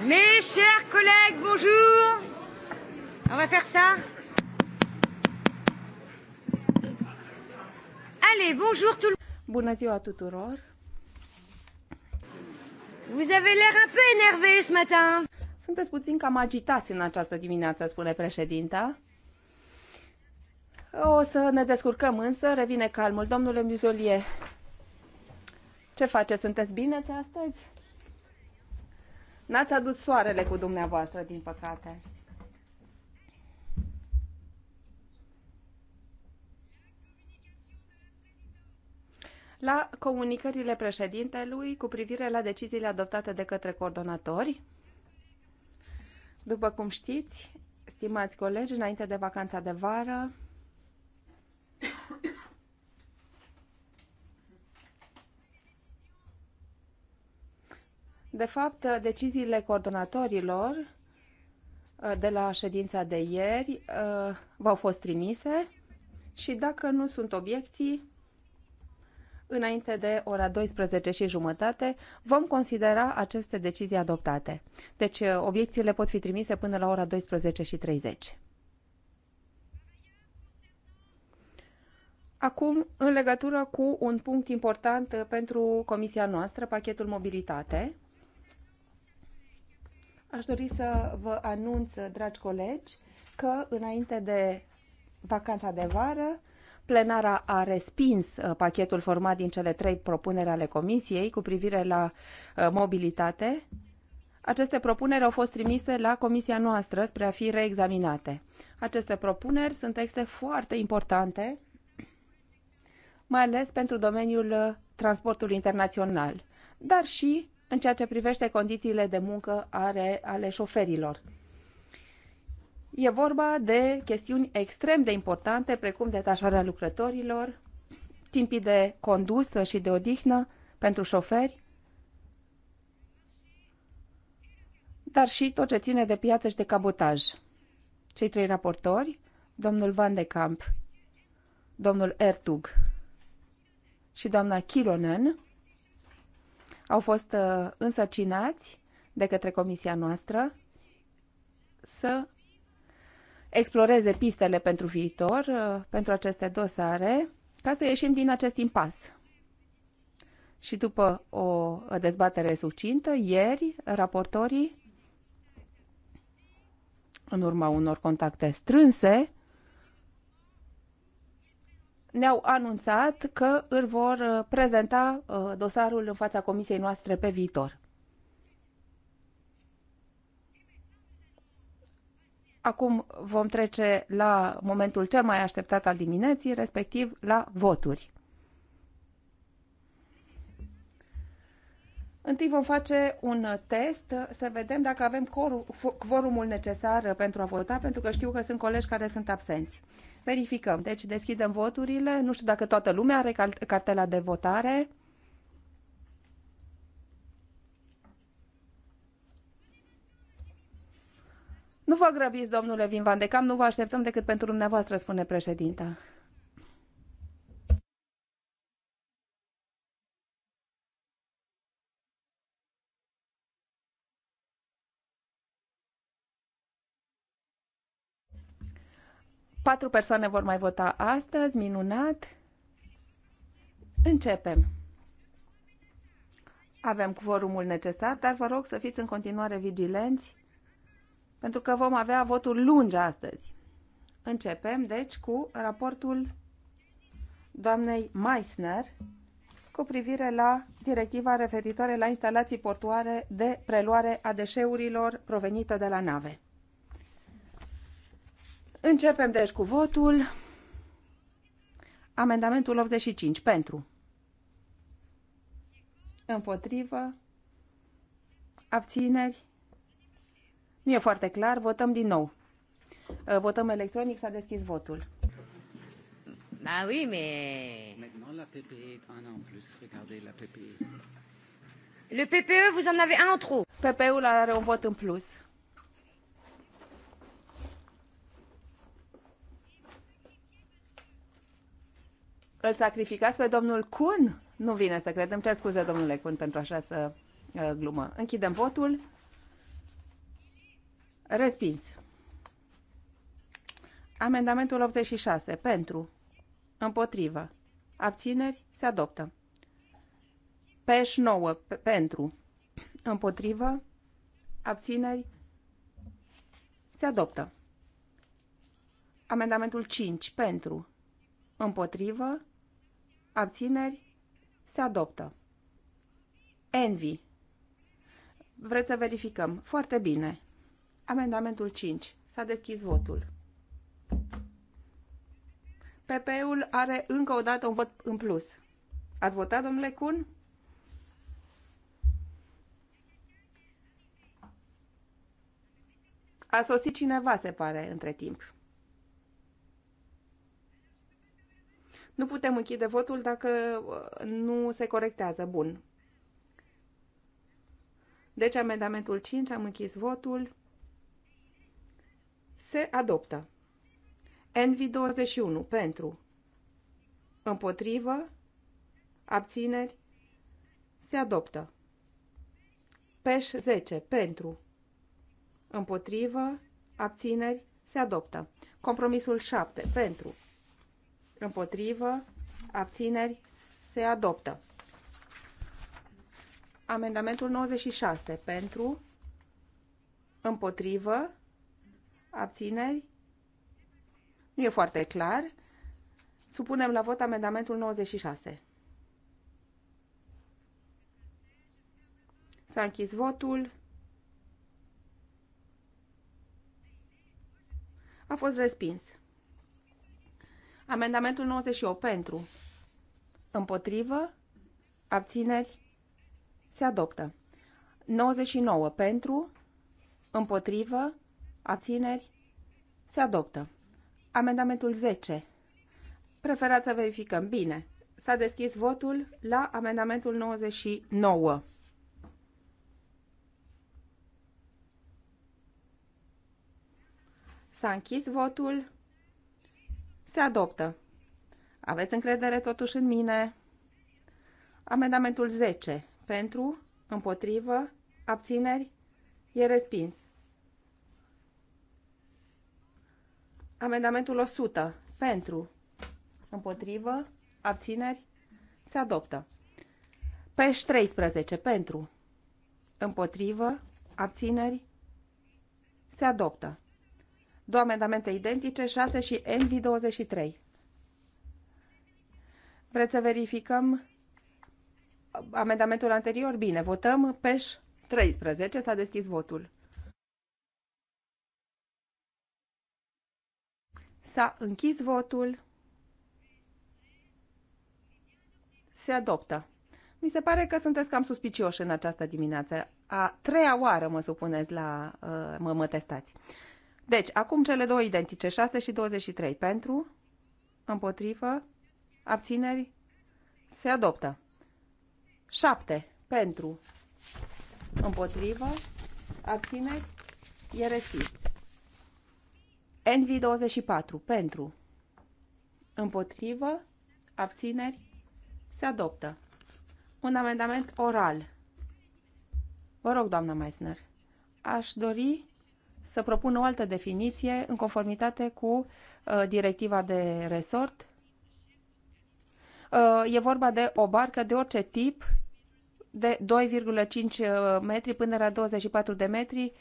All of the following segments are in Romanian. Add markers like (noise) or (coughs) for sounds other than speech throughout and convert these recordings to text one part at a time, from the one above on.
Mes chers collègues, bonjour. On va faire ça. Allez, bonjour tout le monde. Bună ziua tuturor. Vous avez l'air un peu énervé ce matin. Sunteți puțin cam agitați în această dimineață, spune președinta. O să ne descurcăm însă, revine calmul. Domnule Muzolie, ce faceți? Sunteți bine astăzi? N-ați adus soarele cu dumneavoastră, din păcate. La comunicările președintelui cu privire la deciziile adoptate de către coordonatori, după cum știți, stimați colegi, înainte de vacanța de vară, De fapt, deciziile coordonatorilor uh, de la ședința de ieri uh, v-au fost trimise și dacă nu sunt obiecții, înainte de ora 12 și jumătate, vom considera aceste decizii adoptate. Deci, uh, obiecțiile pot fi trimise până la ora 12 și 30. Acum, în legătură cu un punct important pentru comisia noastră, pachetul mobilitate, Aș dori să vă anunț, dragi colegi, că înainte de vacanța de vară, plenara a respins uh, pachetul format din cele trei propuneri ale Comisiei cu privire la uh, mobilitate. Aceste propuneri au fost trimise la Comisia noastră spre a fi reexaminate. Aceste propuneri sunt texte foarte importante, mai ales pentru domeniul uh, transportului internațional, dar și în ceea ce privește condițiile de muncă are, ale șoferilor. E vorba de chestiuni extrem de importante, precum detașarea lucrătorilor, timpii de condusă și de odihnă pentru șoferi, dar și tot ce ține de piață și de cabotaj. Cei trei raportori, domnul Van de Camp, domnul Ertug și doamna Kilonen, au fost uh, însărcinați de către comisia noastră să exploreze pistele pentru viitor, uh, pentru aceste dosare, ca să ieșim din acest impas. Și după o dezbatere succintă, ieri, raportorii, în urma unor contacte strânse, ne-au anunțat că îl vor uh, prezenta uh, dosarul în fața comisiei noastre pe viitor. Acum vom trece la momentul cel mai așteptat al dimineții, respectiv la voturi. Întâi vom face un test să vedem dacă avem quorumul necesar pentru a vota, pentru că știu că sunt colegi care sunt absenți. Verificăm. Deci deschidem voturile. Nu știu dacă toată lumea are cartela de votare. Nu vă grăbiți, domnule Vin Van de Cam, nu vă așteptăm decât pentru dumneavoastră, spune președinta. Patru persoane vor mai vota astăzi, minunat. Începem. Avem cuvorumul necesar, dar vă rog să fiți în continuare vigilenți, pentru că vom avea votul lung astăzi. Începem, deci, cu raportul doamnei Meissner cu privire la directiva referitoare la instalații portuare de preluare a deșeurilor provenită de la nave. Începem deci cu votul. Amendamentul 85 pentru. Împotrivă. Abțineri. Nu e foarte clar. Votăm din nou. Uh, votăm electronic. S-a deschis votul. Bah oui, mais... Maintenant, la PPE est un an en plus. Regardez la PPE. Le PPE, vous en avez un en trop. PPE-ul are un vot în plus. Îl sacrificați pe domnul Cun? Nu vine să credem. Cer scuze, domnule Cun, pentru așa să glumă. Închidem votul. Respins. Amendamentul 86. Pentru. Împotrivă. Abțineri. Se adoptă. Peș 9. pentru. Împotrivă. Abțineri. Se adoptă. Amendamentul 5. Pentru. Împotrivă. Abțineri? Se adoptă. Envy. Vreți să verificăm? Foarte bine. Amendamentul 5. S-a deschis votul. PP-ul are încă o dată un vot în plus. Ați votat, domnule Cun? A sosit cineva, se pare, între timp. Nu putem închide votul dacă uh, nu se corectează. Bun. Deci amendamentul 5, am închis votul. Se adoptă. Envi 21, pentru. Împotrivă. Abțineri. Se adoptă. Peș 10, pentru. Împotrivă. Abțineri. Se adoptă. Compromisul 7, pentru. Împotrivă. Abțineri. Se adoptă. Amendamentul 96. Pentru. Împotrivă. Abțineri. Nu e foarte clar. Supunem la vot amendamentul 96. S-a închis votul. A fost respins. Amendamentul 98 pentru. Împotrivă. Abțineri. Se adoptă. 99 pentru. Împotrivă. Abțineri. Se adoptă. Amendamentul 10. Preferați să verificăm bine. S-a deschis votul la amendamentul 99. S-a închis votul. Se adoptă. Aveți încredere totuși în mine? Amendamentul 10. Pentru, împotrivă, abțineri, e respins. Amendamentul 100. Pentru, împotrivă, abțineri, se adoptă. Peș 13. Pentru, împotrivă, abțineri, se adoptă. Două amendamente identice, 6 și NV23. Vreți să verificăm amendamentul anterior? Bine, votăm PEș 13. S-a deschis votul. S-a închis votul. Se adoptă. Mi se pare că sunteți cam suspicioși în această dimineață. A treia oară mă supuneți la... Uh, mă, mă testați. Deci, acum cele două identice, 6 și 23, pentru, împotrivă, abțineri, se adoptă. 7, pentru, împotrivă, abțineri, e respins. NV24, pentru, împotrivă, abțineri, se adoptă. Un amendament oral. Vă rog, doamna Meisner. aș dori să propună o altă definiție în conformitate cu uh, directiva de resort. Uh, e vorba de o barcă de orice tip de 2,5 uh, metri până la 24 de metri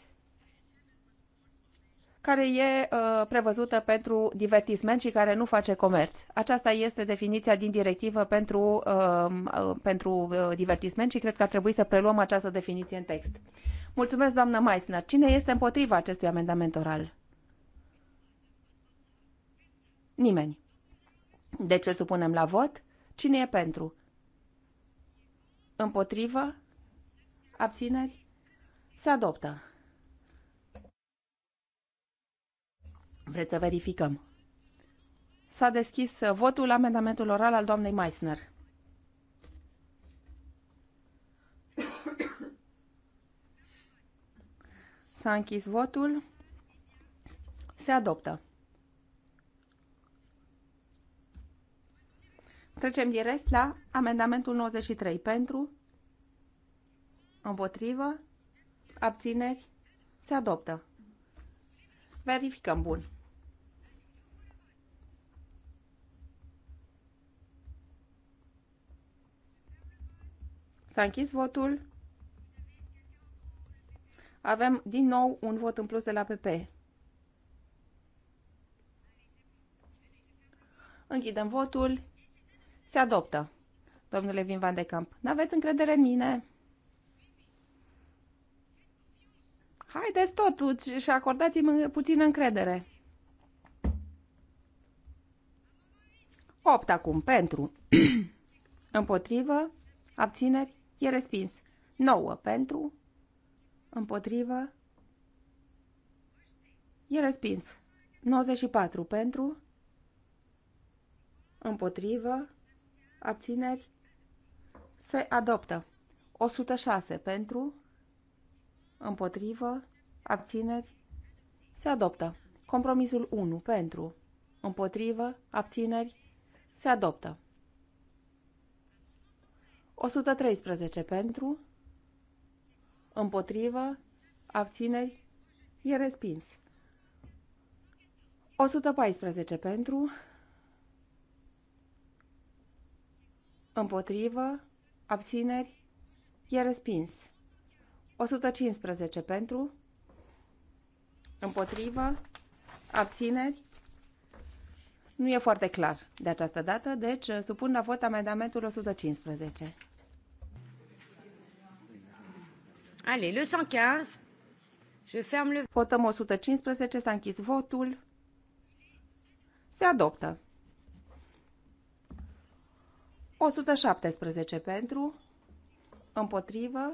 care e uh, prevăzută pentru divertisment și care nu face comerț. Aceasta este definiția din directivă pentru, um, uh, pentru uh, divertisment și cred că ar trebui să preluăm această definiție în text. Mulțumesc, doamnă Meissner. Cine este împotriva acestui amendament oral? Nimeni. ce îl supunem la vot. Cine e pentru? Împotrivă? Abțineri? Se adoptă. Vreți să verificăm? S-a deschis uh, votul amendamentul oral al doamnei Meissner. (coughs) S-a închis votul. Se adoptă. Trecem direct la amendamentul 93. Pentru, împotrivă, abțineri, se adoptă. Verificăm bun. S-a închis votul. Avem din nou un vot în plus de la PP. Închidem votul. Se adoptă. Domnule Vin Van de Camp, n-aveți încredere în mine? Haideți totuși și acordați-mi puțină încredere. 8 acum pentru. (clears throat) Împotrivă. Abțineri. E respins. 9 pentru. Împotrivă. E respins. 94 pentru. Împotrivă. Abțineri. Se adoptă. 106 pentru. Împotrivă. Abțineri. Se adoptă. Compromisul 1 pentru. Împotrivă. Abțineri. Se adoptă. 113 pentru, împotrivă, abțineri, e respins. 114 pentru, împotrivă, abțineri, e respins. 115 pentru, împotrivă, abțineri, nu e foarte clar de această dată, deci uh, supun la vot amendamentul 115. Allez, le 115. Je ferme le... Votăm 115, s-a închis votul. Se adoptă. 117 pentru, împotrivă,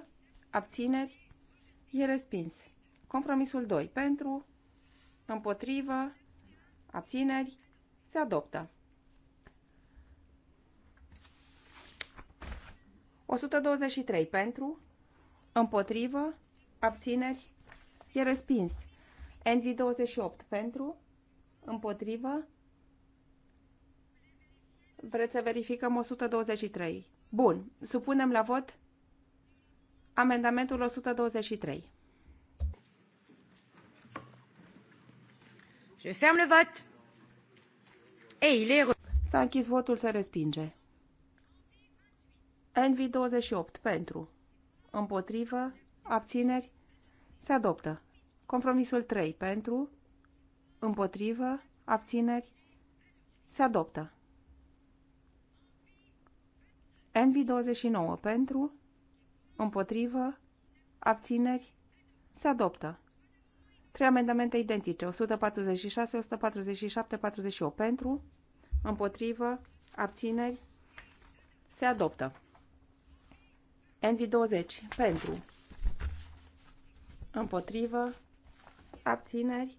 abțineri, e respins. Compromisul 2 pentru, împotrivă, abțineri, se adoptă. 123 pentru, împotrivă, abțineri, e respins. Envi 28 pentru, împotrivă, vreți să verificăm 123. Bun, supunem la vot amendamentul 123. Je ferme le vote. S-a închis votul, se respinge. NV28 pentru. Împotrivă. Abțineri. Se adoptă. Compromisul 3 pentru. Împotrivă. Abțineri. Se adoptă. NV29 pentru. Împotrivă. Abțineri. Se adoptă. Trei amendamente identice, 146, 147, 48 pentru, împotrivă, abțineri, se adoptă. NV20 pentru, împotrivă, abțineri,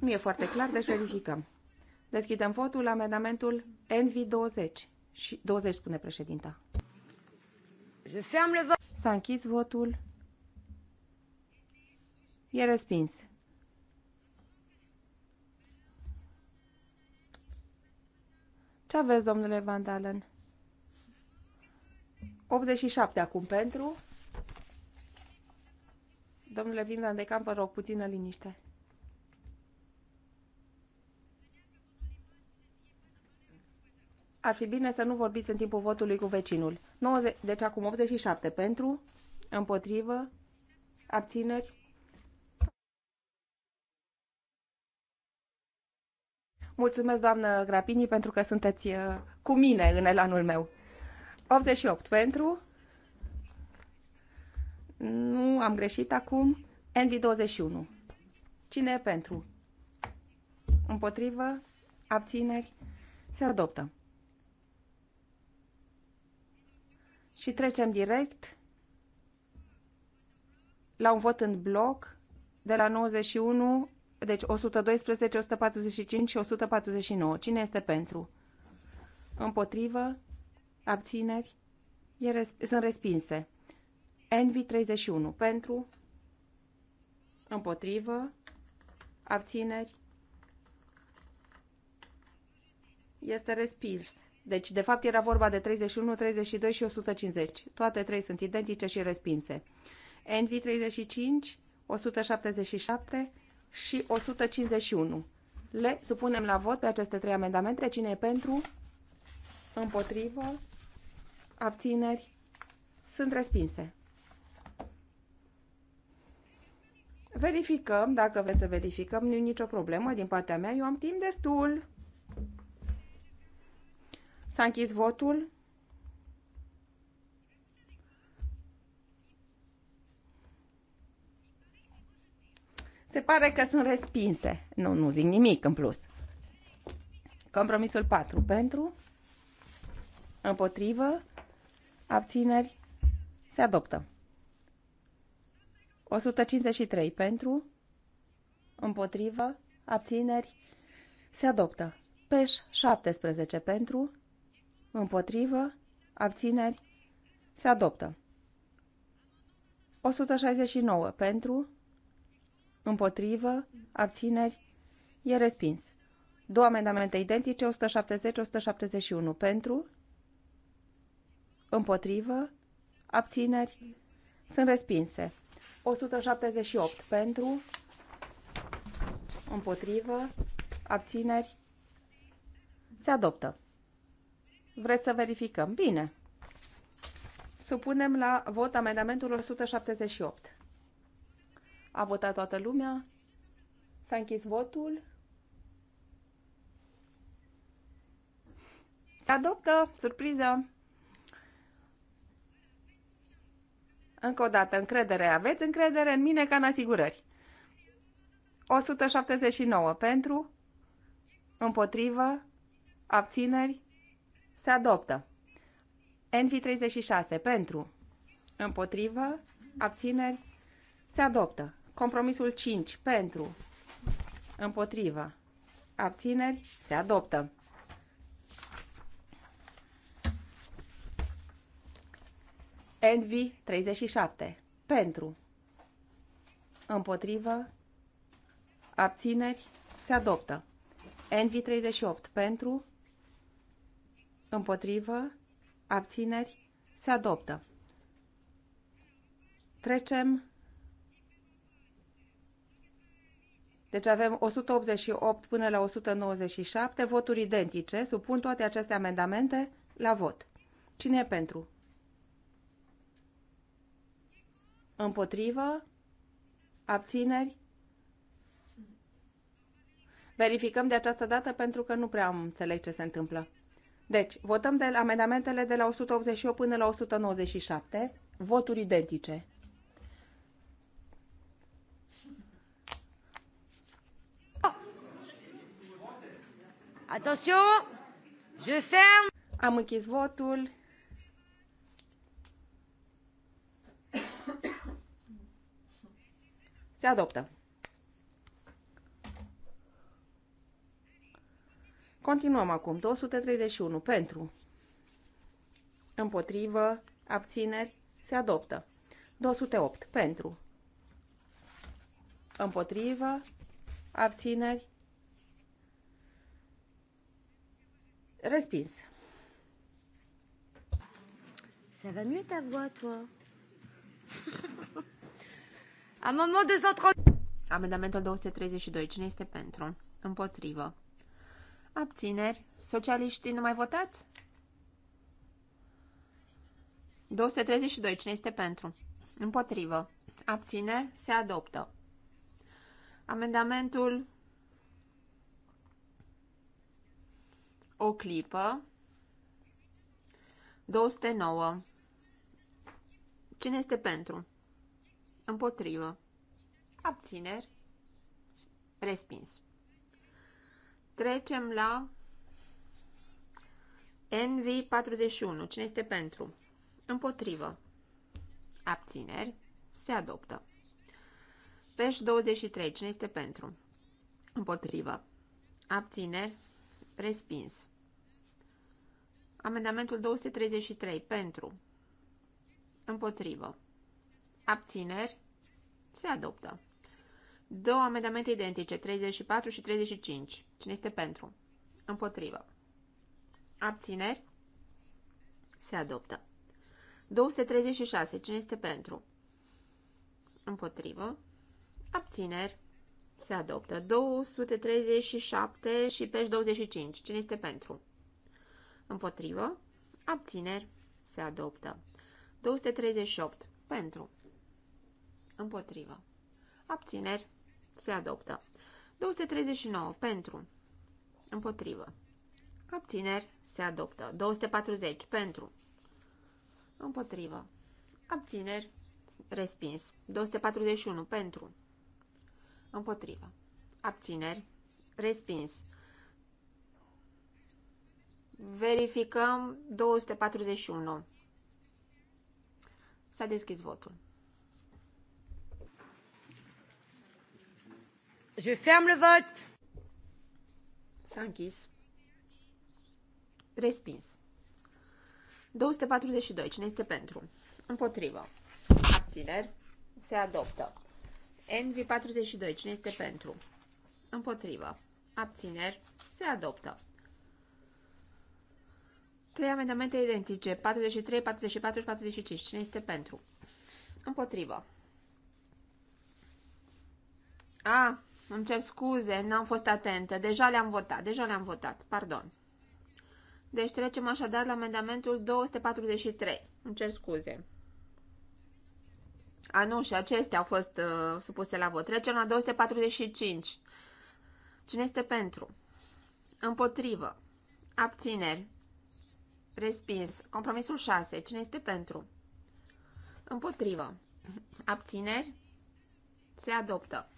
nu e foarte clar, deci verificăm. Deschidem votul amendamentul NV20 și 20 spune președinta. S-a închis votul. E respins. Ce aveți, domnule Van Dalen? 87 acum pentru. Domnule Vin Van de Camp, vă rog, puțină liniște. Ar fi bine să nu vorbiți în timpul votului cu vecinul. 90, deci acum 87 pentru, împotrivă, abțineri, Mulțumesc, doamnă Grapini, pentru că sunteți uh, cu mine în elanul meu. 88 pentru. Nu am greșit acum. NV21. Cine e pentru? Împotrivă? Abțineri? Se adoptă. Și trecem direct la un vot în bloc de la 91 deci 112, 145 și 149. Cine este pentru? Împotrivă? Abțineri? E res sunt respinse. Envy 31. Pentru? Împotrivă? Abțineri? Este respins. Deci, de fapt, era vorba de 31, 32 și 150. Toate trei sunt identice și respinse. Envy 35, 177 și 151. Le supunem la vot pe aceste trei amendamente. Cine e pentru? Împotrivă? Abțineri? Sunt respinse. Verificăm, dacă vreți să verificăm, nu e nicio problemă din partea mea, eu am timp destul. S-a închis votul. Se pare că sunt respinse. Nu, nu zic nimic în plus. Compromisul 4 pentru, împotrivă, abțineri, se adoptă. 153 pentru, împotrivă, abțineri, se adoptă. Peș 17 pentru, împotrivă, abțineri, se adoptă. 169 pentru, Împotrivă? Abțineri? E respins. Două amendamente identice, 170-171. Pentru? Împotrivă? Abțineri? Sunt respinse. 178 pentru, împotrivă, abțineri, se adoptă. Vreți să verificăm? Bine. Supunem la vot amendamentul 178. A votat toată lumea. S-a închis votul. Se adoptă. Surpriză. Încă o dată, încredere. Aveți încredere în mine ca în asigurări. 179 pentru, împotrivă, abțineri, se adoptă. NV36 pentru, împotrivă, abțineri, se adoptă. Compromisul 5. Pentru. împotriva Abțineri. Se adoptă. Envy 37. Pentru. Împotrivă. Abțineri. Se adoptă. Envy 38. Pentru. Împotrivă. Abțineri. Se adoptă. Trecem Deci avem 188 până la 197 voturi identice. Supun toate aceste amendamente la vot. Cine e pentru? Împotrivă? Abțineri? Verificăm de această dată pentru că nu prea am înțeleg ce se întâmplă. Deci, votăm de amendamentele de la 188 până la 197, voturi identice. Attention! Je ferme! Am închis votul. Se adoptă. Continuăm acum. 231 pentru. Împotrivă. Abțineri. Se adoptă. 208 pentru. Împotrivă. Abțineri. Respins. Ça va mieux ta voix, toi (laughs) Amendement 230. Amendamentul 232. Cine este pentru? Împotrivă. Abțineri. Socialiștii nu mai votați? 232. Cine este pentru? Împotrivă. Abțineri. Se adoptă. Amendamentul O clipă. 209. Cine este pentru? Împotrivă. Abțineri. Respins. Trecem la NV41. Cine este pentru? Împotrivă. Abțineri. Se adoptă. PEș 23. Cine este pentru? Împotrivă. Abțineri. Respins. Amendamentul 233. Pentru. Împotrivă. Abțineri. Se adoptă. Două amendamente identice, 34 și 35. Cine este pentru? Împotrivă. Abțineri. Se adoptă. 236. Cine este pentru? Împotrivă. Abțineri. Se adoptă. 237 și pești 25. Cine este pentru? Împotrivă. Abțineri. Se adoptă. 238. Pentru. Împotrivă. Abțineri. Se adoptă. 239. Pentru. Împotrivă. Abțineri. Se adoptă. 240. Pentru. Împotrivă. Abțineri. Respins. 241. Pentru. Împotrivă. Abțineri. Respins. Verificăm 241. S-a deschis votul. Je ferme le vot. S-a închis. Respins. 242. Cine este pentru? Împotrivă. Abțineri. Se adoptă. NV42. Cine este pentru? Împotrivă. Abțineri. Se adoptă. Trei amendamente identice. 43, 44 și 45. Cine este pentru? Împotrivă. A, îmi cer scuze, n-am fost atentă. Deja le-am votat, deja le-am votat. Pardon. Deci trecem așadar la amendamentul 243. Îmi cer scuze. A, ah, nu, și acestea au fost uh, supuse la vot. Trecem la 245. Cine este pentru? Împotrivă. Abțineri. Respins. Compromisul 6. Cine este pentru? Împotrivă. Abțineri. Se adoptă.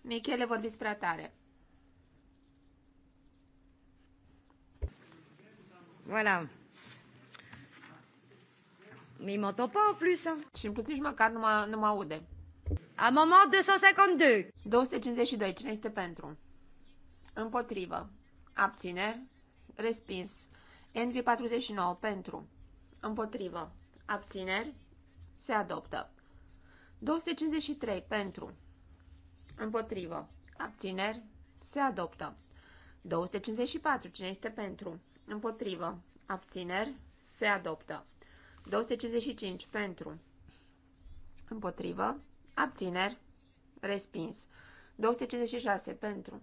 Michele, vorbiți prea tare. Voilà. Mi m'entend pas en plus. Și în plus nici măcar nu mă, nu mă aude. Amendement 252. 252. Cine este pentru? Împotrivă. Abțineri. Respins. nv 49. Pentru. Împotrivă. Abțineri. Se adoptă. 253. Pentru. Împotrivă. Abțineri. Se adoptă. 254. Cine este pentru? Împotrivă. Abțineri. Se adoptă. 255 pentru, împotrivă, abțineri, respins. 256 pentru,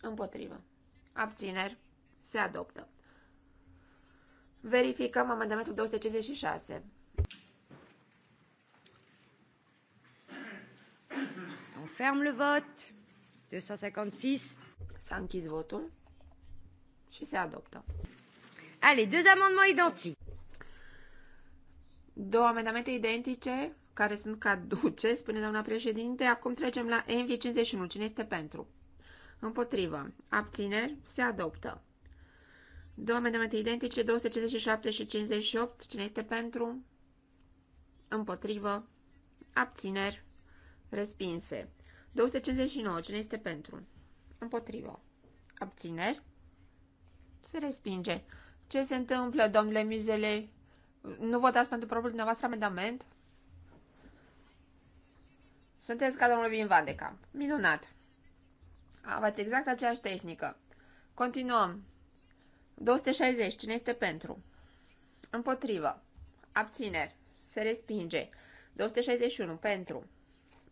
împotrivă, abțineri, se adoptă. Verificăm amendamentul 256. On ferme le vote. 256. S-a închis votul și se adoptă. Allez, deux amendements identiques. Două amendamente identice care sunt caduce, spune doamna președinte. Acum trecem la NV51. Cine este pentru? Împotrivă. Abțineri. Se adoptă. Două amendamente identice, 257 și 58. Cine este pentru? Împotrivă. Abțineri. Respinse. 259. Cine este pentru? Împotrivă. Abțineri. Se respinge. Ce se întâmplă, domnule Muzele? Nu votați pentru propriul dumneavoastră amendament? Sunteți ca domnul Vin Van de Minunat! Aveți exact aceeași tehnică. Continuăm. 260. Cine este pentru? Împotrivă. Abțineri. Se respinge. 261. Pentru.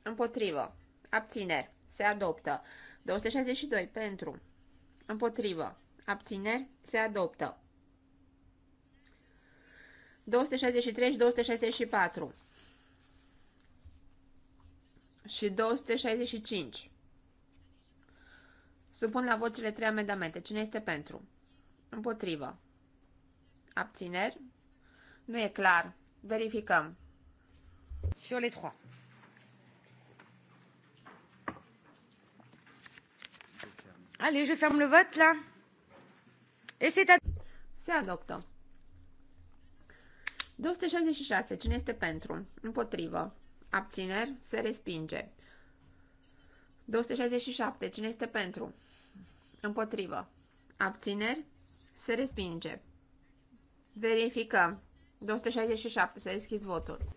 Împotrivă. Abțineri. Se adoptă. 262. Pentru. Împotrivă. Abțineri. Se adoptă. 263 și 264 și 265. Supun la vot cele trei amendamente. Cine este pentru? Împotrivă. Abțineri? Nu e clar. Verificăm. Sur les trois. Allez, je ferme le vote là. Et c'est à... C'est adoptă. 266. Cine este pentru? Împotrivă. Abțineri? Se respinge. 267. Cine este pentru? Împotrivă. Abțineri? Se respinge. Verificăm. 267. s deschis votul.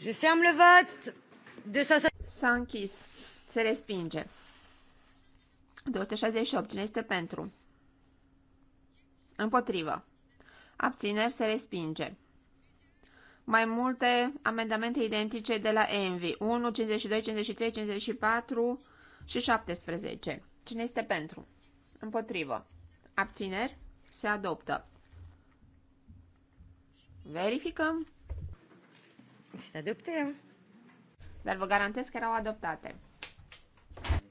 Je ferme le vote. S-a închis. Se respinge. 268. Cine este pentru? Împotrivă abțineri se respinge. Mai multe amendamente identice de la ENVI, 1, 52, 53, 54 și 17. Cine este pentru? Împotrivă. Abțineri se adoptă. Verificăm. Se adoptă. Dar vă garantez că erau adoptate.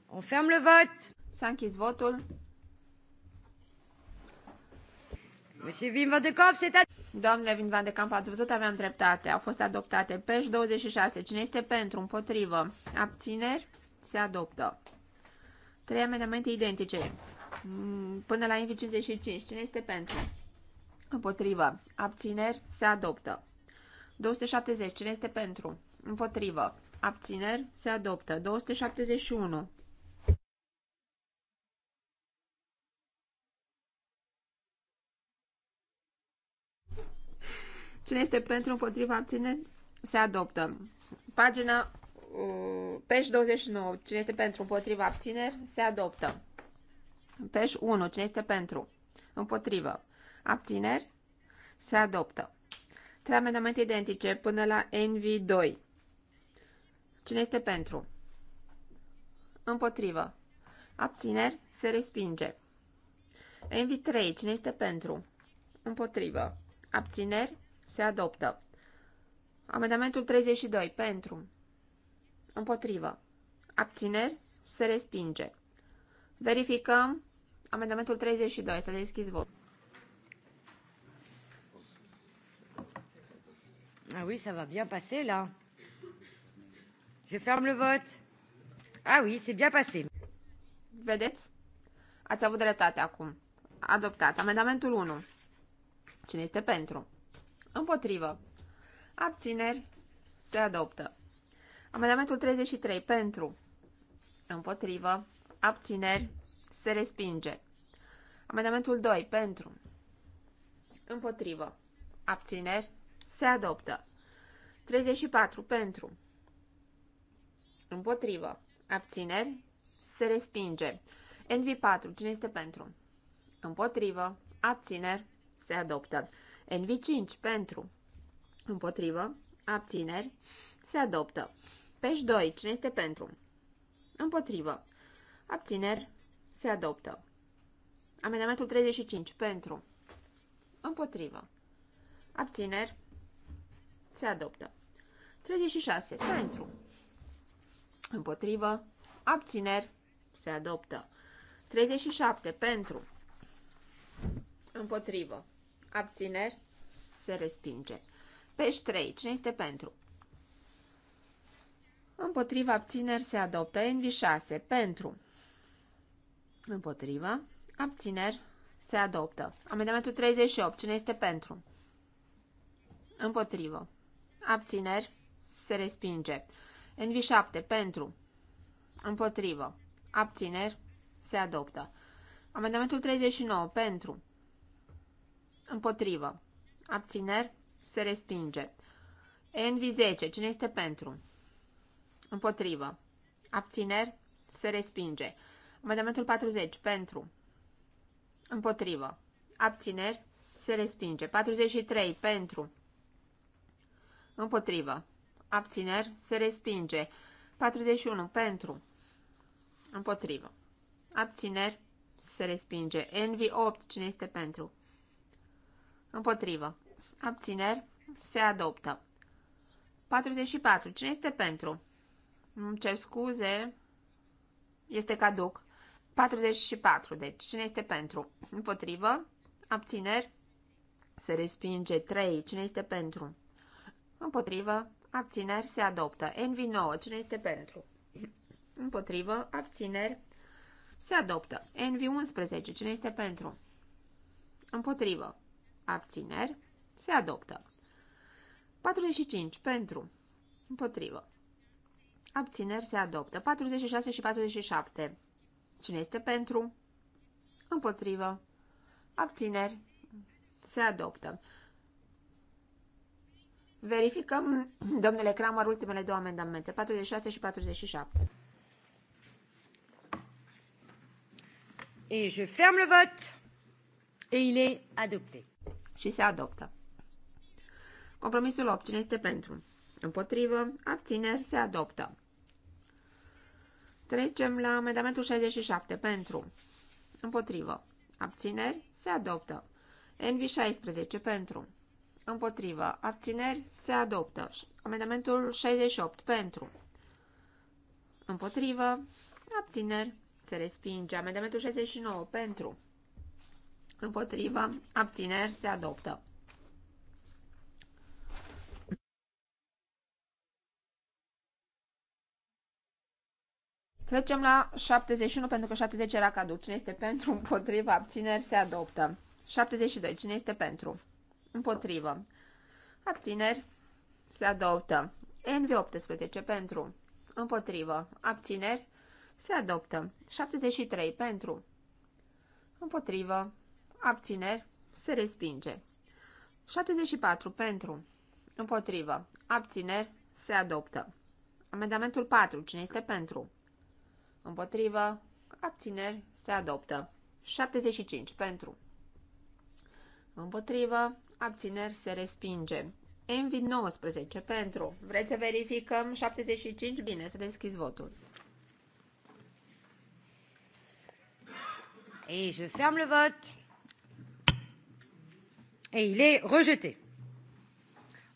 On ferme le vot. S-a închis votul. Și Vin Van de Camp, se Doamne, Vin Van de Camp, ați văzut, aveam dreptate. Au fost adoptate peș 26. Cine este pentru? Împotrivă. Abțineri? Se adoptă. Trei amendamente identice. Mm, până la invi 55. Cine este pentru? Împotrivă. Abțineri? Se adoptă. 270. Cine este pentru? Împotrivă. Abțineri? Se adoptă. 271. Cine este pentru, împotriva, abține, se adoptă. Pagina uh, peș 29. Cine este pentru, împotriva, abțineri, se adoptă. Peș 1. Cine este pentru, împotrivă, abțineri, se adoptă. Trei amendamente identice până la NV2. Cine este pentru? Împotrivă. Abțineri, se respinge. NV3. Cine este pentru? Împotrivă. Abțineri, se adoptă. Amendamentul 32. Pentru. Împotrivă. Abțineri. Se respinge. Verificăm amendamentul 32. să deschis vot. Ah oui, ça va bien passer là. Je ferme le vote. Ah oui, c'est bien passé. Vedeți? Ați avut dreptate acum. Adoptat. Amendamentul 1. Cine este pentru? Împotrivă. Abțineri. Se adoptă. Amendamentul 33. Pentru. Împotrivă. Abțineri. Se respinge. Amendamentul 2. Pentru. Împotrivă. Abțineri. Se adoptă. 34. Pentru. Împotrivă. Abțineri. Se respinge. NV4. Cine este pentru? Împotrivă. Abțineri. Se adoptă. NV5 pentru, împotrivă, abțineri, se adoptă. Peș 2, cine este pentru? Împotrivă, abțineri, se adoptă. Amendamentul 35, pentru, împotrivă, abțineri, se adoptă. 36, pentru, împotrivă, abțineri, se adoptă. 37, pentru, împotrivă, abțineri, se respinge. Pești 3, cine este pentru? Împotriva abțineri se adoptă Envi 6, pentru. Împotriva abțineri se adoptă. Amendamentul 38, cine este pentru? Împotrivă. Abțineri se respinge. Envi 7, pentru. Împotrivă. Abțineri se adoptă. Amendamentul 39, pentru. Împotrivă. Abțineri. Se respinge. Envi 10 Cine este pentru? Împotrivă. Abțineri. Se respinge. Amendamentul 40. Pentru. Împotrivă. Abțineri. Se respinge. 43. Pentru. Împotrivă. Abțineri. Se respinge. 41. Pentru. Împotrivă. Abțineri. Se respinge. Envi 8 Cine este pentru? Împotrivă. Abțineri. Se adoptă. 44. Cine este pentru? Îmi cer scuze. Este caduc. 44. Deci, cine este pentru? Împotrivă. Abțineri. Se respinge. 3. Cine este pentru? Împotrivă. Abțineri. Se adoptă. NV9. Cine este pentru? Împotrivă. Abțineri. Se adoptă. NV11. Cine este pentru? Împotrivă abțineri, se adoptă. 45 pentru, împotrivă, abțineri, se adoptă. 46 și 47, cine este pentru, împotrivă, abțineri, se adoptă. Verificăm, domnule Cramar, ultimele două amendamente, 46 și 47. Et je ferme le vote. Et il est adopté și se adoptă. Compromisul 8. Cine este pentru? Împotrivă. Abțineri. Se adoptă. Trecem la amendamentul 67. Pentru. Împotrivă. Abțineri. Se adoptă. Envi 16. Pentru. Împotrivă. Abțineri. Se adoptă. Amendamentul 68. Pentru. Împotrivă. Abțineri. Se respinge. Amendamentul 69. Pentru împotrivă, abțineri, se adoptă. Trecem la 71 pentru că 70 era caduc. Cine este pentru, împotrivă, abțineri, se adoptă. 72. Cine este pentru? Împotrivă. Abțineri, se adoptă. NV18 pentru. Împotrivă. Abțineri, se adoptă. 73 pentru. Împotrivă abțineri, se respinge. 74 pentru, împotrivă, abțineri, se adoptă. Amendamentul 4, cine este pentru? Împotrivă, abțineri, se adoptă. 75 pentru, împotrivă, abțineri, se respinge. Envi 19 pentru, vreți să verificăm 75? Bine, să deschizi votul. Et je ferme le vote et il est rejeté.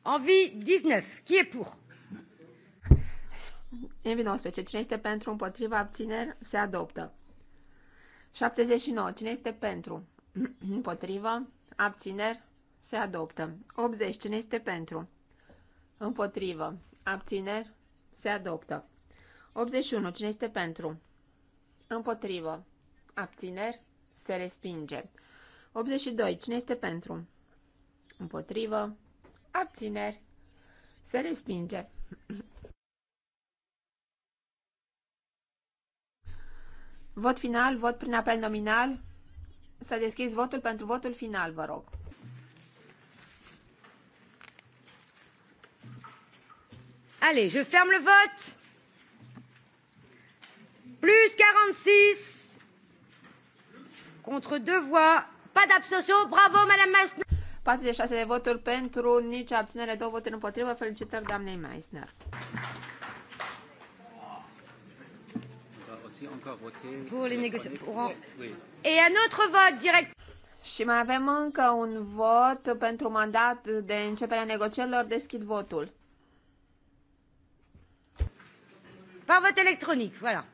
Envie 19, qui est pour? Envie 19, cine este pentru, împotriva, abțineri, se adoptă. 79, (clears throat) cine este pentru, împotriva, abțineri, se adoptă. 80, cine este pentru, împotriva, abțineri, se adoptă. 81, cine este pentru, împotriva, abțineri, se respinge. 82, cine este pentru, împotrivă, abțineri, se respinge. (clears throat) Vot final, vot prin apel nominal. Să deschizi votul pentru votul final, vă rog. Allez, je ferme le vote. Plus 46 contre deux voix. Pas d'abstention. Bravo, Madame Masna. 46 de voturi pentru, nici abținere, două voturi împotrivă. Felicitări doamnei Meisner. Et un autre vote direct. Și mai avem încă un vot pentru mandat de începere a negocierilor. Deschid votul. Par vot electronic, voilà.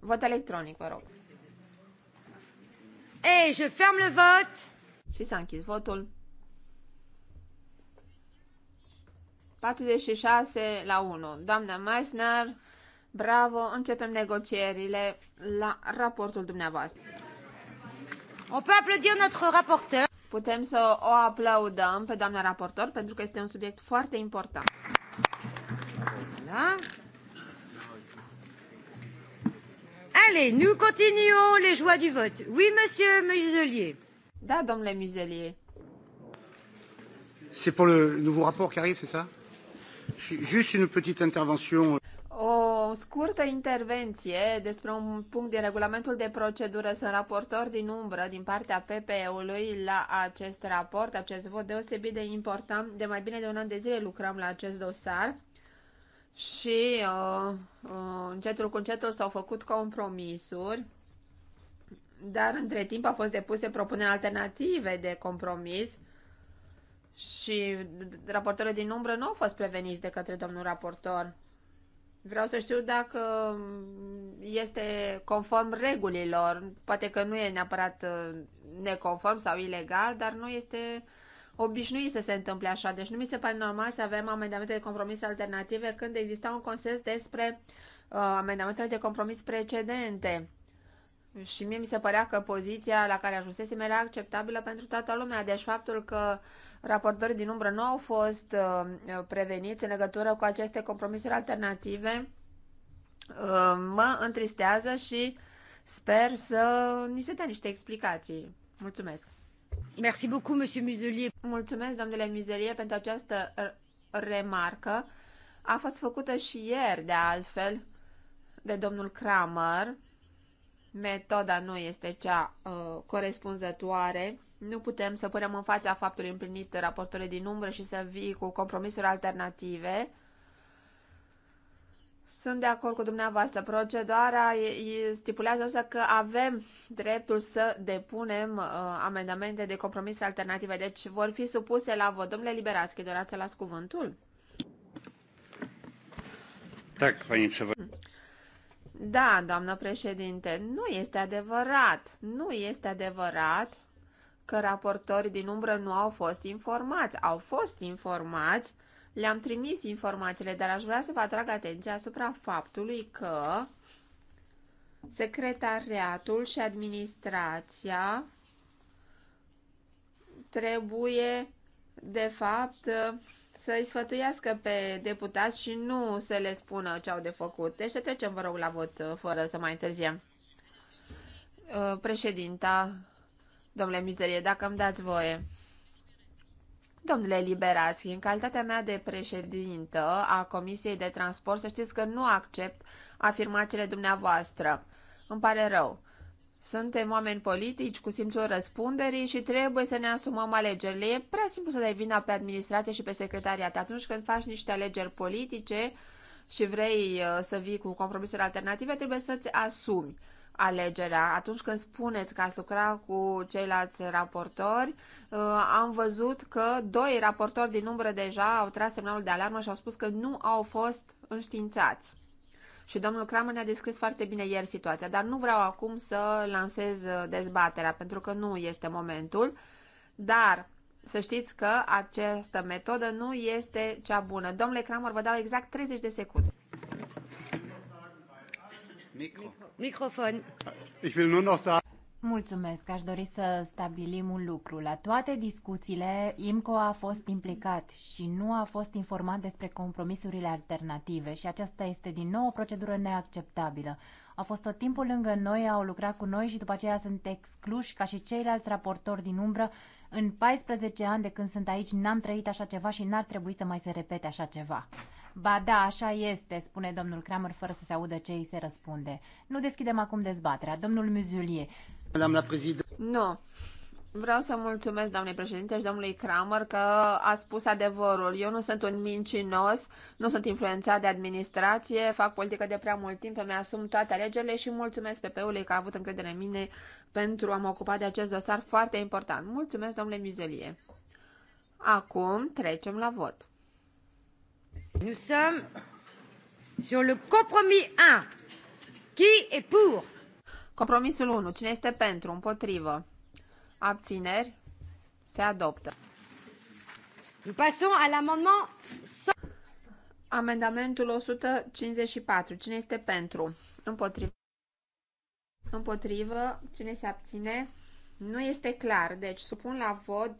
Vot electronic, vă rog. Et je ferme le vote. Și s-a închis votul. 46 la 1. Doamna Meissner, bravo, începem negocierile la raportul dumneavoastră. On peut applaudir notre rapporteur. Putem să o aplaudăm pe doamna raportor pentru că este un subiect foarte important. Da? Allez, nous continuons les joies du vote. Oui, monsieur Muselier. Da, domnule Muselier. C'est pour le nouveau rapport qui arrive, c'est ça Just O scurtă intervenție despre un punct din regulamentul de procedură. Sunt raportor din umbră din partea PPE-ului la acest raport, acest vot deosebit de important. De mai bine de un an de zile lucrăm la acest dosar și uh, uh, încetul cu încetul s-au făcut compromisuri, dar între timp au fost depuse propuneri alternative de compromis și raportorii din umbră nu au fost preveniți de către domnul raportor. Vreau să știu dacă este conform regulilor. Poate că nu e neapărat uh, neconform sau ilegal, dar nu este obișnuit să se întâmple așa. Deci nu mi se pare normal să avem amendamente de compromis alternative când exista un consens despre uh, amendamentele de compromis precedente. Și mie mi se părea că poziția la care ajunsesem era acceptabilă pentru toată lumea. Deci faptul că uh, raportorii din umbră nu au fost uh, preveniți în legătură cu aceste compromisuri alternative, uh, mă întristează și sper să ni se dea niște explicații. Mulțumesc! Merci beaucoup, monsieur Muselier. Mulțumesc, domnule Muselier, pentru această uh, remarcă. A fost făcută și ieri, de altfel, de domnul Kramer. Metoda nu este cea uh, corespunzătoare. Nu putem să punem în fața faptului împlinit raportorii din umbră și să vii cu compromisuri alternative. Sunt de acord cu dumneavoastră. Procedura stipulează însă că avem dreptul să depunem uh, amendamente de compromis alternative, deci vor fi supuse la vot. Domnule Liberaschi, dorați să las cuvântul? Mm. Da, doamnă președinte, nu este adevărat. Nu este adevărat că raportorii din umbră nu au fost informați. Au fost informați, le-am trimis informațiile, dar aș vrea să vă atrag atenția asupra faptului că secretariatul și administrația trebuie, de fapt, să-i sfătuiască pe deputați și nu să le spună ce au de făcut. Deci să trecem, vă rog, la vot fără să mai întârziem. Președinta domnule Mizerie, dacă îmi dați voie. Domnule Liberați, în calitatea mea de președintă a Comisiei de Transport, să știți că nu accept afirmațiile dumneavoastră. Îmi pare rău. Suntem oameni politici cu simțul răspunderii și trebuie să ne asumăm alegerile. E prea simplu să dai vina pe administrație și pe secretariat. Atunci când faci niște alegeri politice și vrei uh, să vii cu compromisuri alternative, trebuie să-ți asumi alegerea. Atunci când spuneți că ați lucra cu ceilalți raportori, uh, am văzut că doi raportori din umbră deja au tras semnalul de alarmă și au spus că nu au fost înștiințați. Și domnul Cramă ne-a descris foarte bine ieri situația, dar nu vreau acum să lansez uh, dezbaterea, pentru că nu este momentul. Dar să știți că această metodă nu este cea bună. Domnule Cramă, vă dau exact 30 de secunde. Microfon. Ich will nur noch sagen... Mulțumesc, aș dori să stabilim un lucru. La toate discuțiile, IMCO a fost implicat și nu a fost informat despre compromisurile alternative și aceasta este din nou o procedură neacceptabilă. Au fost tot timpul lângă noi, au lucrat cu noi și după aceea sunt excluși ca și ceilalți raportori din umbră. În 14 ani de când sunt aici n-am trăit așa ceva și n-ar trebui să mai se repete așa ceva. Ba da, așa este, spune domnul Kramer fără să se audă ce îi se răspunde. Nu deschidem acum dezbaterea. Domnul Muzulie. Doamna președinte. Nu. Vreau să mulțumesc doamnei președinte și domnului Kramer că a spus adevărul. Eu nu sunt un mincinos, nu sunt influențat de administrație, fac politică de prea mult timp, îmi asum toate alegerile și mulțumesc PP-ului că a avut încredere în mine pentru a mă ocupa de acest dosar foarte important. Mulțumesc, domnule Mizelie. Acum trecem la vot. Nous sommes sur le compromis 1. Qui est pour? Compromisul 1. Cine este pentru? Împotrivă. Abțineri? Se adoptă. Nous passons à l'amendement 100. Amendamentul 154. Cine este pentru? Împotrivă. Împotrivă. Cine se abține? Nu este clar. Deci supun la vot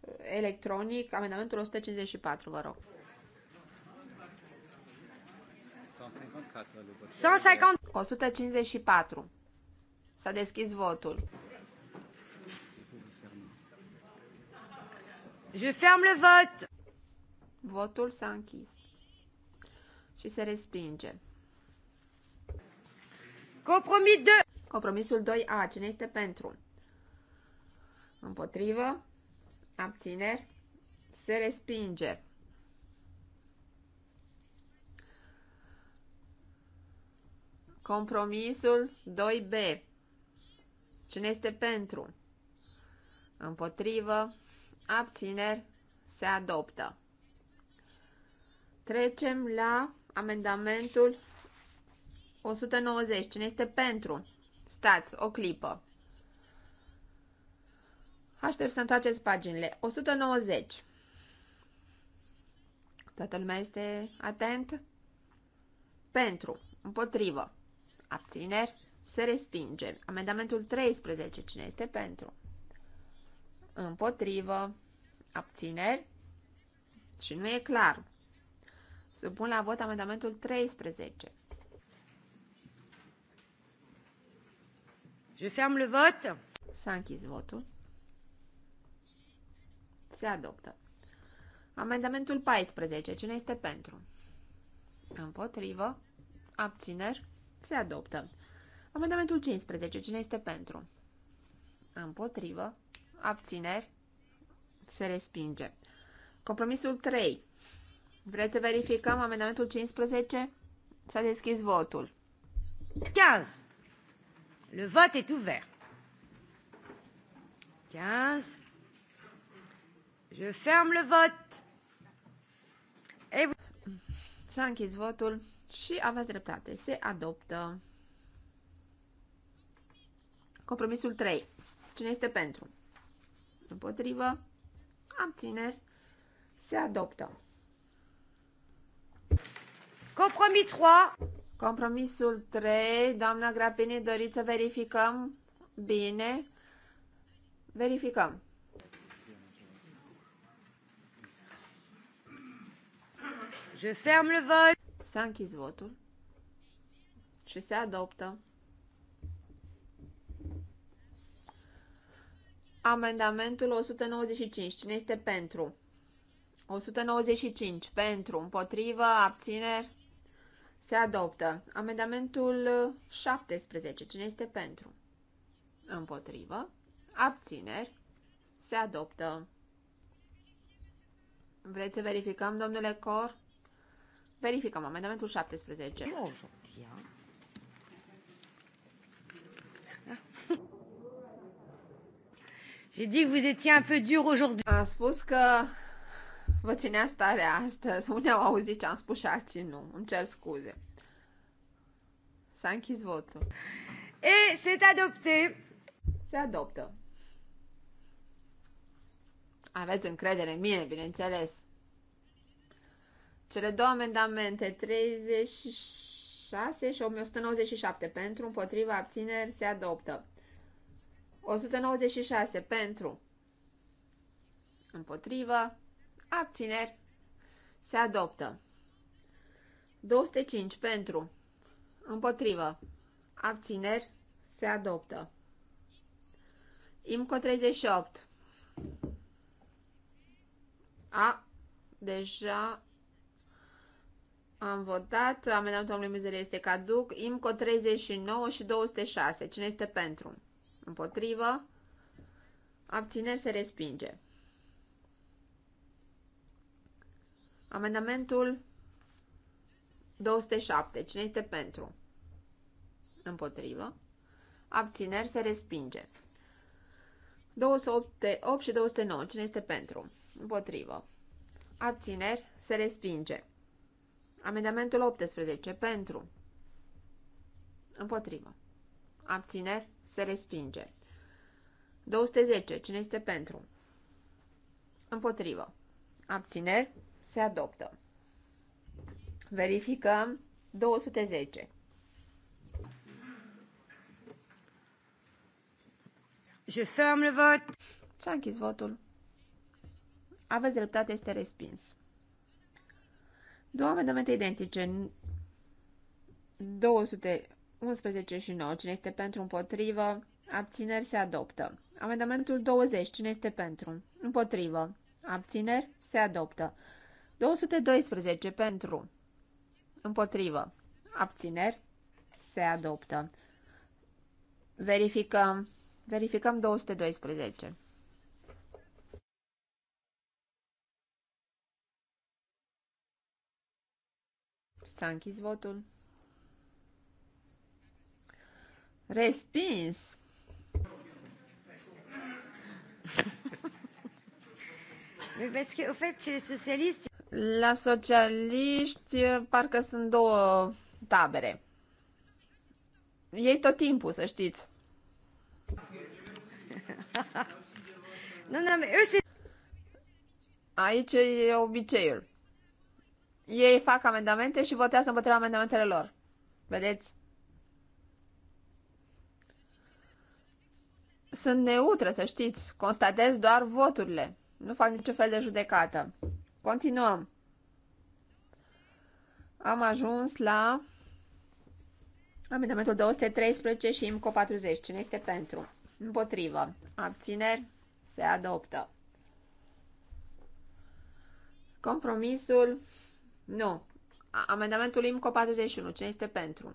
uh, electronic amendamentul 154, vă rog. 154. S-a deschis votul. Je ferme le vot. Votul s-a închis. Și se respinge. Compromis 2. Compromisul 2A. Cine este pentru? Împotrivă. Abțineri. Se respinge. Compromisul 2B. Cine este pentru? Împotrivă. Abțineri. Se adoptă. Trecem la amendamentul 190. Cine este pentru? Stați, o clipă. Aștept să întoarceți paginile. 190. Toată lumea este atent? Pentru, împotrivă, Abțineri? Se respinge. Amendamentul 13. Cine este pentru? Împotrivă. Abțineri? Și nu e clar. Supun la vot amendamentul 13. Je ferme le vot. S-a închis votul. Se adoptă. Amendamentul 14. Cine este pentru? Împotrivă. Abțineri. Se adoptă. Amendamentul 15. Cine este pentru? Împotrivă. Abțineri. Se respinge. Compromisul 3. Vreți să verificăm amendamentul 15? S-a deschis votul. 15. Le vote est ouvert. 15. Je ferme le vote. Et... S-a închis votul. Și aveți dreptate, se adoptă. Compromisul 3. Cine este pentru? Împotrivă. Abțineri. Se adoptă. Compromis 3. Compromisul 3. Doamna Grapini, doriți să verificăm? Bine. Verificăm. Je ferme le vote. S-a închis votul și se adoptă. Amendamentul 195. Cine este pentru? 195. Pentru. Împotrivă. Abțineri. Se adoptă. Amendamentul 17. Cine este pentru? Împotrivă. Abțineri. Se adoptă. Vreți să verificăm, domnule Cor? Verificăm amendamentul 17. Eu J'ai dit que vous étiez un peu dur aujourd'hui. Am spus că vă ținea starea astăzi. Unii au auzit ce am spus și alții nu. Îmi cer scuze. S-a închis votul. Et c'est adopté. Se adoptă. Aveți încredere în mine, bineînțeles. Cele două amendamente, 36 și 197, pentru, împotriva, abțineri, se adoptă. 196, pentru, împotrivă, abțineri, se adoptă. 205, pentru, împotrivă, abțineri, se adoptă. IMCO 38. A, deja am votat. Amendamentul domnului Mizele este caduc. IMCO 39 și 206. Cine este pentru? Împotrivă. Abțineri se respinge. Amendamentul 207. Cine este pentru? Împotrivă. Abțineri se respinge. 208 și 209. Cine este pentru? Împotrivă. Abțineri se respinge. Amendamentul 18. Pentru. Împotrivă. Abțineri. Se respinge. 210. Cine este pentru? Împotrivă. Abțineri. Se adoptă. Verificăm 210. Je ferme le vot. S-a închis votul. Aveți dreptate, este respins. Două amendamente identice, 211 și 9. Cine este pentru, împotrivă, abțineri, se adoptă. Amendamentul 20. Cine este pentru, împotrivă, abțineri, se adoptă. 212 pentru, împotrivă, abțineri, se adoptă. Verificăm, verificăm 212. S-a închis votul. Respins. (laughs) La socialiști eh, parcă sunt două tabere. Ei tot timpul, să știți. (laughs) Aici e obiceiul ei fac amendamente și votează împotriva amendamentele lor. Vedeți? Sunt neutră, să știți. Constatez doar voturile. Nu fac niciun fel de judecată. Continuăm. Am ajuns la amendamentul 213 și IMCO 40. Cine este pentru? Împotrivă. Abțineri? Se adoptă. Compromisul nu. Amendamentul IMCO 41. Cine este pentru?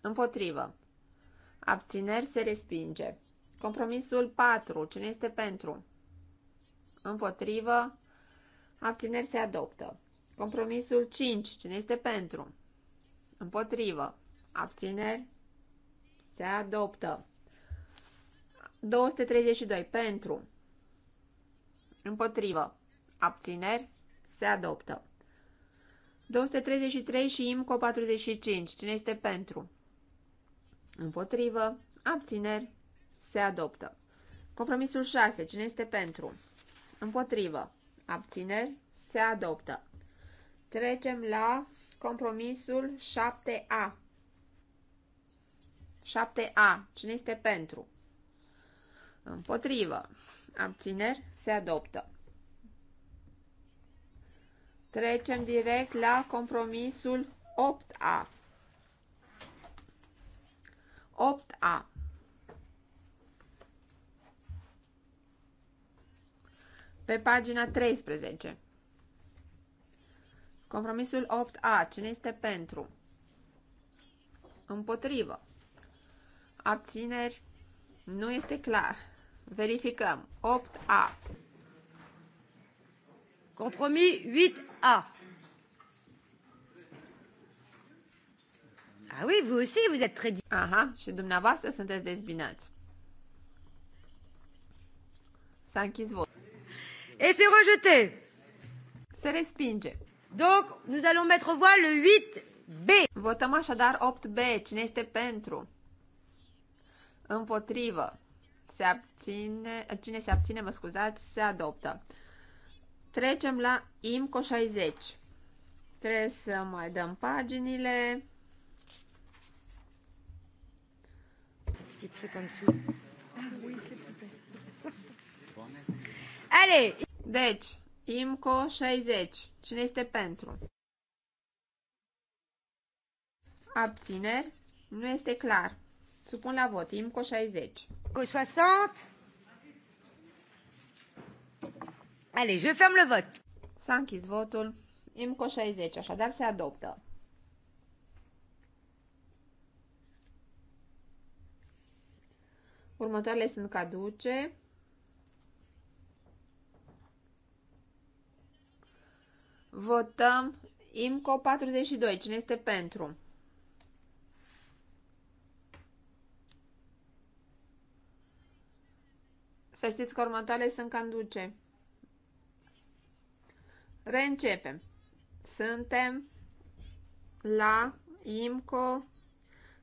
Împotrivă. Abțineri se respinge. Compromisul 4. Cine este pentru? Împotrivă. Abțineri se adoptă. Compromisul 5. Cine este pentru? Împotrivă. Abțineri se adoptă. 232. Pentru. Împotrivă. Abțineri se adoptă. 233 și IMCO 45. Cine este pentru? Împotrivă. Abțineri. Se adoptă. Compromisul 6. Cine este pentru? Împotrivă. Abțineri. Se adoptă. Trecem la compromisul 7A. 7A. Cine este pentru? Împotrivă. Abțineri. Se adoptă. Trecem direct la compromisul 8A. 8A. Pe pagina 13. Compromisul 8A. Cine este pentru? Împotrivă. Abțineri? Nu este clar. Verificăm. 8A. Compromis 8 Ah Ah oui, vous aussi, vous êtes très... Aha, și dumneavoastră sunteți dezbinați. S-a închis vot. Et c'est rejeté. Se respinge. Donc, nous allons mettre au voie le 8B. Votăm așadar 8B. Cine este pentru? Împotrivă. Se abține, cine se abține, mă scuzați, se adoptă. Trecem la IMCO 60. Trebuie să mai dăm paginile. Ale! Deci, IMCO 60. Cine este pentru? Abțineri? Nu este clar. Supun la vot. IMCO 60. Cu 60. Allez, je ferme le vote. S-a închis votul. IMCO 60, așadar se adoptă. Următoarele sunt caduce. Votăm IMCO 42. Cine este pentru? Să știți că următoarele sunt caduce. Reîncepem. Suntem la IMCO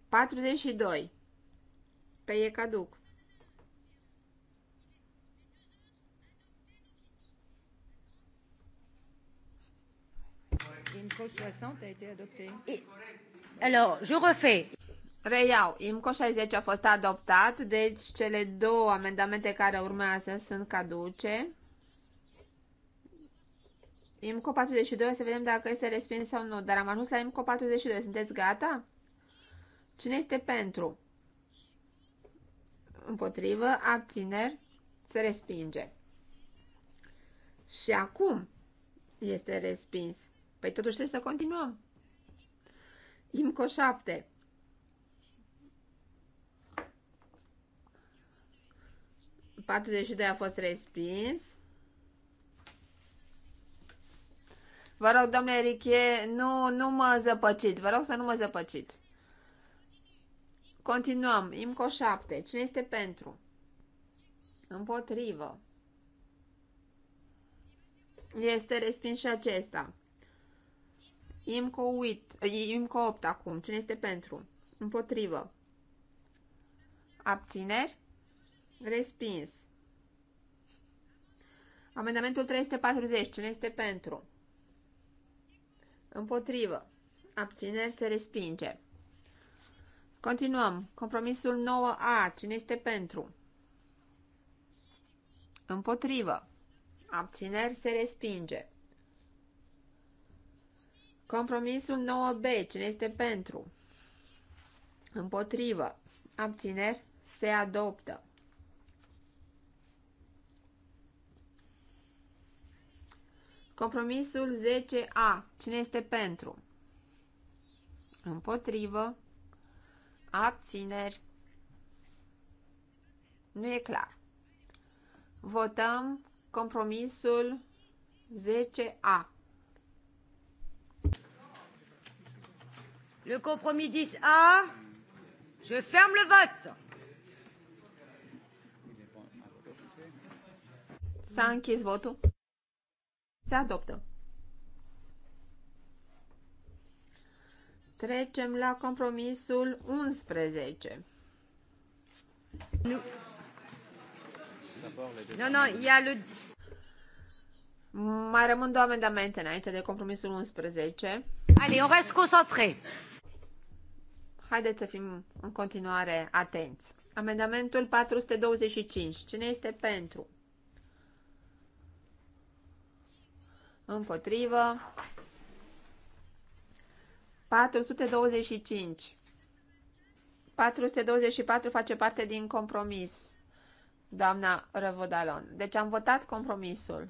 42. Pe e caduc. IMCO 60 a été adopté. Alors, je refais. Reiau, IMCO 60 a fost adoptat, deci cele două amendamente care urmează sunt caduce. MCO 42, să vedem dacă este respins sau nu, dar am ajuns la MCO 42, sunteți gata? Cine este pentru? Împotrivă, abțineri, se respinge. Și acum este respins. Păi totuși trebuie să continuăm. IMCO 7. Patruzeci a fost respins. Vă rog, domnule Richie, nu, nu mă zăpăciți. Vă rog să nu mă zăpăciți. Continuăm. IMCO 7. Cine este pentru? Împotrivă. Este respins și acesta. IMCO 8, IMCO 8 acum. Cine este pentru? Împotrivă. Abțineri? Respins. Amendamentul 340. Cine este pentru? Împotrivă. Abțineri se respinge. Continuăm. Compromisul 9A. Cine este pentru? Împotrivă. Abțineri se respinge. Compromisul 9B. Cine este pentru? Împotrivă. Abțineri se adoptă. Compromisul 10A. Cine este pentru? Împotrivă. Abțineri. Nu e clar. Votăm compromisul 10A. Le compromis 10A, je ferme le vote. S-a închis votul. Se adoptă. Trecem la compromisul 11. Nu. Nu, nu, ia lui... Mai rămân două amendamente înainte de compromisul 11. Allez, on reste concentré. Haideți să fim în continuare atenți. Amendamentul 425. Cine este pentru? Împotrivă. 425. 424 face parte din compromis, doamna Răvodalon. Deci am votat compromisul.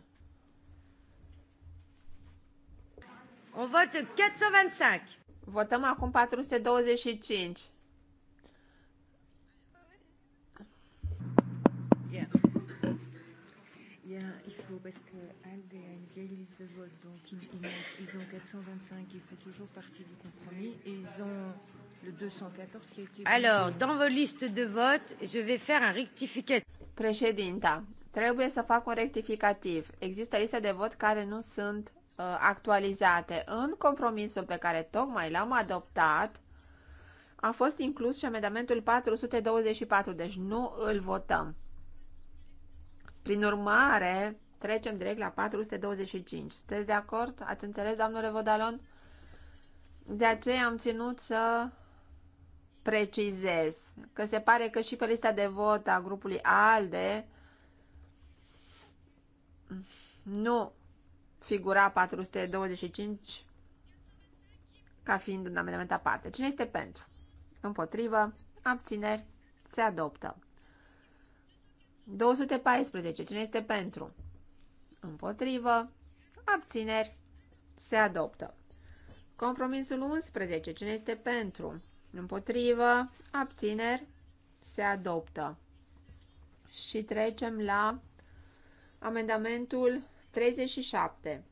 On vote 425. Votăm acum 425. Yeah. Yeah, trop parce que Alde a une vieille liste de votes, donc ils, ils, ont, ils ont 425 qui fait toujours partie du compromis et ils ont le 214 qui a été. Alors, voté. dans vos listes de votes, je vais faire un rectificatif. Președinta, trebuie să fac un rectificativ. Există liste de vot care nu sunt uh, actualizate. În compromisul pe care tocmai l-am adoptat, a fost inclus și amendamentul 424, deci nu îl votăm. Prin urmare, Trecem direct la 425. Sunteți de acord? Ați înțeles, domnul Vodalon? De aceea am ținut să precizez că se pare că și pe lista de vot a grupului ALDE nu figura 425 ca fiind un amendament aparte. Cine este pentru? Împotrivă? Abțineri? Se adoptă. 214. Cine este pentru? Împotrivă. Abțineri. Se adoptă. Compromisul 11. Cine este pentru? Împotrivă. Abțineri. Se adoptă. Și trecem la amendamentul 37.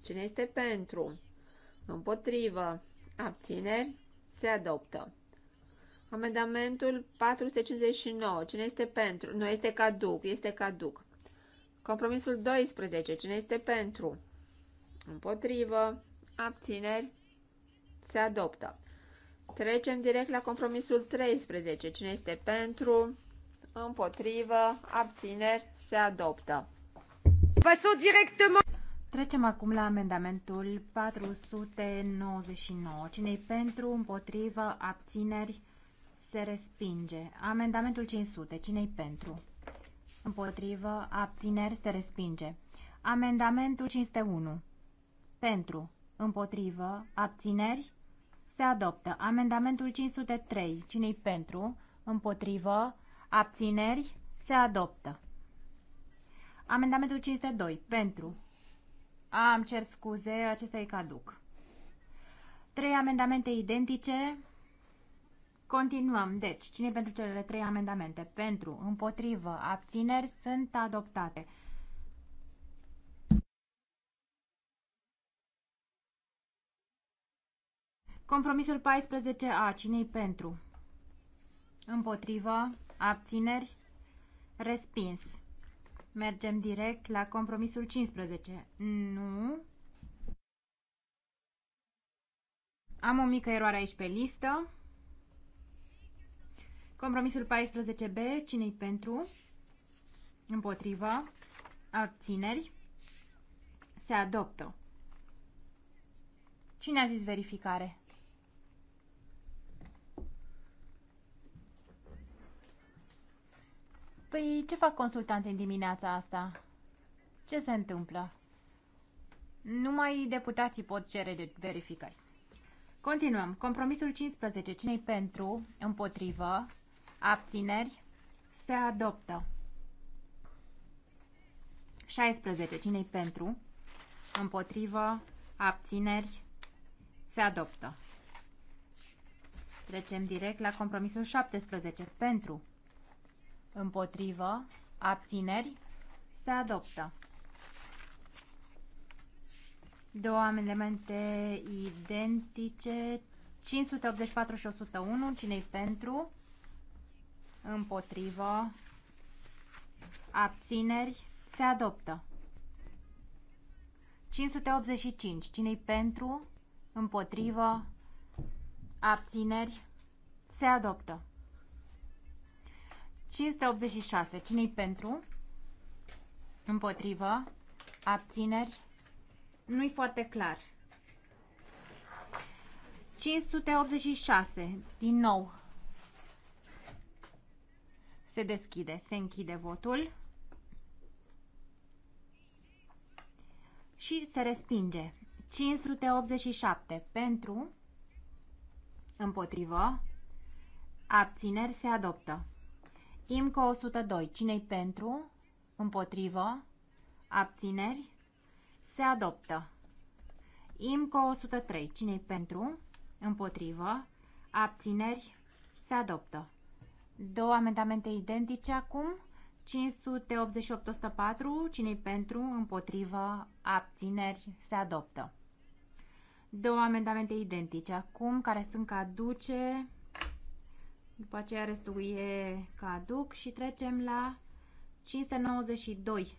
Cine este pentru? Împotrivă. Abțineri. Se adoptă. Amendamentul 459. Cine este pentru? Nu, este caduc. Este caduc. Compromisul 12. Cine este pentru? Împotrivă. Abțineri. Se adoptă. Trecem direct la compromisul 13. Cine este pentru? Împotrivă. Abțineri. Se adoptă. sunt directement. Trecem acum la amendamentul 499. Cine-i pentru, împotrivă, abțineri, se respinge. Amendamentul 500. Cine-i pentru? Împotrivă, abțineri, se respinge. Amendamentul 501. Pentru, împotrivă, abțineri, se adoptă. Amendamentul 503. Cine-i pentru? Împotrivă, abțineri, se adoptă. Amendamentul 502. Pentru. Am cer scuze, acesta e caduc. Trei amendamente identice Continuăm. Deci, cine pentru cele trei amendamente? Pentru, împotrivă, abțineri sunt adoptate. Compromisul 14A. cine e pentru? Împotrivă, abțineri, respins. Mergem direct la compromisul 15. Nu. Am o mică eroare aici pe listă. Compromisul 14B, cine pentru? Împotrivă. Abțineri. Se adoptă. Cine a zis verificare? Păi, ce fac consultanții în dimineața asta? Ce se întâmplă? Numai deputații pot cere de verificări. Continuăm. Compromisul 15. Cine-i pentru? Împotrivă? Abțineri? Se adoptă. 16. cine pentru? Împotrivă? Abțineri? Se adoptă. Trecem direct la compromisul 17. Pentru? Împotrivă? Abțineri? Se adoptă. Două amendamente identice, 584 și 101, cine pentru? împotrivă, abțineri, se adoptă. 585. Cine-i pentru, împotrivă, abțineri, se adoptă. 586. Cine-i pentru, împotrivă, abțineri, nu-i foarte clar. 586. Din nou, se deschide, se închide votul și se respinge. 587 pentru, împotrivă, abțineri se adoptă. IMCO 102, cine pentru, împotrivă, abțineri, se adoptă. IMCO 103, cine pentru, împotrivă, abțineri, se adoptă. Două amendamente identice acum. 588-104, cine pentru, împotrivă, abțineri, se adoptă. Două amendamente identice acum, care sunt caduce, după aceea restul e caduc și trecem la 592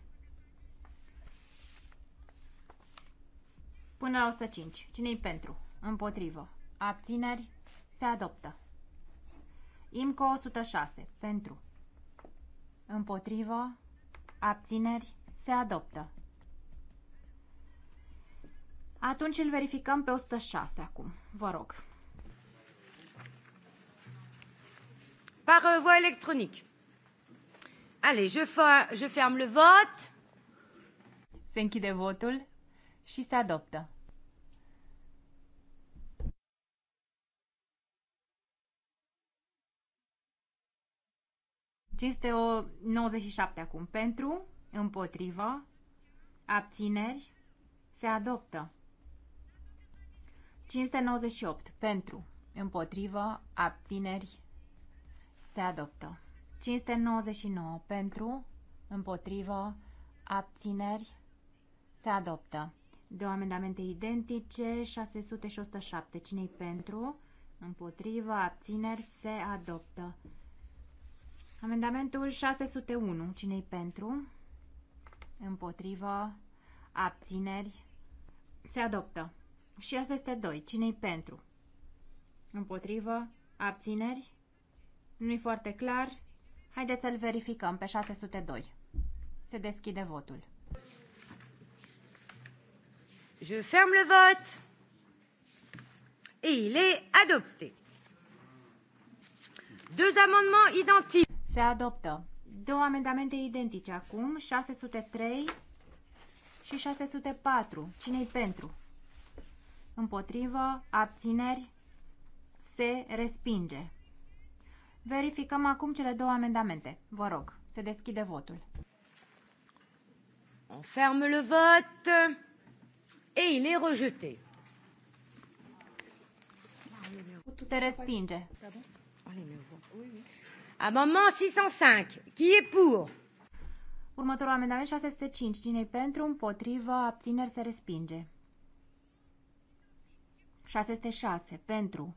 până la 105. cine pentru? Împotrivă. Abțineri, se adoptă. IMCO 106. Pentru. Împotrivă. Abțineri. Se adoptă. Atunci îl verificăm pe 106 acum. Vă rog. Par voie electronic. Allez, je, fa, je ferme le vote. Se închide votul și se adoptă. 597 acum. Pentru, împotrivă, abțineri, se adoptă. 598. Pentru, împotrivă, abțineri, se adoptă. 599. Pentru, împotrivă, abțineri, se adoptă. Două amendamente identice, 600 și 107. Cine-i pentru? Împotrivă, abțineri, se adoptă. Amendamentul 601. Cine-i pentru? Împotrivă. Abțineri. Se adoptă. Și 602. Cine-i pentru? Împotrivă. Abțineri. Nu-i foarte clar. Haideți să-l verificăm pe 602. Se deschide votul. Je ferme le vote. Et il est adopté. Deux amendements identiques. Se adoptă. Două amendamente identice acum, 603 și 604. Cine-i pentru? Împotrivă, abțineri, se respinge. Verificăm acum cele două amendamente. Vă rog, se deschide votul. On ferme le vote et il est rejeté. Se respinge. Allez, Amendement 605. Qui est pour? Următorul amendament 605. cine e pentru, împotrivă, abțineri se respinge. 606. Pentru.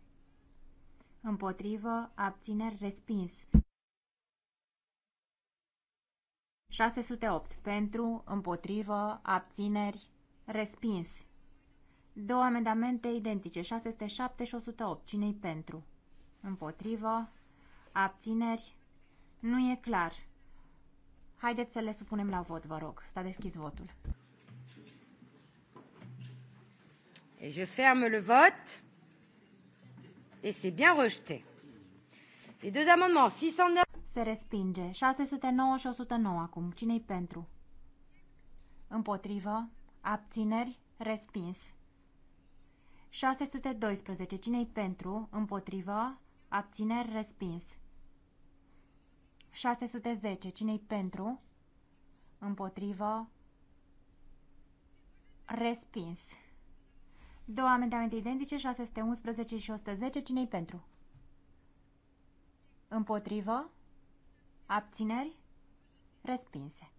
Împotrivă, abțineri respins. 608. Pentru, împotrivă, abțineri respins. Două amendamente identice, 607 și 108. Cine-i pentru? Împotrivă, Abțineri? Nu e clar. Haideți să le supunem la vot, vă rog. S-a deschis votul. Et je ferme le vote. Et c'est bien rejeté. Les deux amendements 609 se respinge. 609 și 109 acum. Cine-i pentru? Împotrivă. Abțineri. Respins. 612. Cine-i pentru? Împotrivă. Abțineri. Respins. 610. Cine-i pentru? Împotrivă? Respins. Două amendamente identice, 611 și 110. Cine-i pentru? Împotrivă? Abțineri? Respinse.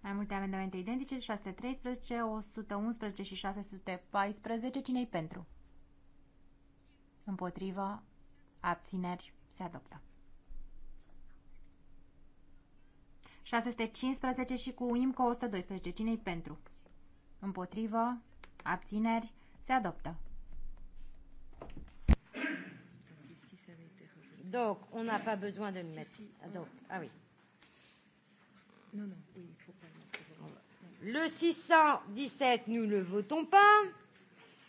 Mai multe amendamente identice, 613, 111 și 614. Cine-i pentru? Împotrivă? Abțineri? Se adoptă. 615 și cu IMCO 112. cine pentru? Împotrivă? Abțineri? Se adoptă. Donc, on n'a pas besoin de le mettre. Ah, donc, ah oui. Non, non, il faut pas le mettre. Le 617, nous ne votons pas.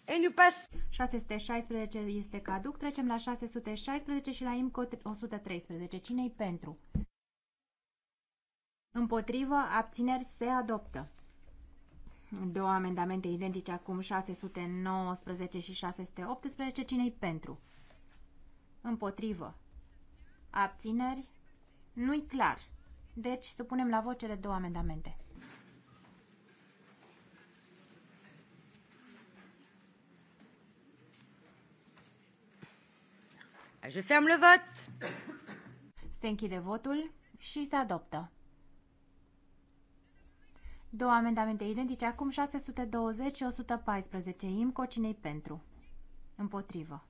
Et nous passons. 616 est caduc. Trecem la 616 et la IMCO 113. cine est pentru? Împotrivă, abțineri se adoptă. Două amendamente identice acum, 619 și 618. Cine-i pentru? Împotrivă. Abțineri? Nu-i clar. Deci, supunem la vot cele două amendamente. Je ferme le vot. Se închide votul și se adoptă. Două amendamente identice, acum 620 și 114. IMCO, cinei pentru? Împotrivă.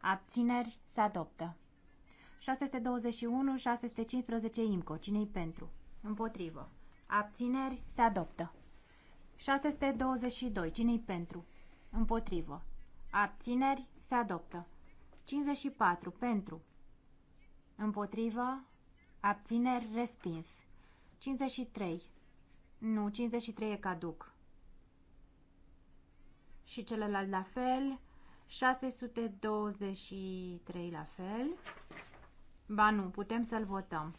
Abțineri, se adoptă. 621, 615, IMCO, cinei pentru? Împotrivă. Abțineri, se adoptă. 622, cinei pentru? Împotrivă. Abțineri, se adoptă. 54, pentru. Împotrivă, abțineri, respins. 53, nu, 53 e caduc. Și celălalt la fel. 623 la fel. Ba nu, putem să-l votăm.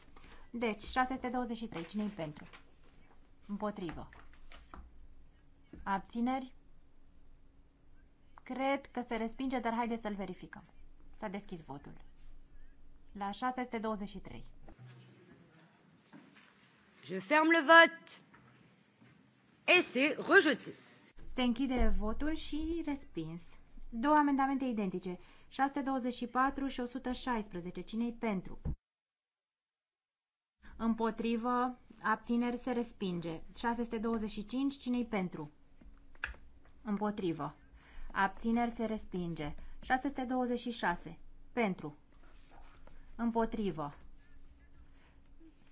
Deci, 623. Cine-i pentru? Împotrivă. Abțineri? Cred că se respinge, dar haideți să-l verificăm. S-a deschis votul. La 623. Je ferme le vote et c'est rejeté. Se închide votul și respins. Două amendamente identice, 624 și 116. Cine-i pentru? Împotrivă, abțineri se respinge. 625, cine-i pentru? Împotrivă. Abțineri se respinge. 626, pentru. Împotrivă.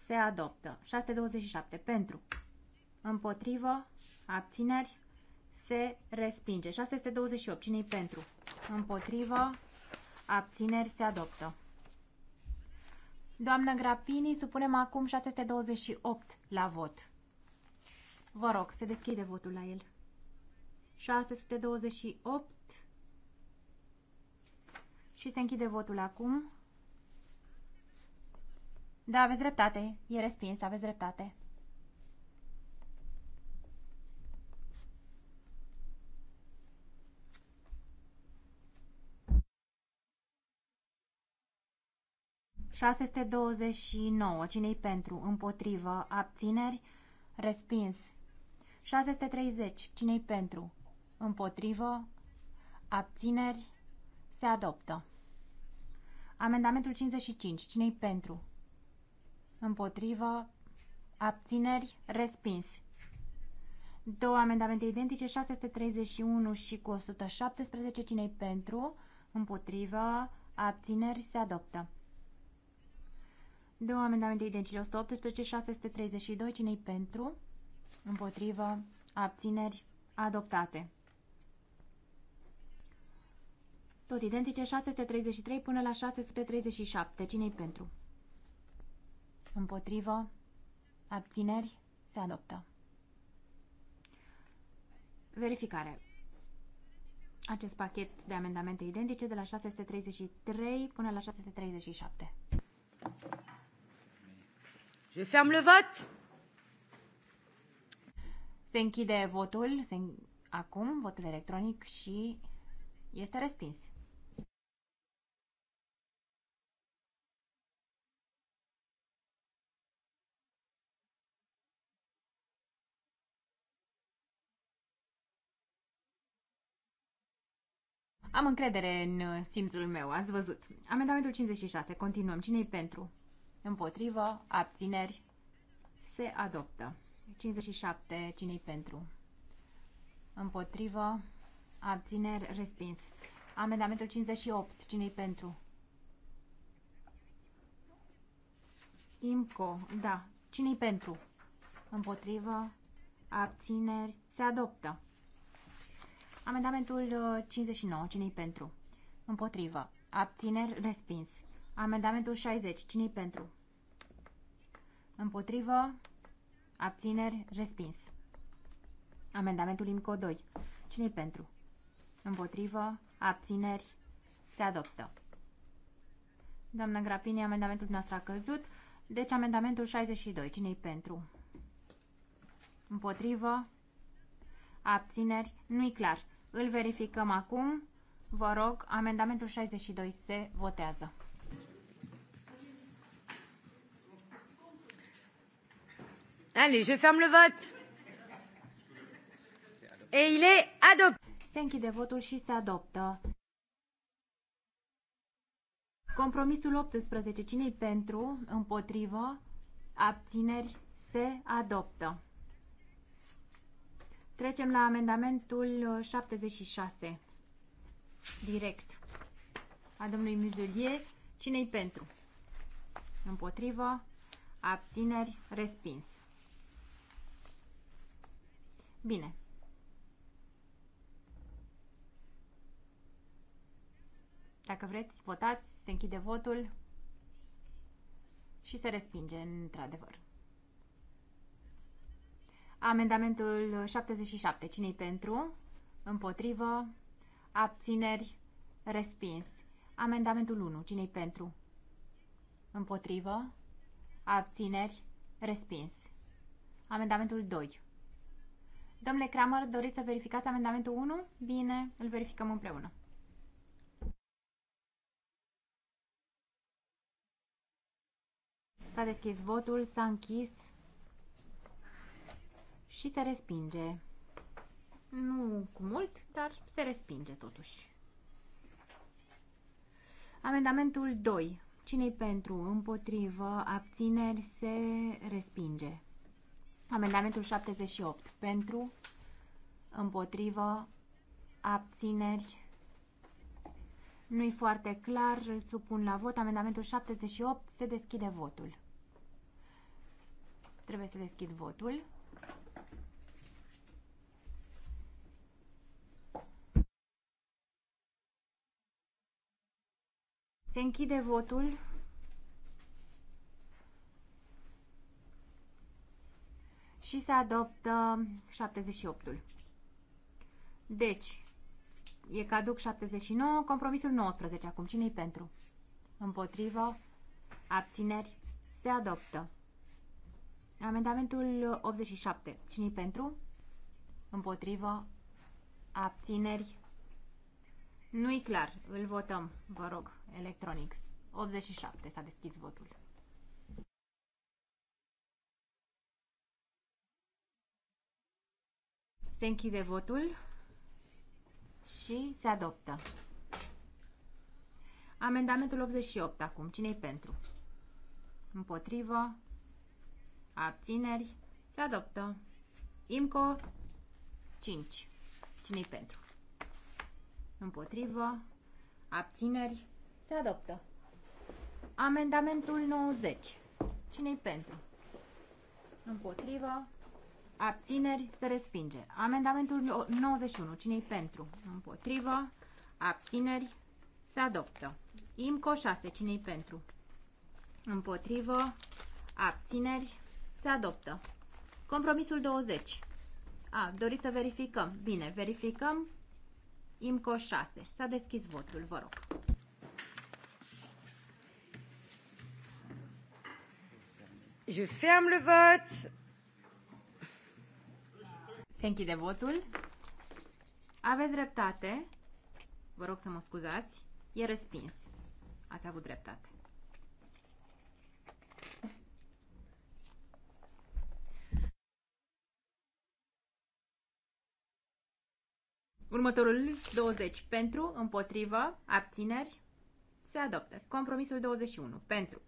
Se adoptă. 627, pentru împotrivă, abțineri, se respinge. 628. Cine-i pentru? Împotrivă, abțineri, se adoptă. Doamnă Grapini, supunem acum 628 la vot. Vă rog, se deschide votul la el. 628 și se închide votul acum. Da, aveți dreptate. E respins, aveți dreptate. 629. Cine-i pentru? Împotrivă. Abțineri? Respins. 630. Cine-i pentru? Împotrivă. Abțineri? Se adoptă. Amendamentul 55. Cine-i pentru? Împotrivă. Abțineri? Respins. Două amendamente identice, 631 și cu 117. Cine-i pentru? Împotrivă. Abțineri? Se adoptă. Două amendamente identice, 118 și 632, cine pentru? Împotrivă, abțineri, adoptate. Tot identice, 633 până la 637, cine pentru? Împotrivă, abțineri, se adoptă. Verificare. Acest pachet de amendamente identice de la 633 până la 637. Je ferme le vote. Se închide votul se... acum, votul electronic și este respins. Am încredere în uh, simțul meu, ați văzut. Amendamentul 56. Continuăm. Cine-i pentru? Împotrivă, abțineri, se adoptă. 57, cine pentru? Împotrivă, abțineri, respins. Amendamentul 58, cine pentru? IMCO, da. cine pentru? Împotrivă, abțineri, se adoptă. Amendamentul 59, cine pentru? Împotrivă, abțineri, respins. Amendamentul 60. cine pentru? Împotrivă. Abțineri. Respins. Amendamentul IMCO 2. cine pentru? Împotrivă. Abțineri. Se adoptă. Doamna Grapini, amendamentul nostru a căzut. Deci amendamentul 62. cine pentru? Împotrivă. Abțineri. Nu-i clar. Îl verificăm acum. Vă rog, amendamentul 62 se votează. Allez, je ferme le vote. Et il est adopté. Se închide votul și se adoptă. Compromisul 18. Cine-i pentru? Împotrivă? Abțineri? Se adoptă. Trecem la amendamentul 76. Direct. A domnului Muzulie. Cine-i pentru? Împotrivă? Abțineri? Respins. Bine. Dacă vreți, votați, se închide votul și se respinge, într-adevăr. Amendamentul 77. Cine-i pentru? Împotrivă? Abțineri? Respins. Amendamentul 1. Cine-i pentru? Împotrivă? Abțineri? Respins. Amendamentul 2. Domnule Kramer, doriți să verificați amendamentul 1? Bine, îl verificăm împreună. S-a deschis votul, s-a închis și se respinge. Nu cu mult, dar se respinge totuși. Amendamentul 2. Cine-i pentru? Împotrivă? Abțineri? Se respinge. Amendamentul 78 pentru, împotrivă, abțineri. Nu-i foarte clar, îl supun la vot. Amendamentul 78 se deschide votul. Trebuie să deschid votul. Se închide votul. și se adoptă 78-ul. Deci, e caduc 79, compromisul 19. Acum, cine-i pentru? Împotrivă, abțineri, se adoptă. Amendamentul 87. Cine-i pentru? Împotrivă, abțineri. Nu-i clar. Îl votăm, vă rog, electronics. 87. S-a deschis votul. Se închide votul și se adoptă. Amendamentul 88 acum. Cine-i pentru? Împotrivă. Abțineri. Se adoptă. IMCO 5. Cine-i pentru? Împotrivă. Abțineri. Se adoptă. Amendamentul 90. Cine-i pentru? Împotrivă. Abțineri se respinge. Amendamentul 91. Cine-i pentru? Împotrivă. Abțineri se adoptă. IMCO 6. Cine-i pentru? Împotrivă. Abțineri se adoptă. Compromisul 20. A, doriți să verificăm. Bine, verificăm. IMCO 6. S-a deschis votul, vă rog. Je ferme le vote. Se închide votul. Aveți dreptate. Vă rog să mă scuzați. E respins. Ați avut dreptate. Următorul 20. Pentru, împotrivă, abțineri, se adoptă. Compromisul 21. Pentru,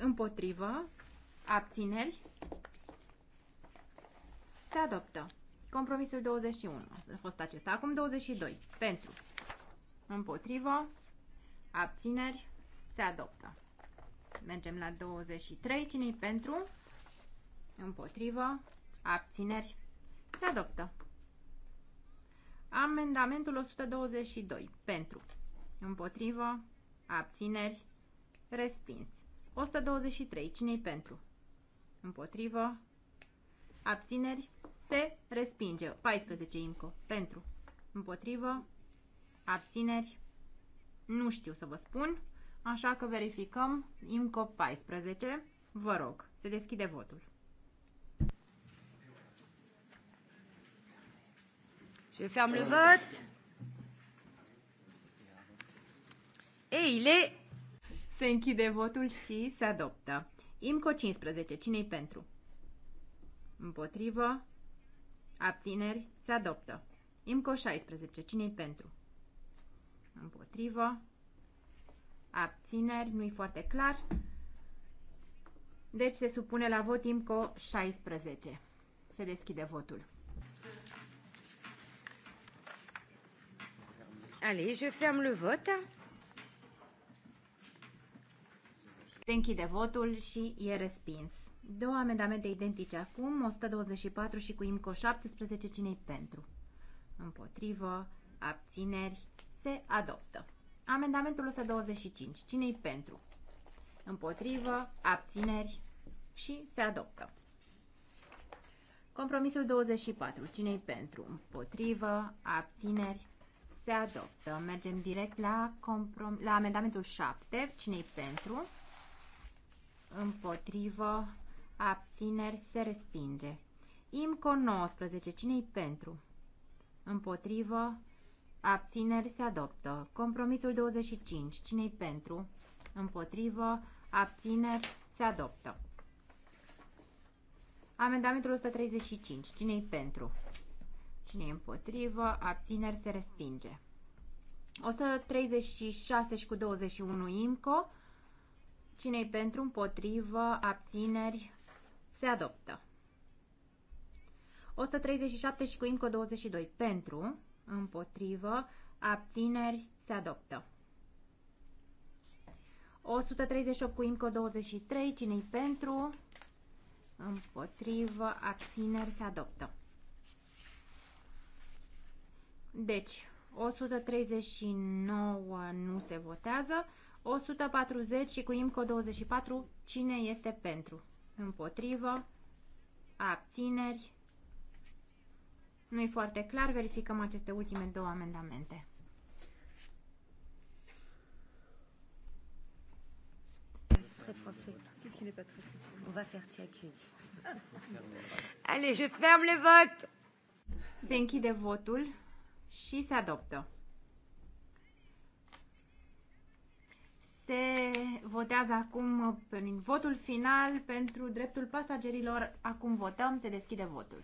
împotrivă, abțineri, se adoptă. Compromisul 21 a fost acesta. Acum 22. Pentru. Împotrivă. Abțineri. Se adoptă. Mergem la 23. Cine-i pentru? Împotrivă. Abțineri. Se adoptă. Amendamentul 122. Pentru. Împotrivă. Abțineri. Respins. 123. Cine-i pentru? Împotrivă abțineri, se respinge. 14 IMCO pentru, împotrivă, abțineri, nu știu să vă spun, așa că verificăm IMCO 14, vă rog, se deschide votul. Je ferme le vote. Et il est... Se închide votul și se adoptă. IMCO 15. Cine-i pentru? Împotrivă. Abțineri. Se adoptă. IMCO 16. cine pentru? Împotrivă. Abțineri. Nu-i foarte clar. Deci se supune la vot IMCO 16. Se deschide votul. Allez, je ferme le vote. Se închide votul și e respins. Două amendamente identice acum, 124 și cu IMCO 17, cine pentru? Împotrivă, abțineri, se adoptă. Amendamentul 125, cine pentru? Împotrivă, abțineri și se adoptă. Compromisul 24, cine pentru? Împotrivă, abțineri, se adoptă. Mergem direct la, comprom, la amendamentul 7, cine pentru? Împotrivă, abțineri, se respinge. IMCO 19, cine-i pentru? Împotrivă, abțineri, se adoptă. Compromisul 25, cine-i pentru? Împotrivă, abțineri, se adoptă. Amendamentul 135, cine-i pentru? Cine-i împotrivă, abțineri, se respinge. 136 și cu 21 IMCO. cine pentru, împotrivă, abțineri, se adoptă. 137 și cu IMCO 22. Pentru, împotrivă, abțineri, se adoptă. 138 cu IMCO 23. Cine-i pentru? Împotrivă, abțineri, se adoptă. Deci, 139 nu se votează. 140 și cu IMCO 24, cine este pentru? împotrivă, abțineri. Nu e foarte clar, verificăm aceste ultime două amendamente. check. Allez, je ferme le vote. Se închide votul și se adoptă. se votează acum uh, prin votul final pentru dreptul pasagerilor. Acum votăm, se deschide votul.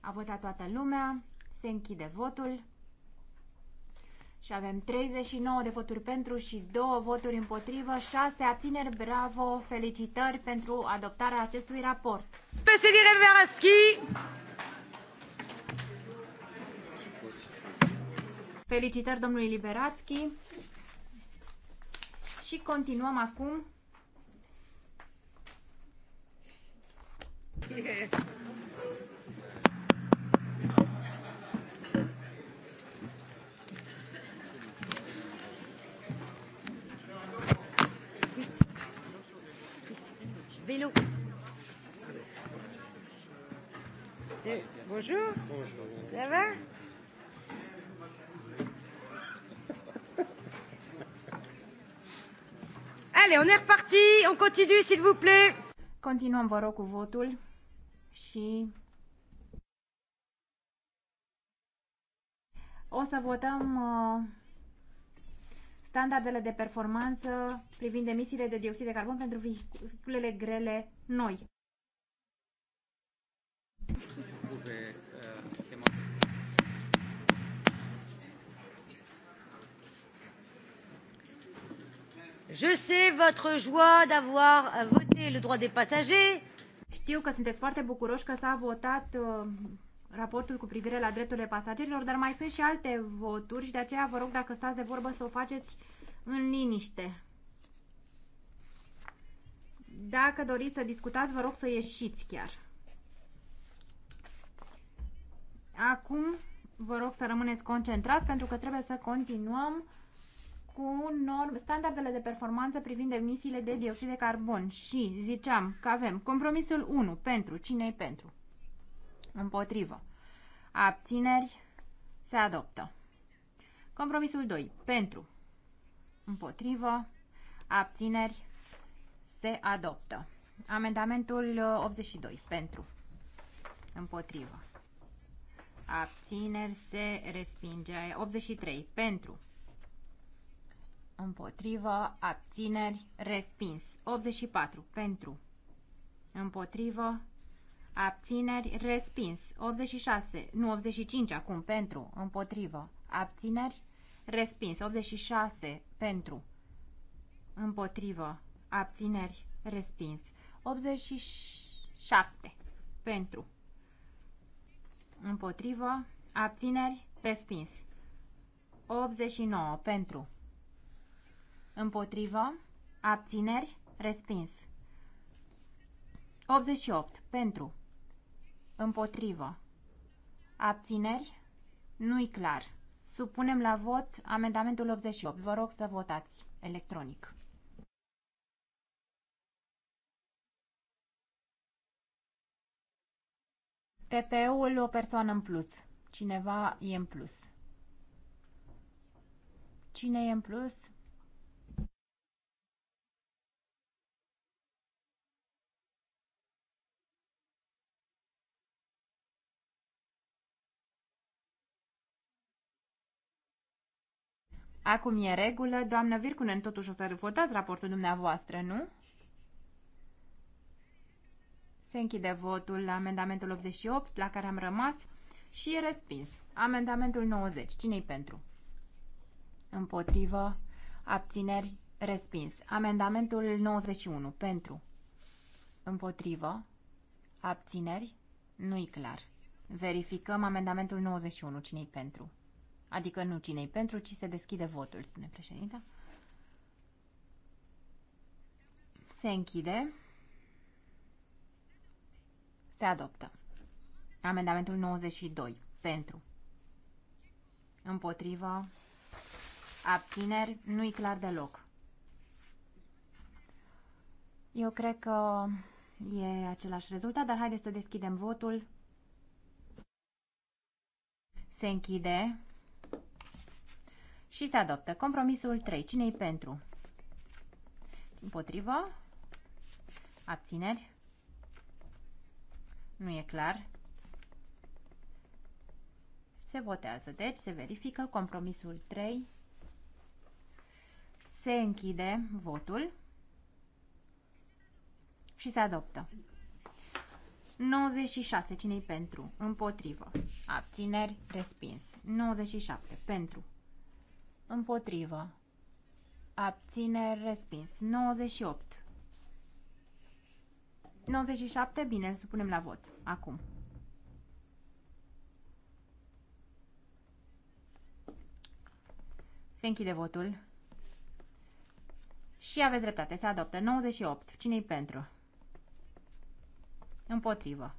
A votat toată lumea, se închide votul și avem 39 de voturi pentru și 2 voturi împotrivă, 6 abțineri. Bravo, felicitări pentru adoptarea acestui raport. Președinte Veraschi, Felicitări domnului Liberatski Și continuăm acum. Yeah. Bonjour. Bonjour. Ça va Allez, on est reparti, on continue, s'il vous plaît. Continuăm, vă rog, cu votul și o să votăm uh, standardele de performanță privind emisiile de dioxid de carbon pentru vehiculele grele noi. Je sais votre joie d'avoir euh, voté le droit des passagers. Știu că sunteți foarte bucuroși că s-a votat uh, raportul cu privire la drepturile pasagerilor, dar mai sunt și alte voturi și de aceea vă rog dacă stați de vorbă să o faceți în liniște. Dacă doriți să discutați, vă rog să ieșiți chiar. Acum vă rog să rămâneți concentrați pentru că trebuie să continuăm cu norm, standardele de performanță privind emisiile de dioxid de carbon și ziceam că avem compromisul 1 pentru, cine e pentru? Împotrivă. Abțineri se adoptă. Compromisul 2 pentru, împotrivă, abțineri se adoptă. Amendamentul 82 uh, pentru, împotrivă. Abțineri se respinge. 83 pentru, împotrivă, abțineri, respins. 84 pentru, împotrivă, abțineri, respins. 86, nu 85 acum, pentru, împotrivă, abțineri, respins. 86 pentru, împotrivă, abțineri, respins. 87 pentru, împotrivă, abțineri, respins. 89 pentru, Împotrivă. Abțineri. Respins. 88. Pentru. Împotrivă. Abțineri. Nu-i clar. Supunem la vot amendamentul 88. Vă rog să votați electronic. PPU-ul o persoană în plus. Cineva e în plus. Cine e în plus? Acum e regulă. Doamnă Virkunen, totuși o să votați raportul dumneavoastră, nu? Se închide votul la amendamentul 88, la care am rămas, și e respins. Amendamentul 90. Cine-i pentru? Împotrivă. Abțineri. Respins. Amendamentul 91. Pentru. Împotrivă. Abțineri. Nu-i clar. Verificăm amendamentul 91. Cine-i pentru? Adică nu cinei pentru, ci se deschide votul, spune președinta. Se închide. Se adoptă. Amendamentul 92. Pentru. Împotrivă. Abțineri. Nu-i clar deloc. Eu cred că e același rezultat, dar haideți să deschidem votul. Se închide și se adoptă. Compromisul 3. cine pentru? Împotrivă? Abțineri? Nu e clar. Se votează, deci se verifică compromisul 3. Se închide votul și se adoptă. 96. cine pentru? Împotrivă. Abțineri? Respins. 97. Pentru. Împotrivă. Abțineri respins. 98. 97, bine, îl supunem la vot. Acum. Se închide votul. Și aveți dreptate, se adoptă. 98. Cine-i pentru? Împotrivă.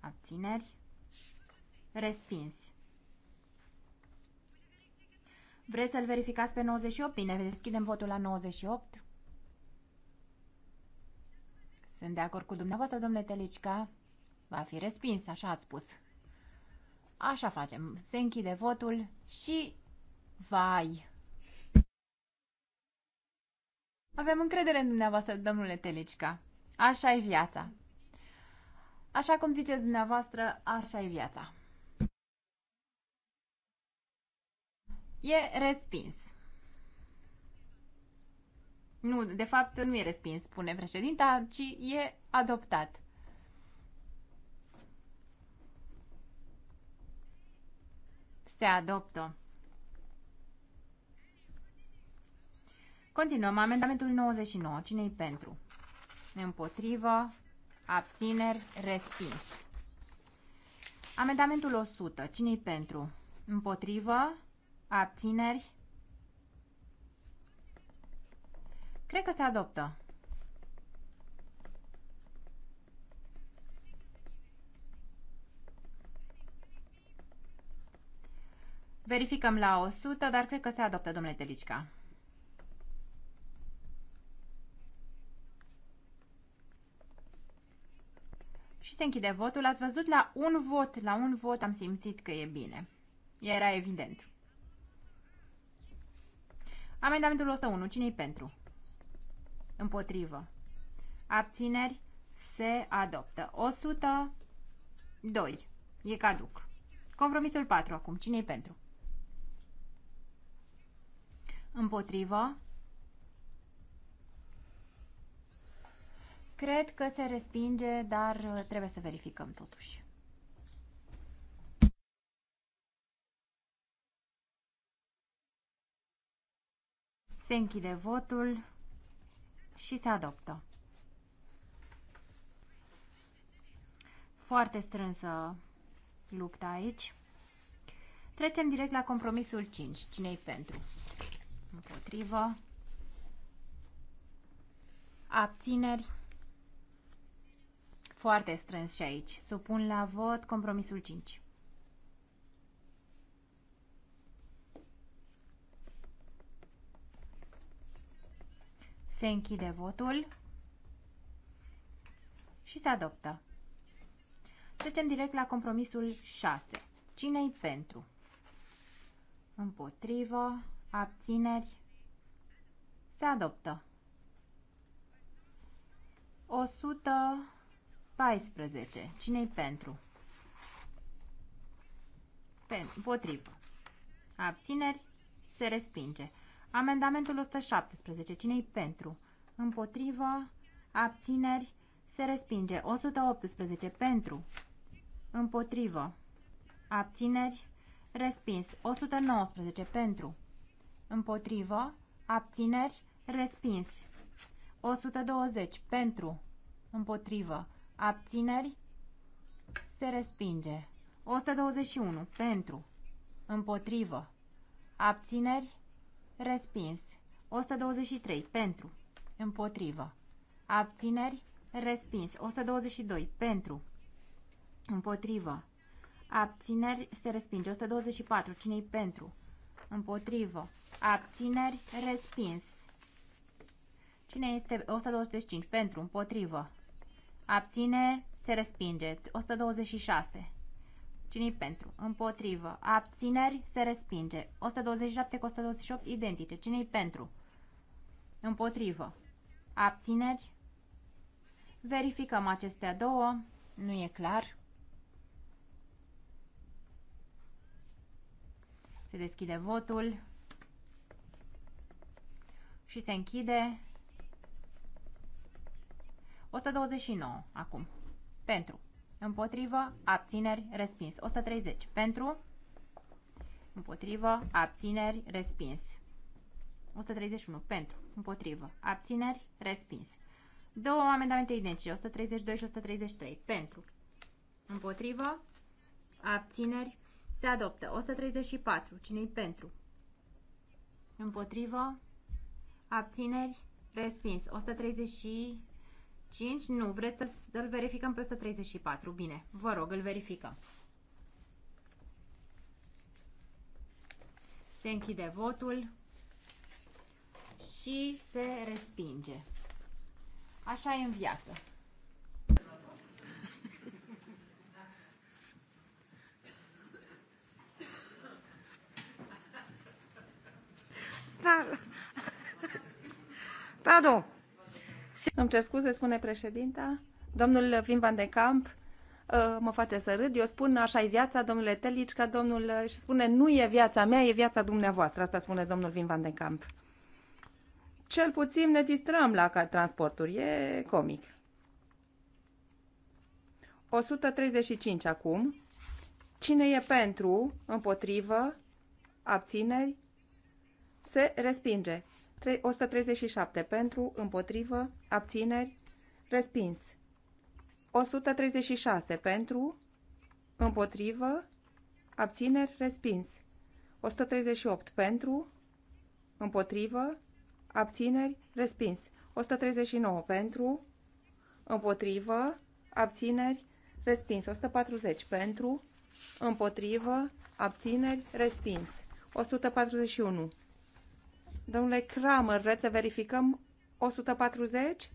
Abțineri. Respins. Vreți să-l verificați pe 98? Bine, deschidem votul la 98. Sunt de acord cu dumneavoastră, domnule Telicica. Va fi respins, așa ați spus. Așa facem. Se închide votul și... Vai! Avem încredere în dumneavoastră, domnule Telicica. Așa e viața. Așa cum ziceți dumneavoastră, așa e viața. E respins. Nu, de fapt nu e respins, spune președinta, ci e adoptat. Se adoptă. Continuăm. Amendamentul 99. Cine-i pentru? Împotrivă. Abțineri. Respins. Amendamentul 100. Cine-i pentru? Împotrivă. Abțineri. Cred că se adoptă. Verificăm la 100, dar cred că se adoptă, domnule Telicica. Și se închide votul. Ați văzut la un vot, la un vot am simțit că e bine. Era evident. Amendamentul 101. Cine-i pentru? Împotrivă. Abțineri se adoptă. 102. E caduc. Compromisul 4 acum. Cine-i pentru? Împotrivă. Cred că se respinge, dar trebuie să verificăm totuși. Se închide votul și se adoptă. Foarte strânsă lupta aici. Trecem direct la compromisul 5. cine e pentru? Împotrivă. Abțineri. Foarte strâns și aici. Supun la vot compromisul 5. Se închide votul și se adoptă. Trecem direct la compromisul 6. Cine-i pentru? Împotrivă, abțineri, se adoptă. 114. Cine-i pentru? Pen, împotrivă. Abțineri, se respinge. Amendamentul 117. Cine-i pentru? Împotrivă. Abțineri. Se respinge. 118. Pentru. Împotrivă. Abțineri. Respins. 119. Pentru. Împotrivă. Abțineri. Respins. 120. Pentru. Împotrivă. Abțineri. Se respinge. 121. Pentru. Împotrivă. Abțineri. Respins. 123. Pentru. Împotrivă. Abțineri. Respins. 122. Pentru. Împotrivă. Abțineri. Se respinge. 124. Cine-i pentru? Împotrivă. Abțineri. Respins. Cine este 125? Pentru. Împotrivă. Abține. Se respinge. 126 cine pentru? Împotrivă. Abțineri se respinge. 127 cu 128 identice. cine pentru? Împotrivă. Abțineri. Verificăm acestea două. Nu e clar. Se deschide votul și se închide 129 acum. Pentru. Împotrivă, abțineri, respins. 130. Pentru, împotrivă, abțineri, respins. 131. Pentru, împotrivă, abțineri, respins. Două amendamente identice, 132 și 133. Pentru, împotrivă, abțineri, se adoptă. 134. Cine-i pentru? Împotrivă, abțineri, respins. 135. 5? Nu, vreți să-l verificăm pe 134. Bine, vă rog, îl verificăm. Se închide votul și se respinge. Așa e în viață. Pardon. Pardon. Îmi cer scuze, spune președinta. Domnul Vim Van de Camp uh, mă face să râd. Eu spun așa e viața, domnule Telici, ca domnul uh, și spune nu e viața mea, e viața dumneavoastră. Asta spune domnul Vim Van de Camp. Cel puțin ne distrăm la transporturi. E comic. 135 acum. Cine e pentru, împotrivă, abțineri, se respinge. 137 pentru, împotrivă, abțineri, respins. 136 pentru, împotrivă, abțineri, respins. 138 pentru, împotrivă, abțineri, respins. 139 pentru, împotrivă, abțineri, respins. 140 pentru, împotrivă, abțineri, respins. 141 Domnule Kramer, vreți să verificăm 140?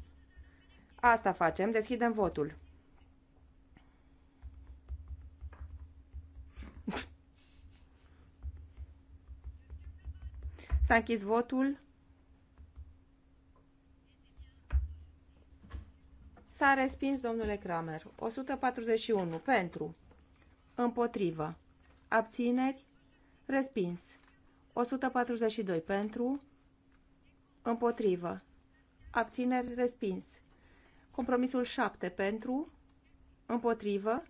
Asta facem, deschidem votul. (laughs) S-a închis votul. S-a respins, domnule Kramer. 141. Pentru. Împotrivă. Abțineri. Respins. 142 pentru, împotrivă, abțineri respins. Compromisul 7 pentru, împotrivă,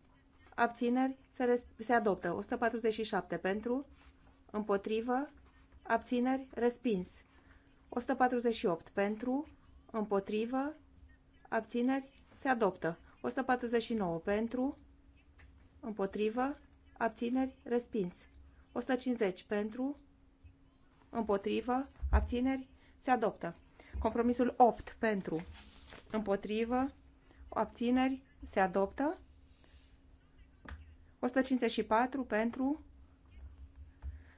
abțineri se, se adoptă. 147 pentru, împotrivă, abțineri respins. 148 pentru, împotrivă, abțineri se adoptă. 149 pentru, împotrivă, abțineri respins. 150 pentru, împotrivă, abțineri, se adoptă. Compromisul 8 pentru, împotrivă, abțineri, se adoptă. 154 pentru,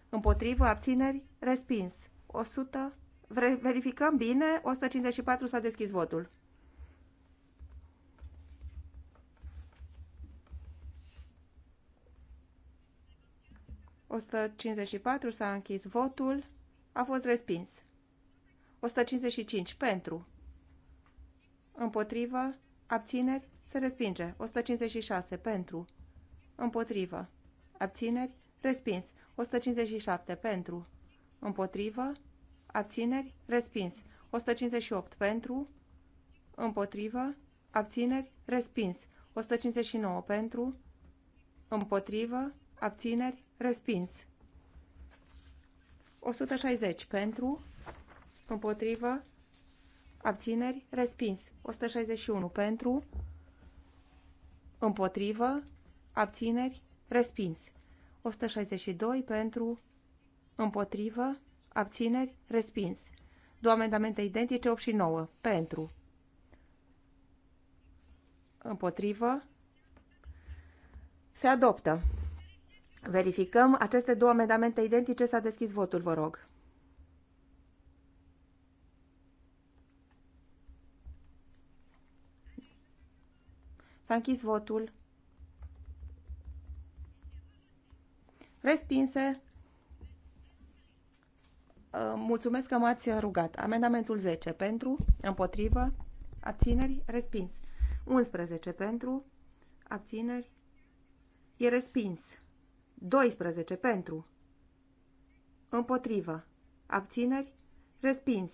împotrivă, abțineri, respins. 100, verificăm bine, 154 s-a deschis votul. patru s-a închis votul. A fost respins. 155 pentru. Împotrivă. Abțineri. Se respinge. 156 pentru. Împotrivă. Abțineri. Respins. 157 pentru. Împotrivă. Abțineri. Respins. 158 pentru. Împotrivă. Abțineri. Respins. 159 pentru. Împotrivă. Abțineri. Respins. 160 pentru, împotrivă, abțineri, respins. 161 pentru, împotrivă, abțineri, respins. 162 pentru, împotrivă, abțineri, respins. Două amendamente identice, 8 și 9, pentru, împotrivă, se adoptă. Verificăm aceste două amendamente identice. S-a deschis votul, vă rog. S-a închis votul. Respinse. Uh, mulțumesc că m-ați rugat. Amendamentul 10 pentru, împotrivă, abțineri, respins. 11 pentru, abțineri, e respins. 12 pentru. Împotrivă. Abțineri. Respins.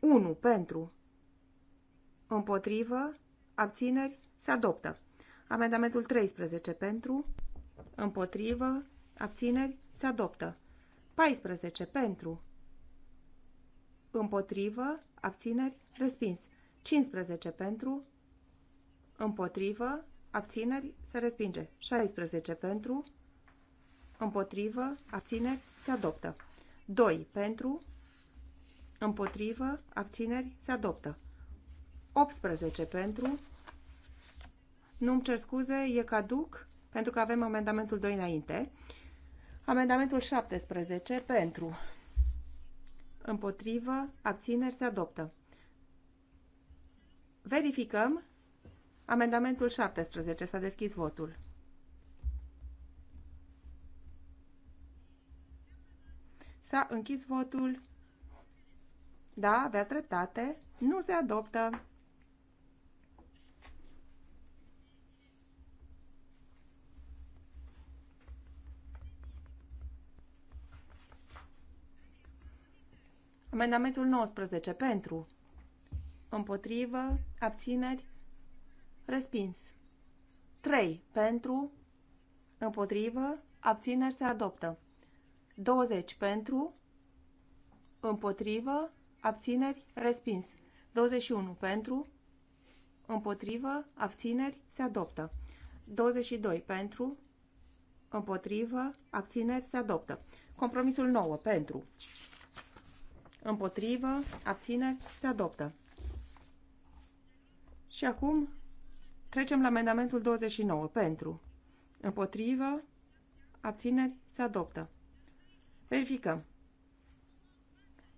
1 pentru. Împotrivă. Abțineri. Se adoptă. Amendamentul 13 pentru. Împotrivă. Abțineri. Se adoptă. 14 pentru. Împotrivă. Abțineri. Respins. 15 pentru. Împotrivă. Abțineri. Se respinge. 16 pentru împotrivă, abțineri, se adoptă. 2. Pentru, împotrivă, abțineri, se adoptă. 18. Pentru, nu-mi cer scuze, e caduc, pentru că avem amendamentul 2 înainte. Amendamentul 17. Pentru, împotrivă, abțineri, se adoptă. Verificăm. Amendamentul 17. S-a deschis votul. S-a închis votul. Da, aveați dreptate. Nu se adoptă. Amendamentul 19. Pentru. Împotrivă. Abțineri. Respins. 3. Pentru. Împotrivă. Abțineri se adoptă. 20 pentru, împotrivă, abțineri, respins. 21 pentru, împotrivă, abțineri, se adoptă. 22 pentru, împotrivă, abțineri, se adoptă. Compromisul 9 pentru, împotrivă, abțineri, se adoptă. Și acum trecem la amendamentul 29 pentru, împotrivă, abțineri, se adoptă. Verificăm.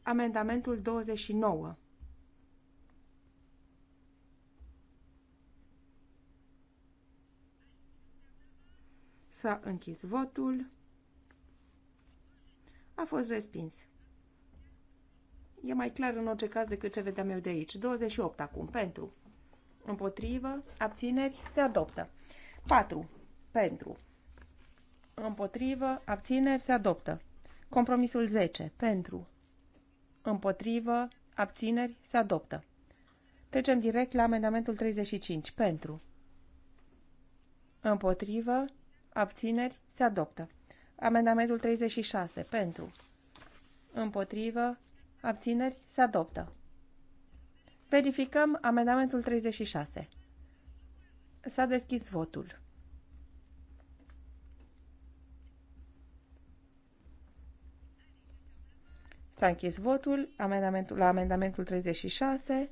Amendamentul 29. S-a închis votul. A fost respins. E mai clar în orice caz decât ce vedeam eu de aici. 28 acum. Pentru. Împotrivă. Abțineri. Se adoptă. 4. Pentru. Împotrivă. Abțineri. Se adoptă. Compromisul 10. Pentru. Împotrivă. Abțineri. Se adoptă. Trecem direct la amendamentul 35. Pentru. Împotrivă. Abțineri. Se adoptă. Amendamentul 36. Pentru. Împotrivă. Abțineri. Se adoptă. Verificăm amendamentul 36. S-a deschis votul. S-a închis votul amendamentul, la amendamentul 36.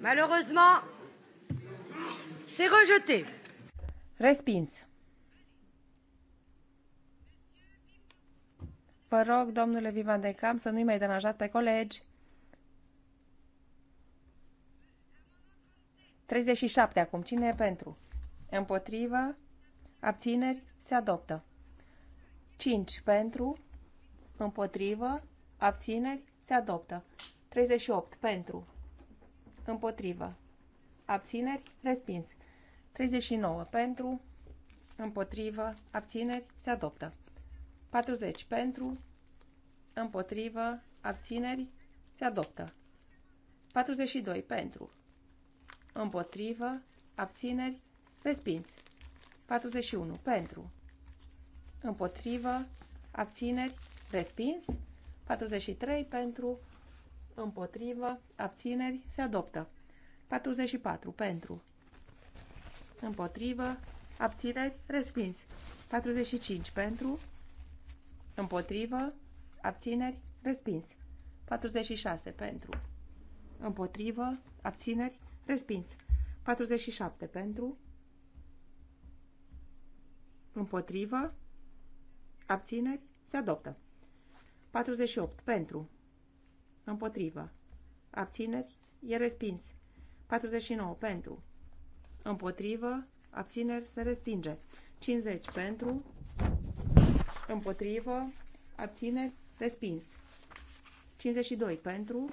Malheureusement, c'est rejeté. Respins. Vă rog, domnule Vivan de Cam, să nu-i mai deranjați pe colegi. 37 acum. Cine e pentru? Împotrivă. Abțineri. Se adoptă. 5 pentru. Împotrivă. Abțineri. Se adoptă. 38 pentru. Împotrivă. Abțineri. Respins. 39 pentru. Împotrivă. Abțineri. Se adoptă. 40 pentru. Împotrivă. Abțineri. Se adoptă. 42 pentru împotrivă, abțineri, respins. 41. Pentru, împotrivă, abțineri, respins. 43. Pentru, împotrivă, abțineri, se adoptă. 44. Pentru, împotrivă, abțineri, respins. 45. Pentru, împotrivă, abțineri, respins. 46. Pentru, împotrivă, abțineri, Respins. 47 pentru. Împotrivă. Abțineri. Se adoptă. 48 pentru. Împotrivă. Abțineri. E respins. 49 pentru. Împotrivă. Abțineri. Se respinge. 50 pentru. Împotrivă. Abțineri. Respins. 52 pentru.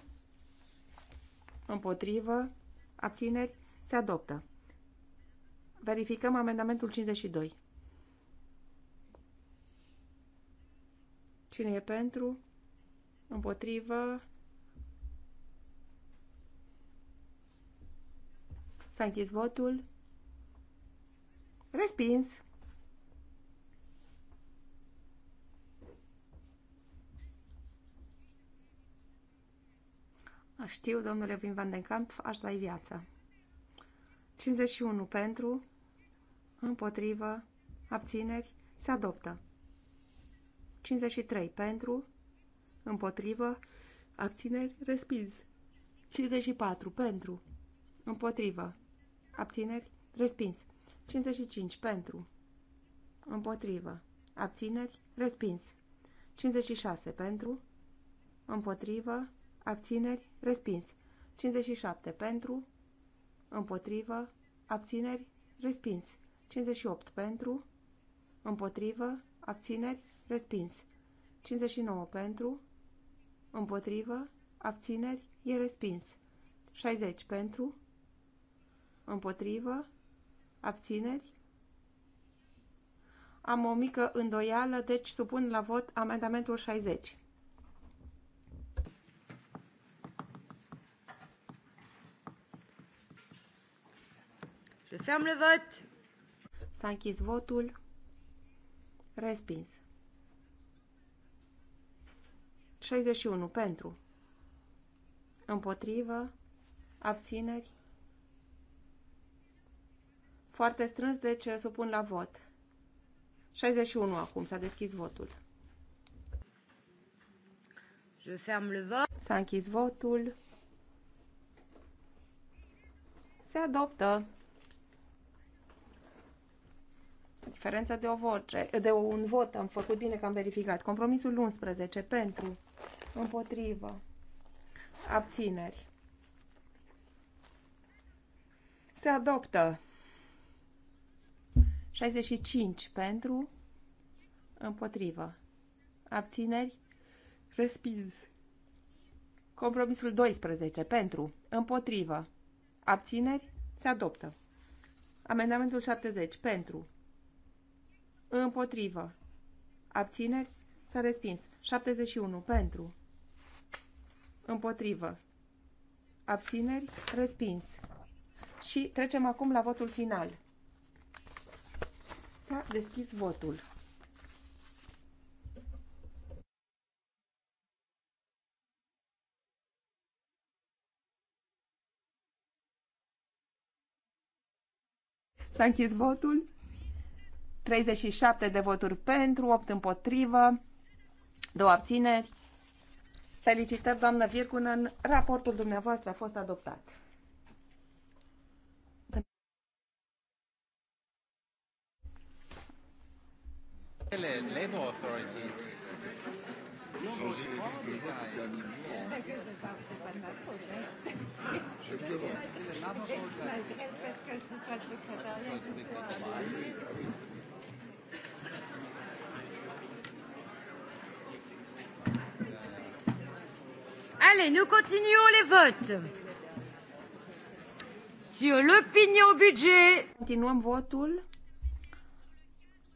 Împotrivă. Abțineri? Se adoptă. Verificăm amendamentul 52. Cine e pentru? Împotrivă? S-a închis votul. Respins. Știu, domnule Vin Van Den Kamp, aș da viața. 51 pentru, împotrivă, abțineri, se adoptă. 53 pentru, împotrivă, abțineri, respins. 54 pentru, împotrivă, abțineri, respins. 55 pentru, împotrivă, abțineri, respins. 56 pentru, împotrivă, abțineri, respins. 57 pentru, împotrivă, abțineri, respins. 58 pentru, împotrivă, abțineri, respins. 59 pentru, împotrivă, abțineri, e respins. 60 pentru, împotrivă, abțineri. Am o mică îndoială, deci supun la vot amendamentul 60. Ferm le S-a închis votul. Respins. 61 pentru. Împotrivă. Abțineri. Foarte strâns, deci eh, pun la vot. 61 acum, s-a deschis votul. Je ferme le vot. S-a închis votul. Se adoptă. diferență de, o voce, de un vot. Am făcut bine că am verificat. Compromisul 11 pentru, împotrivă, abțineri. Se adoptă 65 pentru, împotrivă, abțineri, respins. Compromisul 12 pentru, împotrivă, abțineri, se adoptă. Amendamentul 70 pentru, Împotrivă. Abțineri. S-a respins. 71. Pentru. Împotrivă. Abțineri. Respins. Și trecem acum la votul final. S-a deschis votul. S-a închis votul. 37 de voturi pentru, 8 împotrivă, 2 abțineri. Felicitări, doamnă Virkunen, raportul dumneavoastră a fost adoptat. Je Allez, nous continuons les votes. Sur l'opinion budget. Continuăm votul.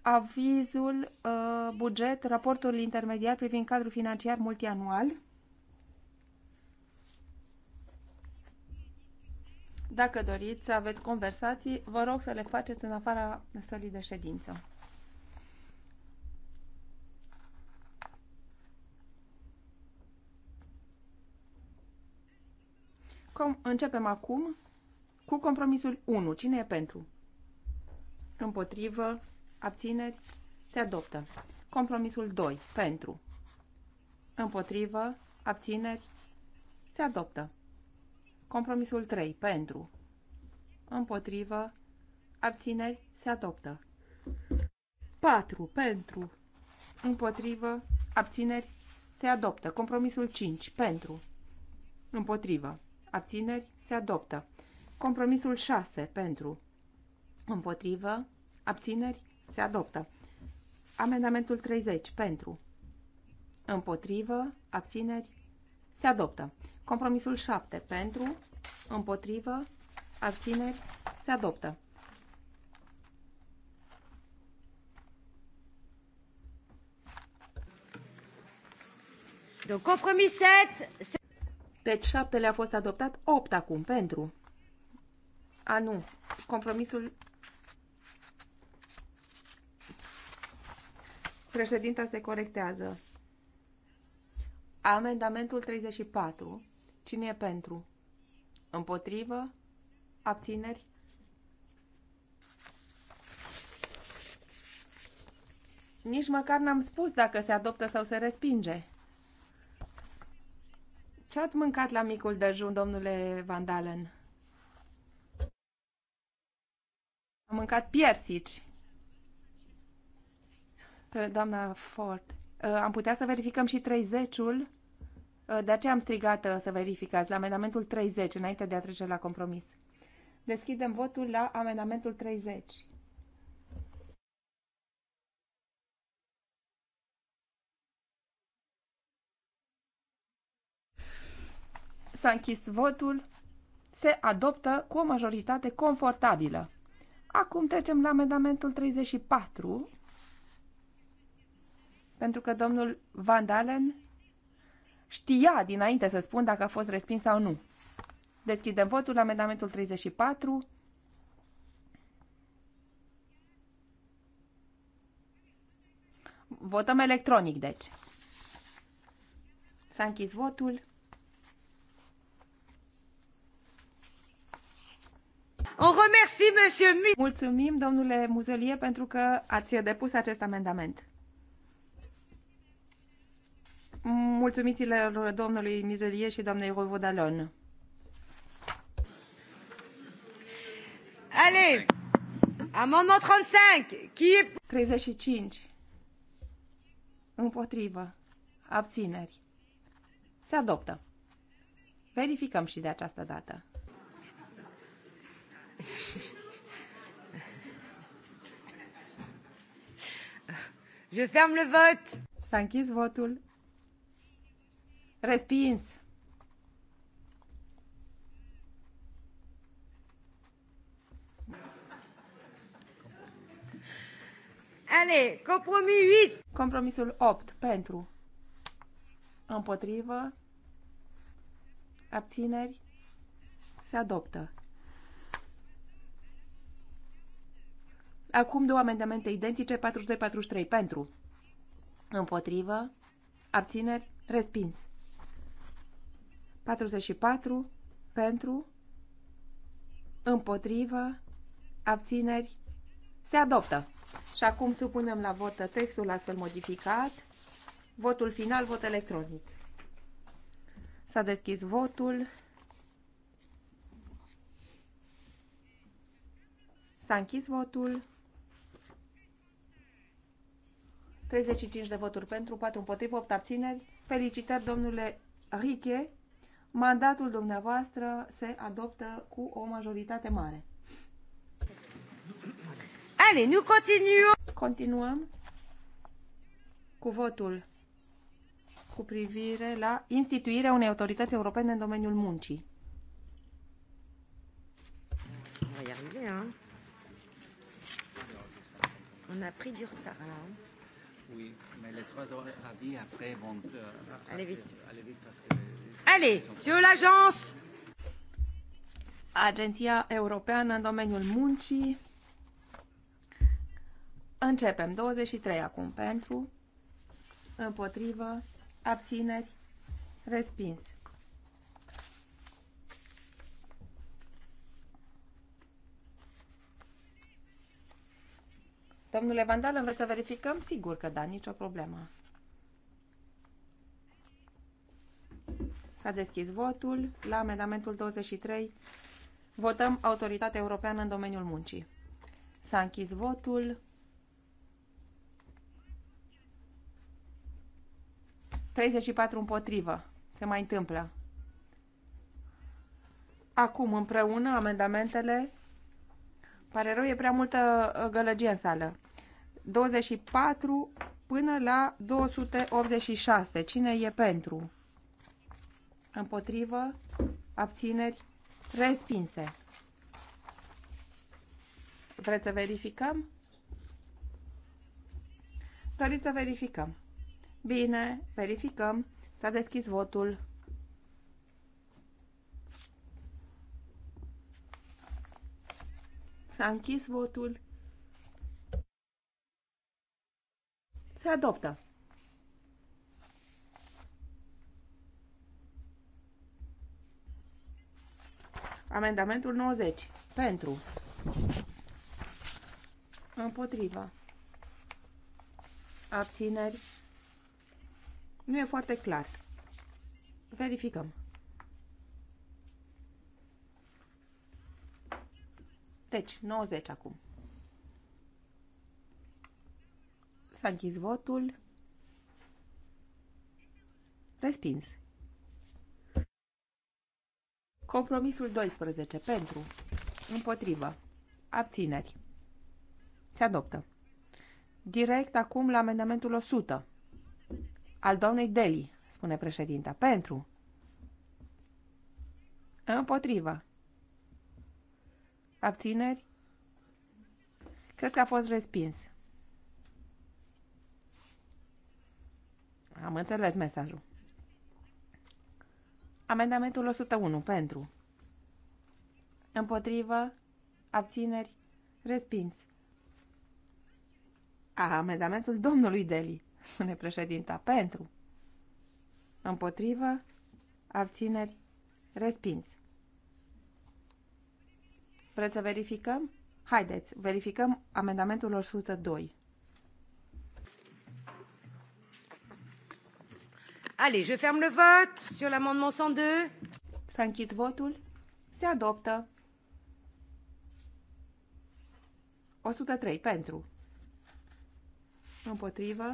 Avizul uh, buget, raportul intermediar privind cadrul financiar multianual. Dacă doriți să aveți conversații, vă rog să le faceți în afara sălii de ședință. Com începem acum cu compromisul 1. Cine e pentru? Împotrivă, abțineri, se adoptă. Compromisul 2. Pentru. Împotrivă, abțineri, se adoptă. Compromisul 3. Pentru. Împotrivă, abțineri, se adoptă. 4. Pentru. Împotrivă, abțineri, se adoptă. Compromisul 5. Pentru. Împotrivă abțineri, se adoptă. Compromisul 6 pentru, împotrivă, abțineri, se adoptă. Amendamentul 30 pentru, împotrivă, abțineri, se adoptă. Compromisul 7 pentru, împotrivă, abțineri, se adoptă. Donc compromis 7, deci șaptele a fost adoptat, opt acum pentru. A, nu. Compromisul... Președinta se corectează. Amendamentul 34. Cine e pentru? Împotrivă? Abțineri? Nici măcar n-am spus dacă se adoptă sau se respinge. Ce ați mâncat la micul dejun, domnule Vandalen? Am mâncat piersici. Doamna Ford, uh, am putea să verificăm și 30-ul? Uh, de aceea am strigat uh, să verificați la amendamentul 30, înainte de a trece la compromis. Deschidem votul la amendamentul 30. S-a închis votul. Se adoptă cu o majoritate confortabilă. Acum trecem la amendamentul 34, pentru că domnul Van Dalen știa dinainte să spun dacă a fost respins sau nu. Deschidem votul, amendamentul 34. Votăm electronic, deci. S-a închis votul. On remercie monsieur Mu Mulțumim, domnule Muzelie, pentru că ați depus acest amendament. Mulțumițile domnului Muzelie și doamnei Rovodalon. Allez! Amendement 35. Qui 35. Împotrivă. Abțineri. Se adoptă. Verificăm și de această dată. (laughs) Je ferme le vote. S-a închis votul. Respins. Ale, compromis 8. Compromisul 8 pentru. Împotrivă. Abțineri. Se adoptă. Acum două amendamente identice, 42-43, pentru. Împotrivă. Abțineri. Respins. 44. Pentru. Împotrivă. Abțineri. Se adoptă. Și acum supunem la vot textul astfel modificat. Votul final, vot electronic. S-a deschis votul. S-a închis votul. 35 de voturi pentru, 4 împotrivă, 8 abțineri. Felicitări, domnule Riche. Mandatul dumneavoastră se adoptă cu o majoritate mare. Allez, nous continuăm! Continuăm cu votul cu privire la instituirea unei autorități europene în domeniul muncii. On a pris du retard là. Hein. Oui, mais les trois avis après vont. Euh, allez vite. Allez vite parce que. Allez, sur l'agence. Agenția Europeană în domeniul muncii. Începem. 23 acum pentru, împotrivă, abțineri, respins. Domnule Vandal, vreți să verificăm? Sigur că da, nicio problemă. S-a deschis votul la amendamentul 23. Votăm Autoritatea Europeană în domeniul muncii. S-a închis votul. 34 împotrivă. Se mai întâmplă. Acum, împreună, amendamentele. Pare rău, e prea multă uh, gălăgie în sală. 24 până la 286. Cine e pentru? Împotrivă? Abțineri? Respinse. Vreți să verificăm? Doriți să verificăm. Bine, verificăm. S-a deschis votul. S-a închis votul. se adoptă. Amendamentul 90. Pentru. Împotriva. Abțineri. Nu e foarte clar. Verificăm. Deci, 90 acum. S-a închis votul. Respins. Compromisul 12. Pentru. Împotrivă. Abțineri. Se adoptă. Direct acum la amendamentul 100. Al doamnei Deli, spune președinta. Pentru. Împotrivă. Abțineri. Cred că a fost respins. Am înțeles mesajul. Amendamentul 101 pentru. Împotrivă. Abțineri. Respins. A, amendamentul domnului Deli, (laughs) spune președinta, pentru. Împotrivă. Abțineri. Respins. Vreți să verificăm? Haideți, verificăm amendamentul 102. Allez, je ferme le vote sur l'amendement 102. S-a votul. Se adoptă. 103 pentru. Împotrivă.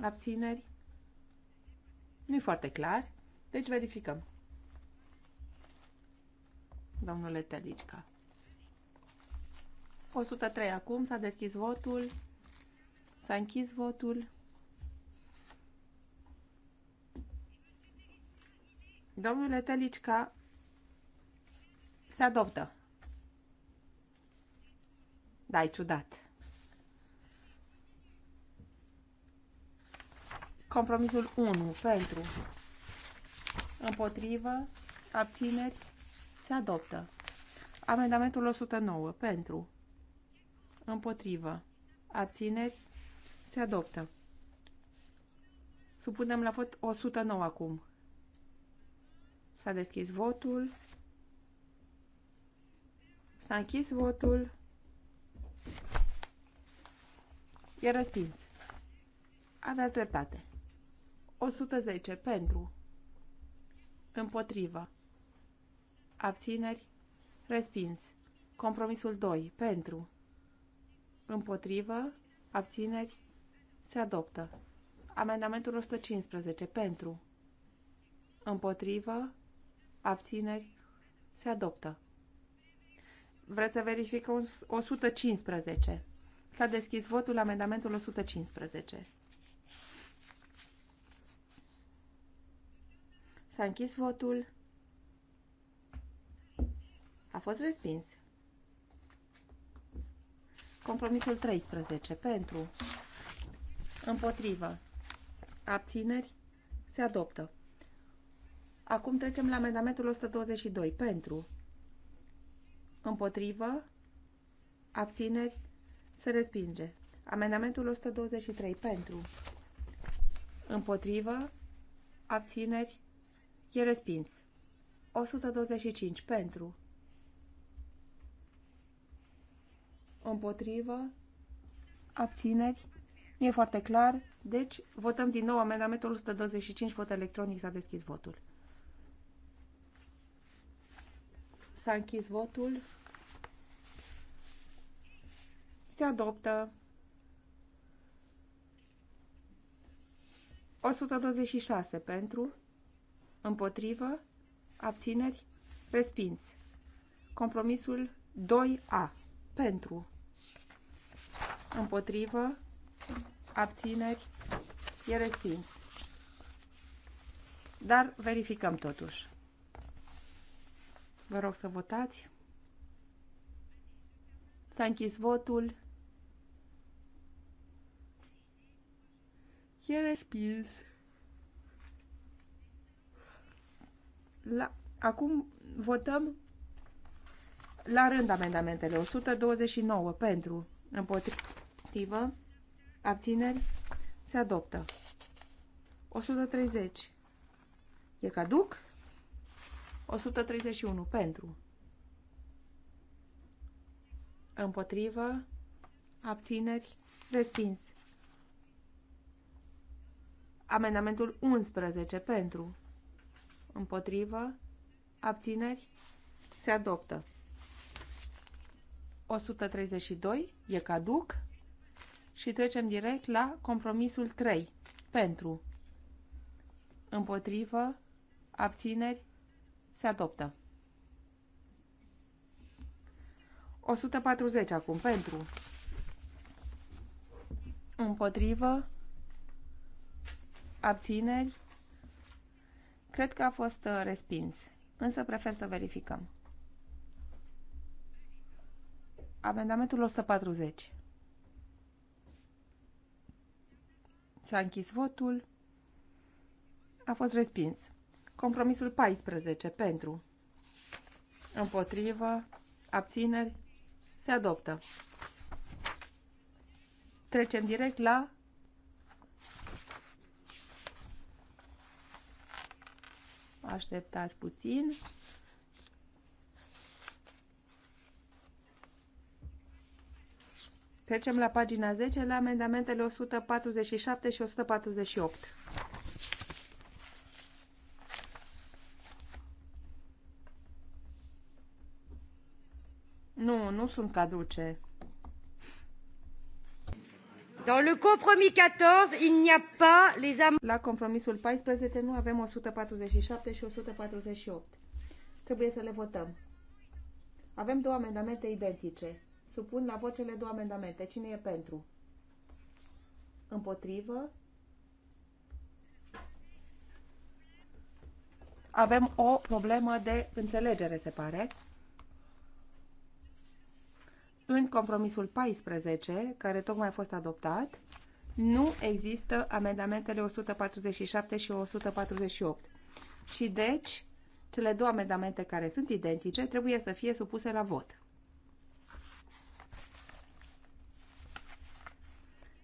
Abțineri. Nu-i foarte clar. Deci verificăm. Domnule Telicica. 103 acum. S-a deschis votul. S-a închis votul. Domnule Telicca, se adoptă. Da, e ciudat. Compromisul 1 pentru împotrivă abțineri se adoptă. Amendamentul 109 pentru împotrivă abțineri se adoptă. Supunem la vot 109 acum. S-a deschis votul. S-a închis votul. E respins. Aveați dreptate. 110 pentru. Împotrivă. Abțineri. Respins. Compromisul 2. Pentru. Împotrivă. Abțineri. Se adoptă. Amendamentul 115. Pentru. Împotrivă abțineri, se adoptă. Vreți să verificăm 115. S-a deschis votul amendamentul 115. S-a închis votul. A fost respins. Compromisul 13. Pentru. Împotrivă. Abțineri. Se adoptă. Acum trecem la amendamentul 122. Pentru. Împotrivă. Abțineri. Se respinge. Amendamentul 123. Pentru. Împotrivă. Abțineri. E respins. 125. Pentru. Împotrivă. Abțineri. Nu e foarte clar. Deci, votăm din nou amendamentul 125. Vot electronic. S-a deschis votul. S-a închis votul. Se adoptă. 126 pentru, împotrivă, abțineri, respins. Compromisul 2A pentru, împotrivă, abțineri, e respins. Dar verificăm totuși. Vă rog să votați. S-a închis votul. E respins. La, acum votăm la rând amendamentele. 129 pentru, împotrivă, abțineri, se adoptă. 130 e caduc. 131 pentru. Împotrivă. Abțineri. Respins. Amendamentul 11 pentru. Împotrivă. Abțineri. Se adoptă. 132 e caduc și trecem direct la compromisul 3 pentru. Împotrivă. Abțineri. Se adoptă. 140 acum pentru. Împotrivă. Abțineri. Cred că a fost uh, respins, însă prefer să verificăm. Amendamentul 140. S-a închis votul. A fost respins. Compromisul 14 pentru, împotrivă, abțineri, se adoptă. Trecem direct la Așteptați puțin. Trecem la pagina 10, la amendamentele 147 și 148. Nu, nu sunt caduce. Dans le compromis 14, il n'y a pas les am La compromisul 14 nu avem 147 și 148. Trebuie să le votăm. Avem două amendamente identice. Supun la vot cele două amendamente. Cine e pentru? Împotrivă? Avem o problemă de înțelegere, se pare în compromisul 14, care tocmai a fost adoptat, nu există amendamentele 147 și 148. Și deci, cele două amendamente care sunt identice trebuie să fie supuse la vot.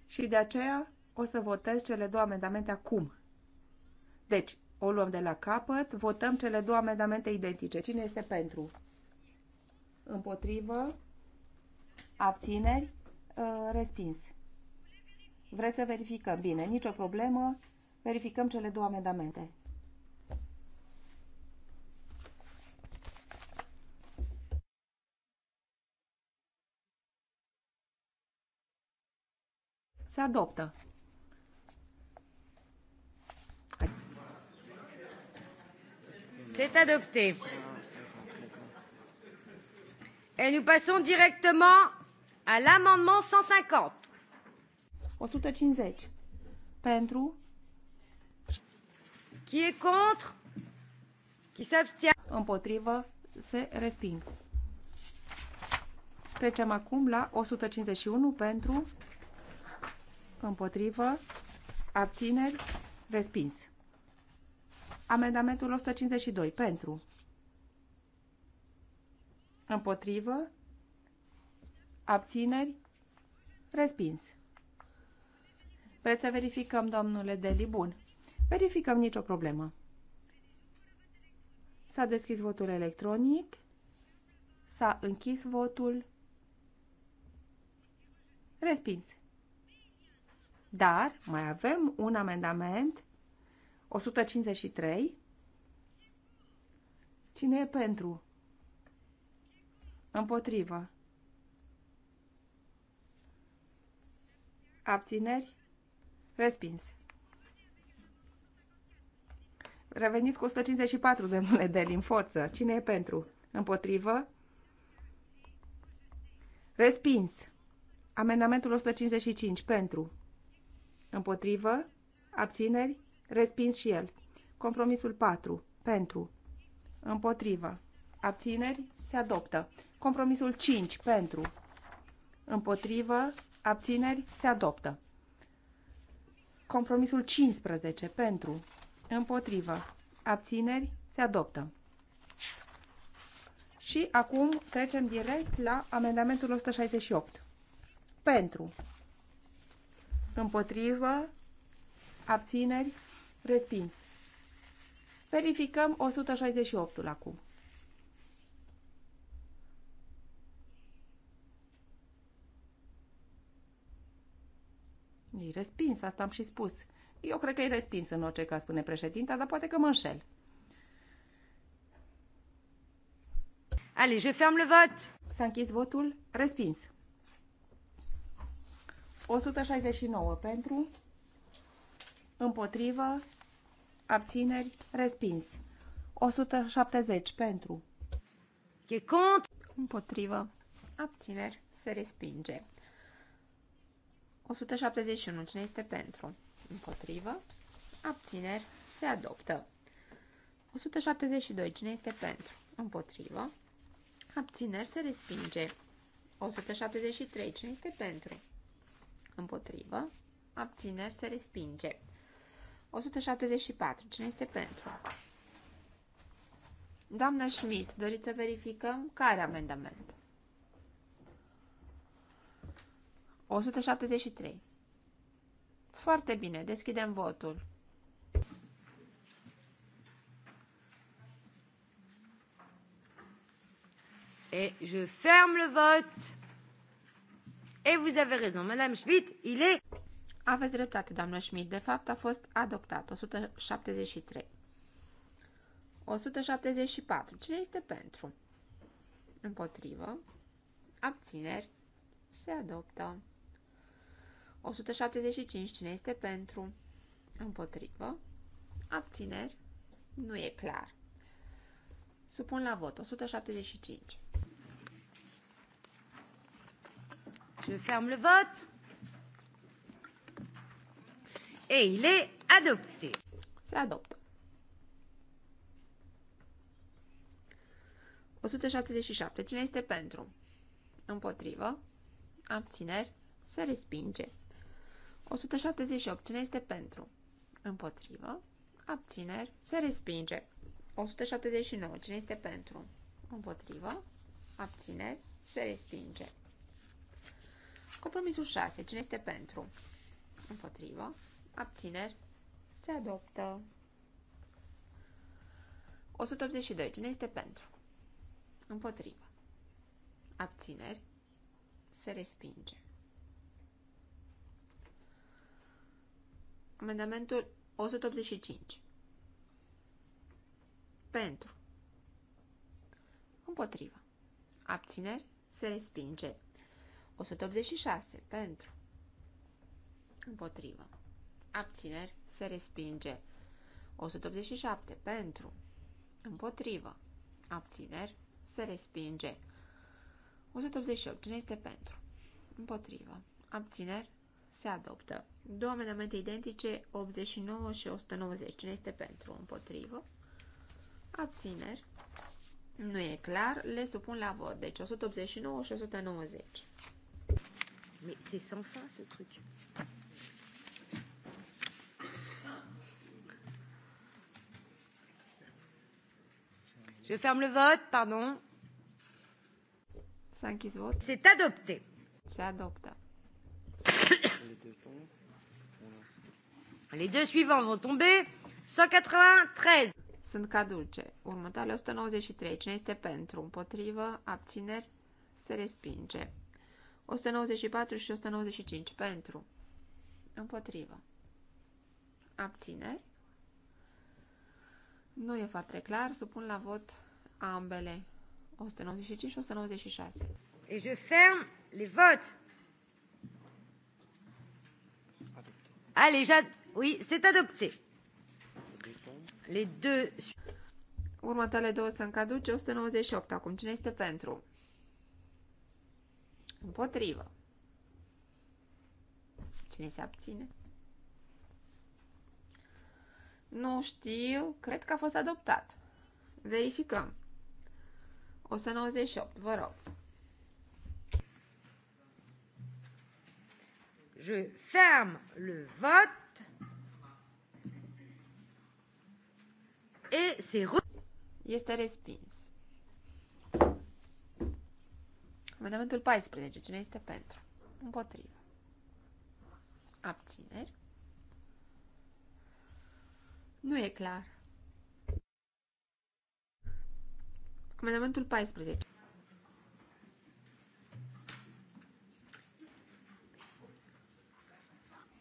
Și de aceea o să votez cele două amendamente acum. Deci, o luăm de la capăt, votăm cele două amendamente identice. Cine este pentru? Împotrivă? abțineri, uh, respins. Vreți să verificăm? Bine, nicio problemă. Verificăm cele două amendamente. Se adoptă. C'est adopté. Et nous passons directement À l'amendement 150. 150. Pentru. Qui est contre? Qui s'abstient? Împotrivă. Se resping. Trecem acum la 151 pentru. Împotrivă. Abțineri. Respins. Amendamentul 152 pentru. Împotrivă. Abțineri? Respins. Vreți să verificăm, domnule Deli? Bun. Verificăm nicio problemă. S-a deschis votul electronic. S-a închis votul. Respins. Dar mai avem un amendament 153. Cine e pentru? Împotrivă. Abțineri? Respins. Reveniți cu 154, domnule Deli, în forță. Cine e pentru? Împotrivă? Respins. Amendamentul 155. Pentru. Împotrivă? Abțineri? Respins și el. Compromisul 4. Pentru. Împotrivă. Abțineri? Se adoptă. Compromisul 5. Pentru. Împotrivă? abțineri, se adoptă. Compromisul 15 pentru, împotrivă, abțineri, se adoptă. Și acum trecem direct la amendamentul 168. Pentru, împotrivă, abțineri, respins. Verificăm 168-ul acum. E respins, asta am și spus. Eu cred că e respins în orice caz, spune președinta, dar poate că mă înșel. Allez, je ferme le vot. S-a închis votul. Respins. 169 pentru, împotrivă, abțineri, respins. 170 pentru. Împotrivă, abțineri, se respinge. 171. Cine este pentru? Împotrivă. Abțineri. Se adoptă. 172. Cine este pentru? Împotrivă. Abțineri. Se respinge. 173. Cine este pentru? Împotrivă. Abțineri. Se respinge. 174. Cine este pentru? Doamna Schmidt, doriți să verificăm care amendament? 173. Foarte bine, deschidem votul. Et je ferme le vote. Et vous avez raison, Madame Schmidt, il est... Aveți dreptate, doamnă Schmidt. De fapt, a fost adoptat. 173. 174. Cine este pentru? Împotrivă. Abțineri. Se adoptă. 175. Cine este pentru? Împotrivă. Abțineri. Nu e clar. Supun la vot. 175. Je ferme le vote. Et il est adopté. Se adoptă. 177. Cine este pentru? Împotrivă. Abțineri. Se respinge. 178. Cine este pentru? Împotrivă. Abțineri. Se respinge. 179. Cine este pentru? Împotrivă. Abțineri. Se respinge. Compromisul 6. Cine este pentru? Împotrivă. Abțineri. Se adoptă. 182. Cine este pentru? Împotrivă. Abțineri. Se respinge. Amendamentul 185. Pentru. Împotrivă. Abțineri. Se respinge. 186. Pentru. Împotrivă. Abțineri. Se respinge. 187. Pentru. Împotrivă. Abțineri. Se respinge. 188. Cine este pentru? Împotrivă. Abțineri se adoptă. Două amendamente identice, 89 și 190. Cine este pentru? Împotrivă. Abțineri. Nu e clar. Le supun la vot. Deci 189 și 190. Mais c'est sans fin ce truc. Je ferme le vote, pardon. S-a închis C'est adopté. Les deux Les deux suivants vont tomber. 193. Sunt caduce. Următoarele 193. Cine este pentru? Împotrivă? Abțineri? Se respinge. 194 și 195. Pentru. Împotrivă. Abțineri? Nu e foarte clar. Supun la vot ambele. 195 și 196. Et je ferme les votes. Allez, Jade. Oui, c'est adopté. Les deux... Următoarele două sunt caduce. 198 acum. Cine este pentru? Împotrivă. Cine se abține? Nu știu. Cred că a fost adoptat. Verificăm. 198. Vă rog. Je ferme le vote. Et c'est re... Este respins. Amendamentul 14. Cine este pentru? Împotrivă. Abțineri. Nu e clar. Amendamentul 14.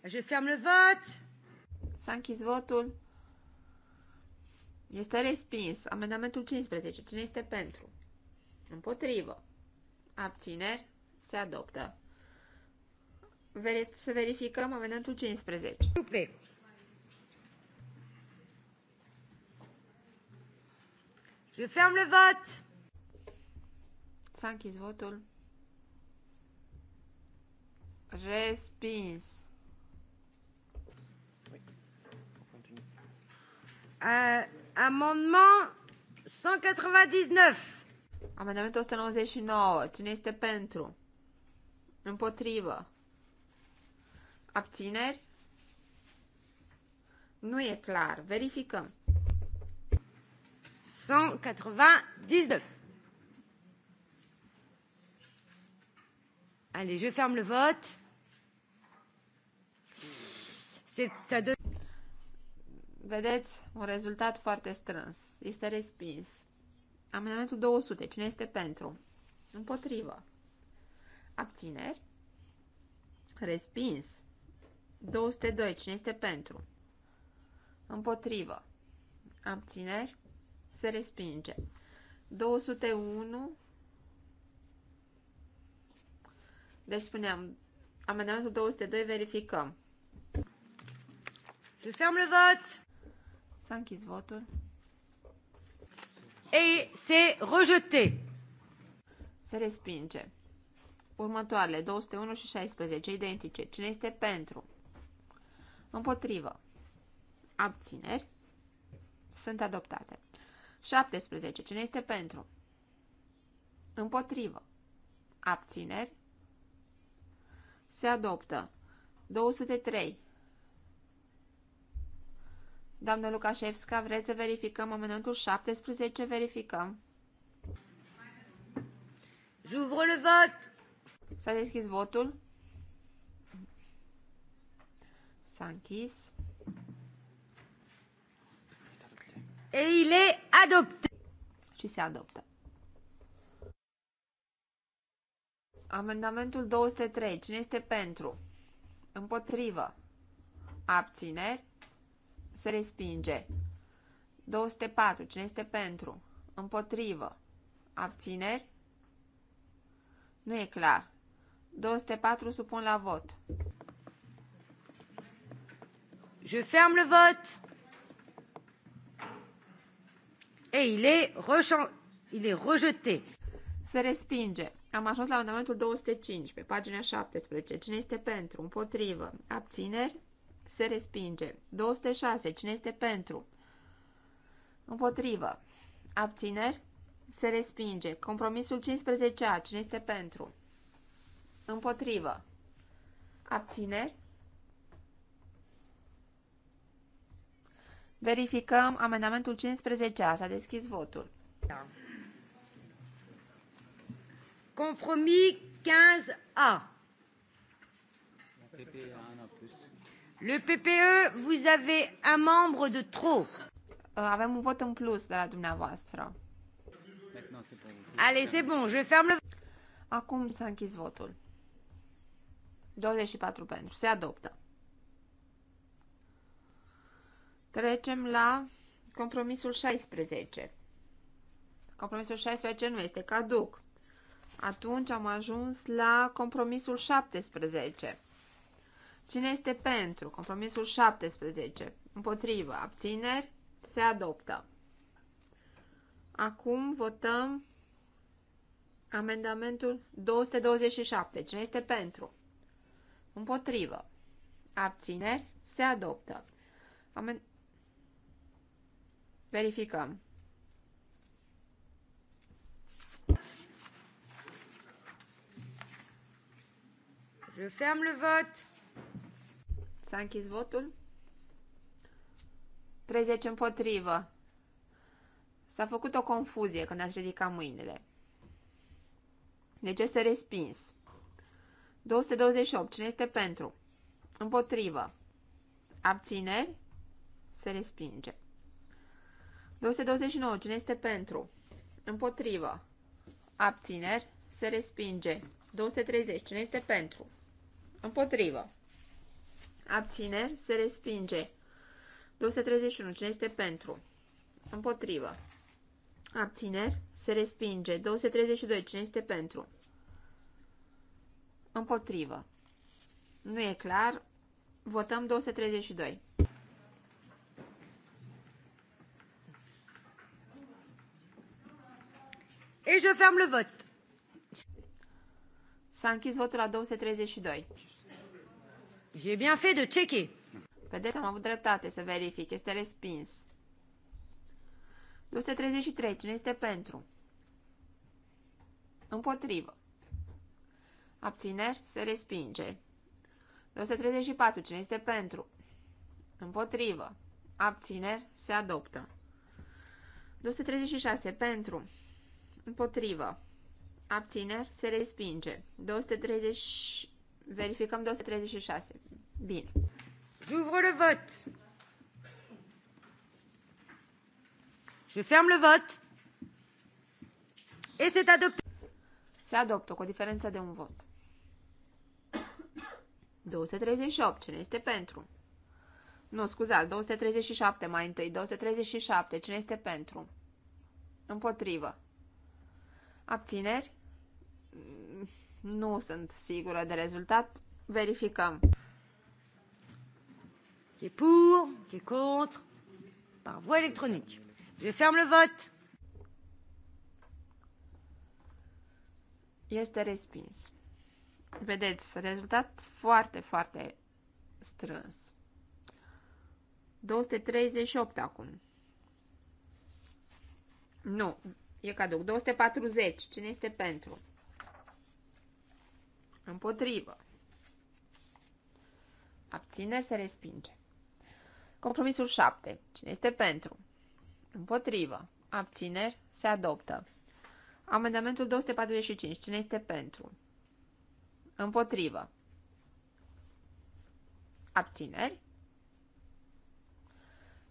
Je ferme le vote. S-a închis votul. Este respins. Amendamentul 15. Cine este pentru? Împotrivă. Abțineri. Se adoptă. Vereți să verificăm amendamentul 15. Supre. Je ferme le vote. S-a închis votul. Respins. Uh, amendement 199. Amendamentul 199. Cine este pentru? Împotrivă. Abțineri? Nu e clar. Verificăm. 199. Allez, je ferme le vote. C'est à deux. Vedeți un rezultat foarte strâns. Este respins. Amendamentul 200. Cine este pentru? Împotrivă. Abțineri. Respins. 202. Cine este pentru? Împotrivă. Abțineri. Se respinge. 201. Deci spuneam, amendamentul 202 verificăm. Je ferme le S-a închis votul. Ei, se rejeté. Se respinge. Următoarele, 201 și 16, identice. Cine este pentru? Împotrivă. Abțineri. Sunt adoptate. 17. Cine este pentru? Împotrivă. Abțineri. Se adoptă. 203. Doamnă Lukașevska, vreți să verificăm amendamentul 17? Verificăm. J'ouvre le vot! S-a deschis votul. S-a închis. Et il est adopté. Și se adoptă. Amendamentul 203. Cine este pentru? Împotrivă. Abțineri se respinge. 204. Cine este pentru? Împotrivă. Abțineri? Nu e clar. 204 supun la vot. Je ferme le vote. Et il est, il est rejeté. Se respinge. Am ajuns la amendamentul 205, pe pagina 17. Cine este pentru? Împotrivă. Abțineri? se respinge. 206. Cine este pentru? Împotrivă. Abțineri? Se respinge. Compromisul 15A. Cine este pentru? Împotrivă. Abțineri? Verificăm amendamentul 15A. S-a deschis votul. Compromis 15A. Le PPE, vous avez un membre de trop. Uh, avem un vot în plus de la dumneavoastră. Allez, c'est bon, je ferme le... Acum s-a închis votul. 24 pentru. Se adoptă. Trecem la compromisul 16. Compromisul 16 nu este caduc. Atunci am ajuns la compromisul 17. Cine este pentru? Compromisul 17. Împotrivă. Abțineri. Se adoptă. Acum votăm amendamentul 227. Cine este pentru? Împotrivă. Abțineri. Se adoptă. Amen... Verificăm. Je ferme le vote. S-a închis votul. 30 împotrivă. S-a făcut o confuzie când ați ridicat mâinile. Deci este respins. 228. Cine este pentru? Împotrivă. Abțineri? Se respinge. 229. Cine este pentru? Împotrivă. Abțineri? Se respinge. 230. Cine este pentru? Împotrivă abțineri, se respinge. 231. Cine este pentru? Împotrivă. Abțineri, se respinge. 232. Cine este pentru? Împotrivă. Nu e clar. Votăm 232. Et je ferme le vote. S-a închis votul la 232. J'ai bien fait de checker. Vedeți, am avut dreptate să verific. Este respins. 233. Cine este pentru? Împotrivă. Abțineri se respinge. 234. Cine este pentru? Împotrivă. Abțineri se adoptă. 236. Pentru. Împotrivă. Abțineri se respinge. 230. Verificăm 236. Bine. J'ouvre le vote. Je ferme le vote. Et c'est adopté. Se adoptă cu o diferență de un vot. 238. Cine este pentru? Nu, scuzați, 237 mai întâi. 237. Cine este pentru? Împotrivă. Abțineri? Nu sunt sigură de rezultat. Verificăm. Qui est pour, qui est contre, par voie électronique. Je ferme le vote. Este respins. Vedeți, rezultat foarte, foarte strâns. 238 acum. Nu, e caduc. 240. Cine este pentru? Împotrivă. Abține, se respinge. Compromisul 7. Cine este pentru? Împotrivă. Abțineri se adoptă. Amendamentul 245. Cine este pentru? Împotrivă. Abțineri?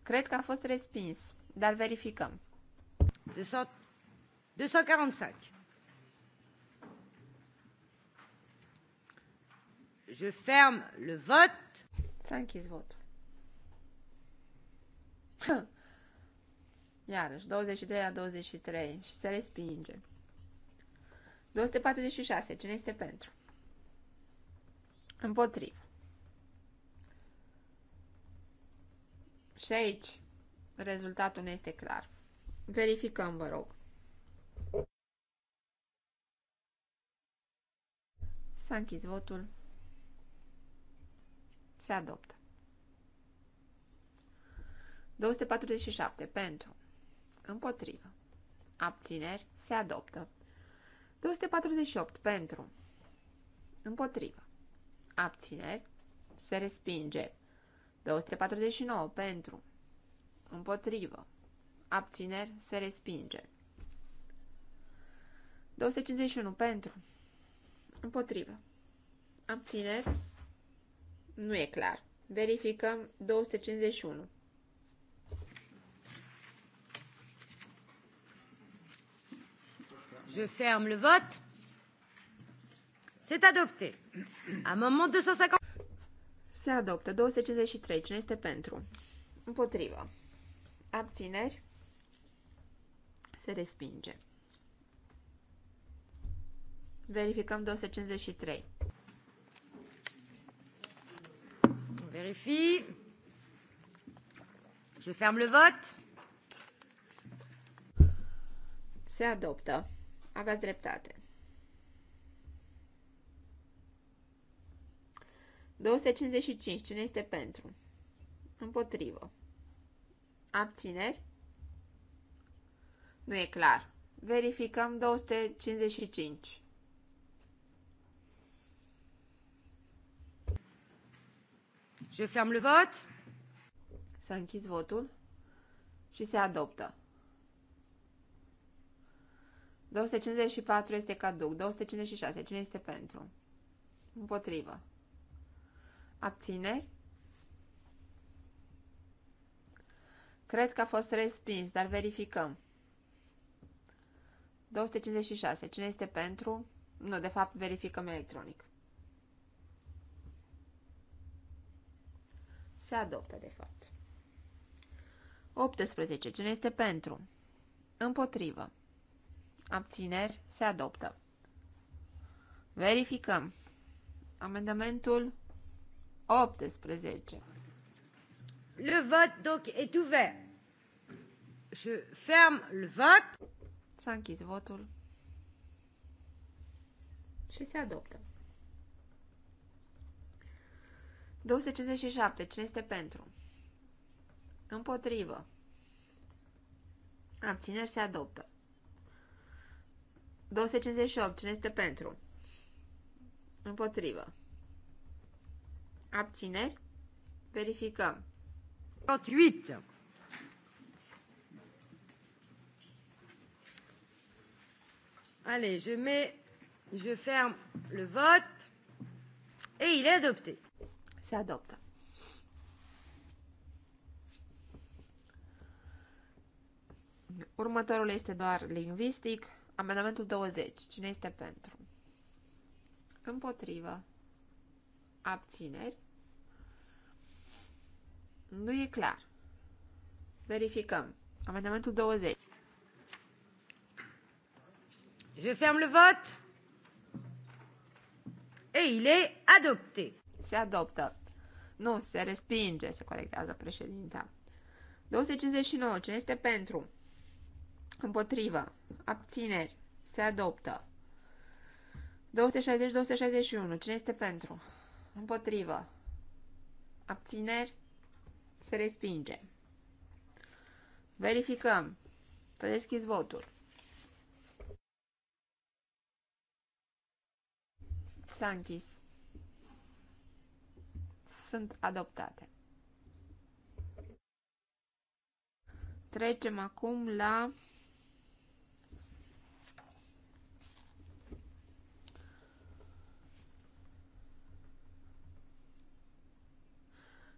Cred că a fost respins, dar verificăm. 245. Je ferme le vote. S-a închis (laughs) Iarăși, 23 la 23 și se respinge. 246. Cine este pentru? Împotrivă. Și aici rezultatul nu este clar. Verificăm, vă rog. S-a închis votul. Se adoptă. 247. Pentru. Împotrivă. Abțineri. Se adoptă. 248. Pentru. Împotrivă. Abțineri. Se respinge. 249. Pentru. Împotrivă. Abțineri. Se respinge. 251. Pentru. Împotrivă. Abțineri. Nu e clar. Verificăm 251. Je ferme le vote. C'est adopté. Amendement 250. Se adoptă 253. Cine este pentru? Împotrivă. Abțineri. Se respinge. Verificăm 253. vérifie. Je ferme le vote. Se adoptă. Aveți dreptate. 255. Cine este pentru? Împotrivă. Abțineri? Nu e clar. Verificăm 255. Je ferme le vote. S-a închis votul și se adoptă. 254 este caduc, 256, cine este pentru? Împotrivă. Abțineri? Cred că a fost respins, dar verificăm. 256, cine este pentru? Nu, de fapt verificăm electronic. Se adoptă, de fapt. 18. Cine este pentru? Împotrivă. Abțineri. Se adoptă. Verificăm. Amendamentul 18. Le vote donc est ouvert. Je ferme le vote. S-a închis votul. Și se adoptă. 257. Cine este pentru? Împotrivă. Abțineri se adoptă. 258. Cine este pentru? Împotrivă. Abțineri? Verificăm. 48. Allez, je mets, je ferme le vote et il est adopté. Se adoptă. Următorul este doar lingvistic. Amendamentul 20. Cine este pentru? Împotrivă. Abțineri. Nu e clar. Verificăm. Amendamentul 20. Je ferme le vote. Et il est adopté. Se adoptă. Nu, se respinge, se corectează președinta. 259. Cine este pentru? Împotrivă. Abțineri. Se adoptă. 260-261. Cine este pentru? Împotrivă. Abțineri. Se respinge. Verificăm. Să deschizi votul. S-a închis sunt adoptate. Trecem acum la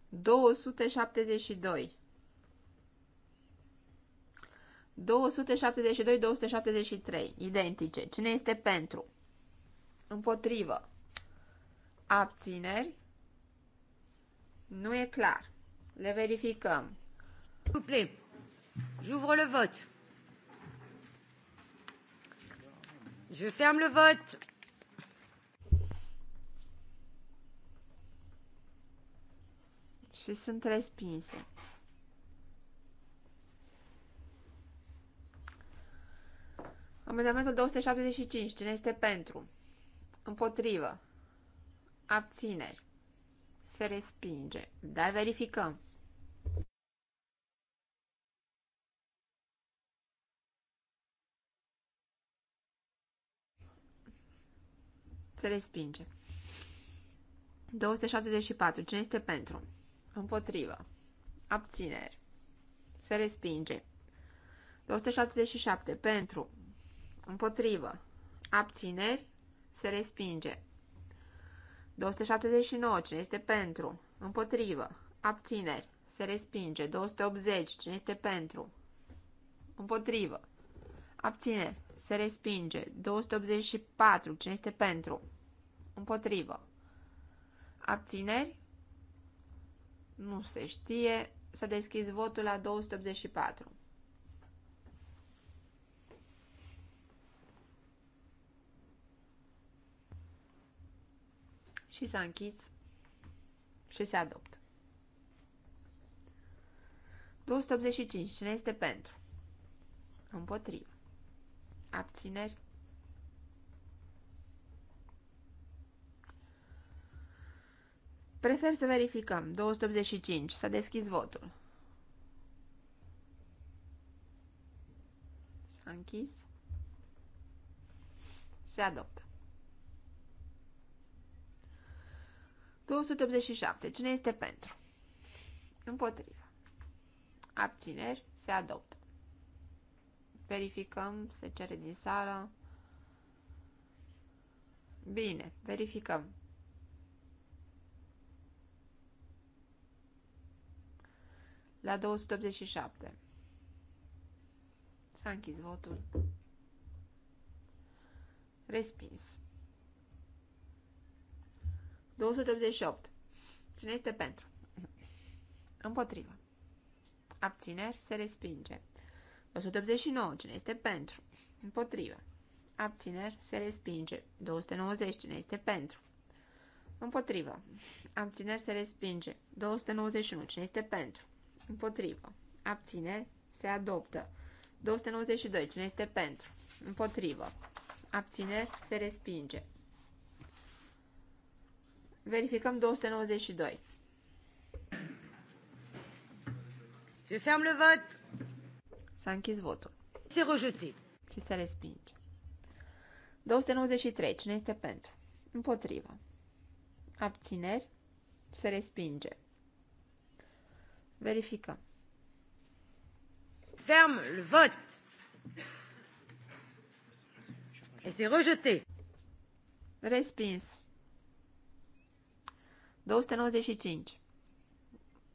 două sute șaptezeci și doi. 272-273, identice. Cine este pentru? Împotrivă. Abțineri. Nu e clar. Le verificăm. Couple. J'ouvre le vote. Je ferme le vote. Și sunt respinse. Amendamentul 275. Cine este pentru? Împotrivă. Abțineri se respinge, dar verificăm. Se respinge. 274. Cine este pentru? Împotrivă. Abțineri. Se respinge. 277. Pentru. Împotrivă. Abțineri. Se respinge. 279. Cine este pentru? Împotrivă. Abțineri. Se respinge. 280. Cine este pentru? Împotrivă. Abțineri. Se respinge. 284. Cine este pentru? Împotrivă. Abțineri? Nu se știe. S-a deschis votul la 284. și s-a închis și se adoptă. 285. Cine este pentru? Împotrivă. Abțineri. Prefer să verificăm. 285. S-a deschis votul. S-a închis. Se adoptă. 287. Cine este pentru? Împotrivă. Abțineri. Se adoptă. Verificăm. Se cere din sală. Bine. Verificăm. La 287. S-a închis votul. Respins. 288. Cine este pentru? Împotrivă. Abțineri se respinge. 289. Cine este pentru? Împotrivă. Abțineri se respinge. 290. Cine este pentru? Împotrivă. Abțineri se respinge. 291. Cine este pentru? Împotrivă. Abțineri se adoptă. 292. Cine este pentru? Împotrivă. Abțineri se respinge. Verificăm 292. Je ferme le vote. S-a închis votul. Se rejeté. Și se respinge. 293. Cine este pentru? Împotrivă. Abțineri. Se respinge. Verificăm. Ferme le vote. Et c'est rejeté. Respins. 295.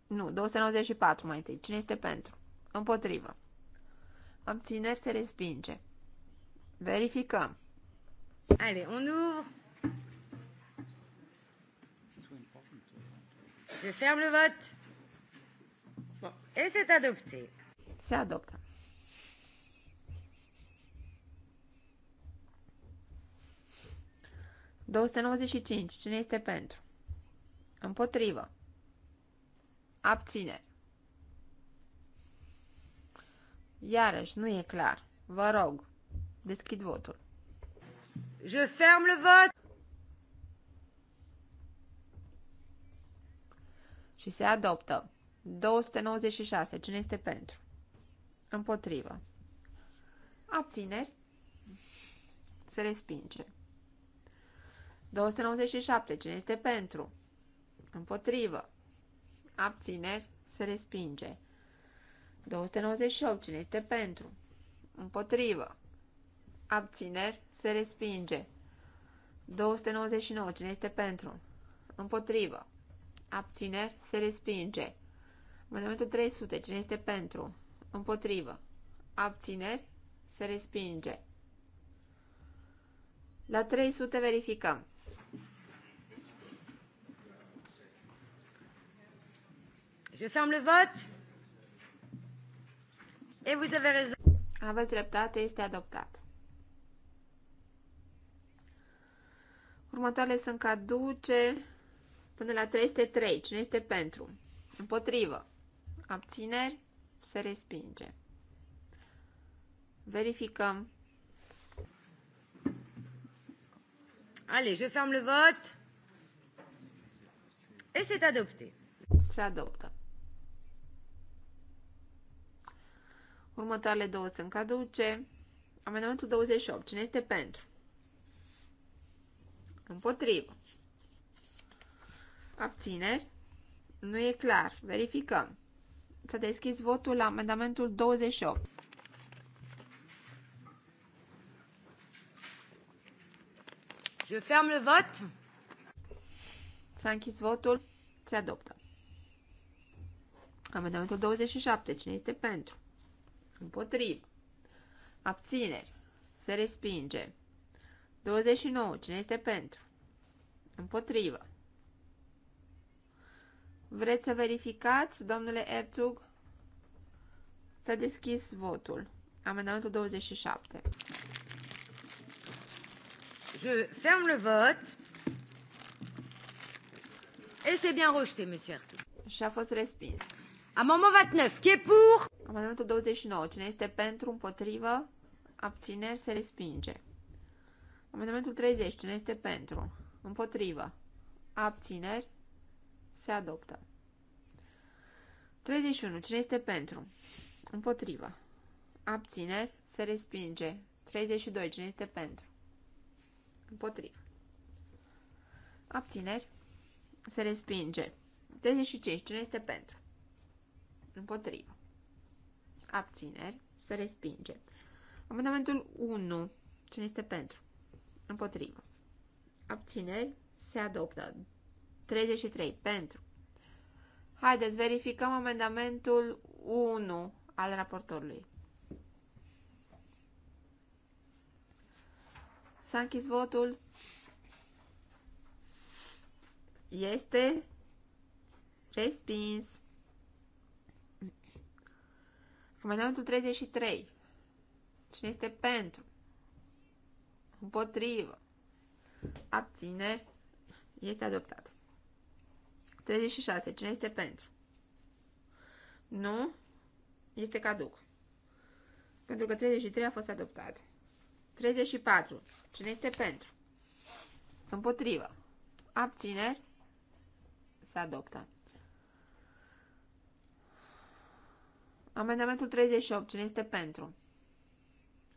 Nu, 294 mai întâi. Cine este pentru? Împotrivă. Abțineri se respinge. Verificăm. Allez, on Se Je ferme Este adopție. Bon. Se adoptă. Două Cine este pentru? Împotrivă. Abțineri. Iarăși, nu e clar. Vă rog, deschid votul. Je ferme le vot! Și se adoptă. 296. Cine este pentru? Împotrivă. Abțineri. Se respinge. 297. Cine este pentru? Împotrivă. Abțineri. Se respinge. 298. Cine este pentru? Împotrivă. Abțineri. Se respinge. 299. Cine este pentru? Împotrivă. Abțineri. Se respinge. Amendamentul 300. Cine este pentru? Împotrivă. Abțineri. Se respinge. La 300 verificăm. Je ferme le vote. Et vous avez raison. Aveți dreptate, este adoptat. Următoarele sunt caduce până la 303. Cine este pentru? Împotrivă. Abțineri? Se respinge. Verificăm. Allez, je ferme le vote. Et c'est adopté. Se adoptă. Următoarele două sunt caduce. Amendamentul 28. Cine este pentru? Împotrivă. Abțineri? Nu e clar. Verificăm. S-a deschis votul la amendamentul 28. Je ferme le vot. S-a închis votul. Se adoptă. Amendamentul 27. Cine este pentru? Împotriv. Abțineri. Se respinge. 29. Cine este pentru? Împotrivă. Vreți să verificați, domnule Ertug? S-a deschis votul. Amendamentul 27. Je ferme le vote. Et c'est bien rejeté, monsieur Ertug. Și a fost respins. Amendement 29. Qui est pour? Amendamentul 29. Cine este pentru, împotrivă, abțineri, se respinge. Amendamentul 30. Cine este pentru, împotrivă, abțineri, se adoptă. 31. Cine este pentru, împotrivă, abțineri, se respinge. 32. Cine este pentru, împotrivă, abțineri, se respinge. 35. Cine este pentru? Împotrivă abțineri, se respinge. Amendamentul 1, cine este pentru? Împotrivă. Abțineri, se adoptă. 33, pentru. Haideți, verificăm amendamentul 1 al raportorului. S-a închis votul. Este respins. Comandamentul 33. Cine este pentru? Împotrivă. Abțineri. Este adoptat. 36. Cine este pentru? Nu. Este caduc. Pentru că 33 a fost adoptat. 34. Cine este pentru? Împotrivă. Abțineri. Se adoptă. Amendamentul 38. Cine este pentru?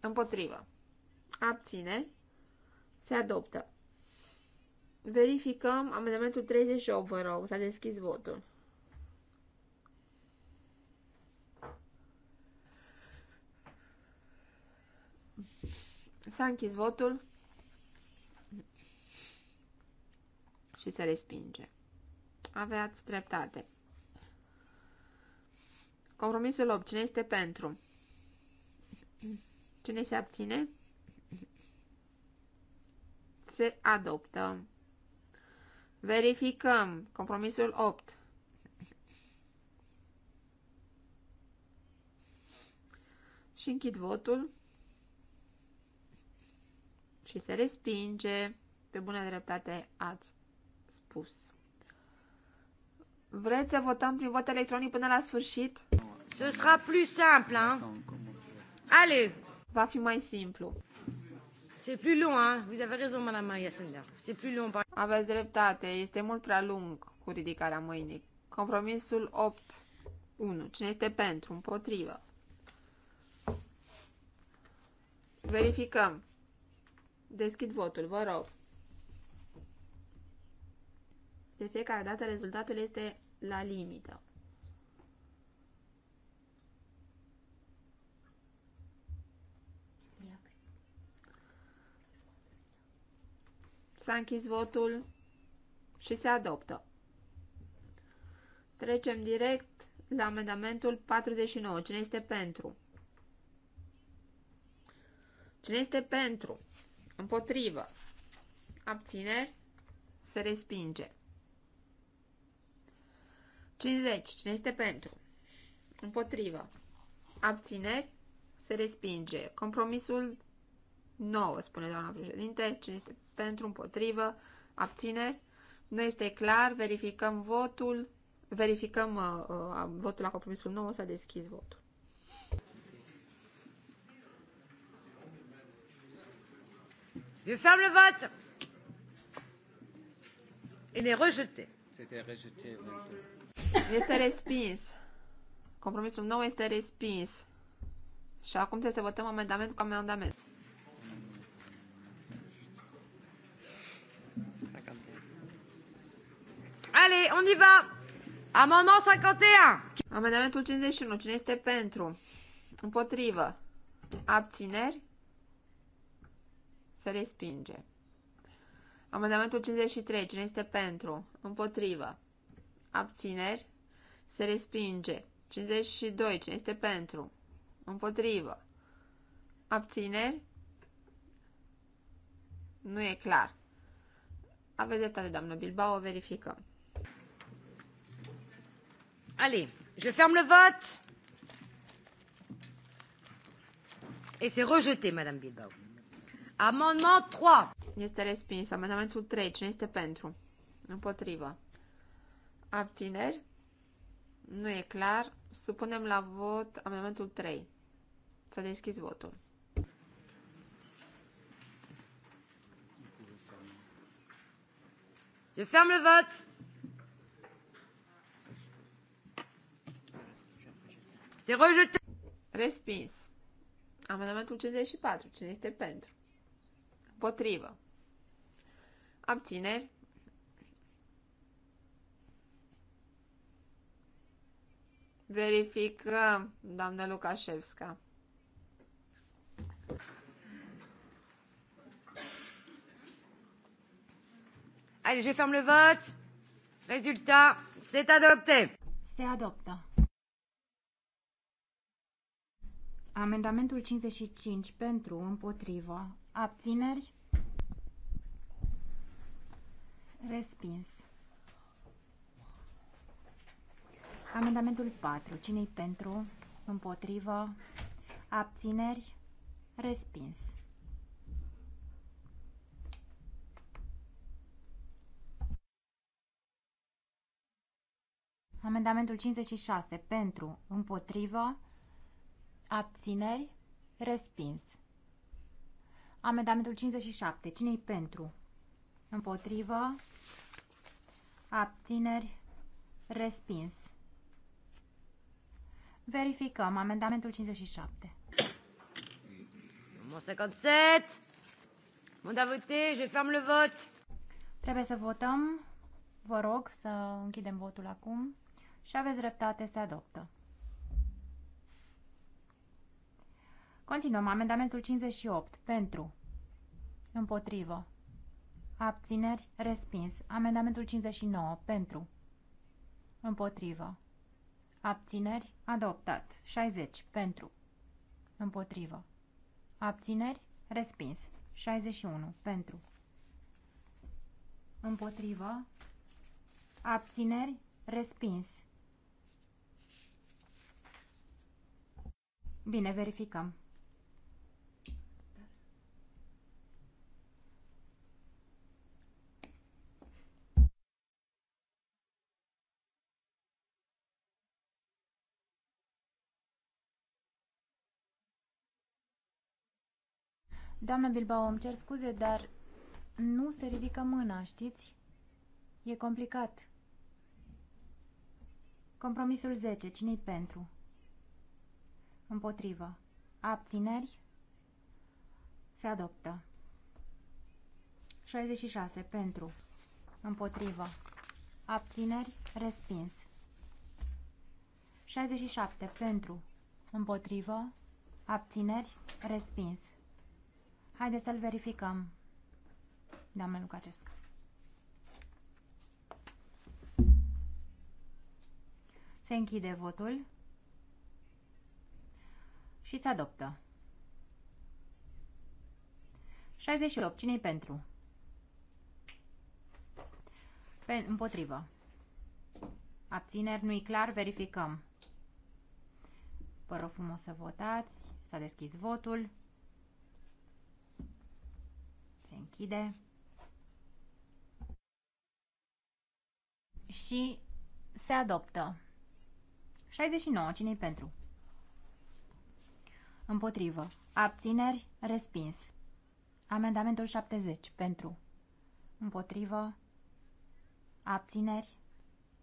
Împotrivă. Abține. Se adoptă. Verificăm amendamentul 38, vă rog. S-a deschis votul. S-a închis votul și se respinge. Aveați dreptate. Compromisul 8. Cine este pentru? Cine se abține? Se adoptă. Verificăm. Compromisul 8. Și închid votul. Și se respinge. Pe bună dreptate ați spus. Vreți să votăm prin vot electronic până la sfârșit? Ce sera plus simple, hein? Allez! Va fi mai simplu. C'est plus long, hein? Vous avez raison, madame Maria Sender. C'est plus long. Par... Aveți dreptate, este mult prea lung cu ridicarea mâinii. Compromisul 8. 1. Cine este pentru? Împotrivă. Verificăm. Deschid votul, vă rog. De fiecare dată rezultatul este la limită. S-a închis votul și se adoptă. Trecem direct la amendamentul 49. Cine este pentru? Cine este pentru? Împotrivă. Abțineri. Se respinge. 50. Cine este pentru? Împotrivă. Abțineri. Se respinge. Compromisul 9, spune doamna președinte. Cine este pentru, împotrivă, abțineri? Nu este clar. Verificăm votul. Verificăm uh, uh, votul la compromisul 9. S-a deschis votul. Je ferme le vote. Il est rejeté. C'était rejeté. Este respins. Compromisul nou este respins. Și acum trebuie să votăm amendament cu amendament. Allez, on y va! Amendement 51! Amendamentul 51. Cine este pentru? Împotrivă. Abțineri? Se respinge. Amendamentul 53. Cine este pentru? Împotrivă. Abțineri? Se respinge. 52. Cine este pentru? Împotrivă. Abțineri? Nu e clar. Aveți dreptate, doamnă Bilbao, verificăm. Allez, je ferme le vote. Et c'est rejeté, Madame Bilbao. Amendement 3. Este respins. Amendamentul 3. Cine este pentru? Împotrivă. Abțineri? Nu e clar. Supunem la vot amendamentul 3. S-a deschis votul. Je ferme le vote. Se rejetă. Respins. Amendamentul 54. Cine este pentru? Împotrivă. Abțineri. Verificăm, doamna Lukașevska. Allez, je ferme le vote. Résultat, c'est adopté. C'est adopté. Amendamentul 55 pentru, împotrivă, abțineri, respins. Amendamentul 4, cine-i pentru, împotrivă, abțineri, respins. Amendamentul 56 pentru, împotrivă, Abțineri? Respins. Amendamentul 57. Cine-i pentru? Împotrivă? Abțineri? Respins. Verificăm amendamentul 57. Numărul 57. Bon da voter, je ferme le vot. Trebuie să votăm. Vă rog să închidem votul acum. Și aveți dreptate, se adoptă. Continuăm. Amendamentul 58. Pentru. Împotrivă. Abțineri. Respins. Amendamentul 59. Pentru. Împotrivă. Abțineri. Adoptat. 60. Pentru. Împotrivă. Abțineri. Respins. 61. Pentru. Împotrivă. Abțineri. Respins. Bine, verificăm. Doamna Bilbao, îmi cer scuze, dar nu se ridică mâna, știți? E complicat. Compromisul 10. Cine-i pentru? Împotrivă. Abțineri? Se adoptă. 66. Pentru. Împotrivă. Abțineri? Respins. 67. Pentru. Împotrivă. Abțineri? Respins. Haideți să-l verificăm, doamnă Lucacevscă. Se închide votul și se adoptă. 68. Cine-i pentru? Pe împotrivă. Abțineri nu-i clar, verificăm. Vă rog frumos să votați. S-a deschis votul se închide și se adoptă. 69. cine pentru? Împotrivă. Abțineri. Respins. Amendamentul 70. Pentru. Împotrivă. Abțineri.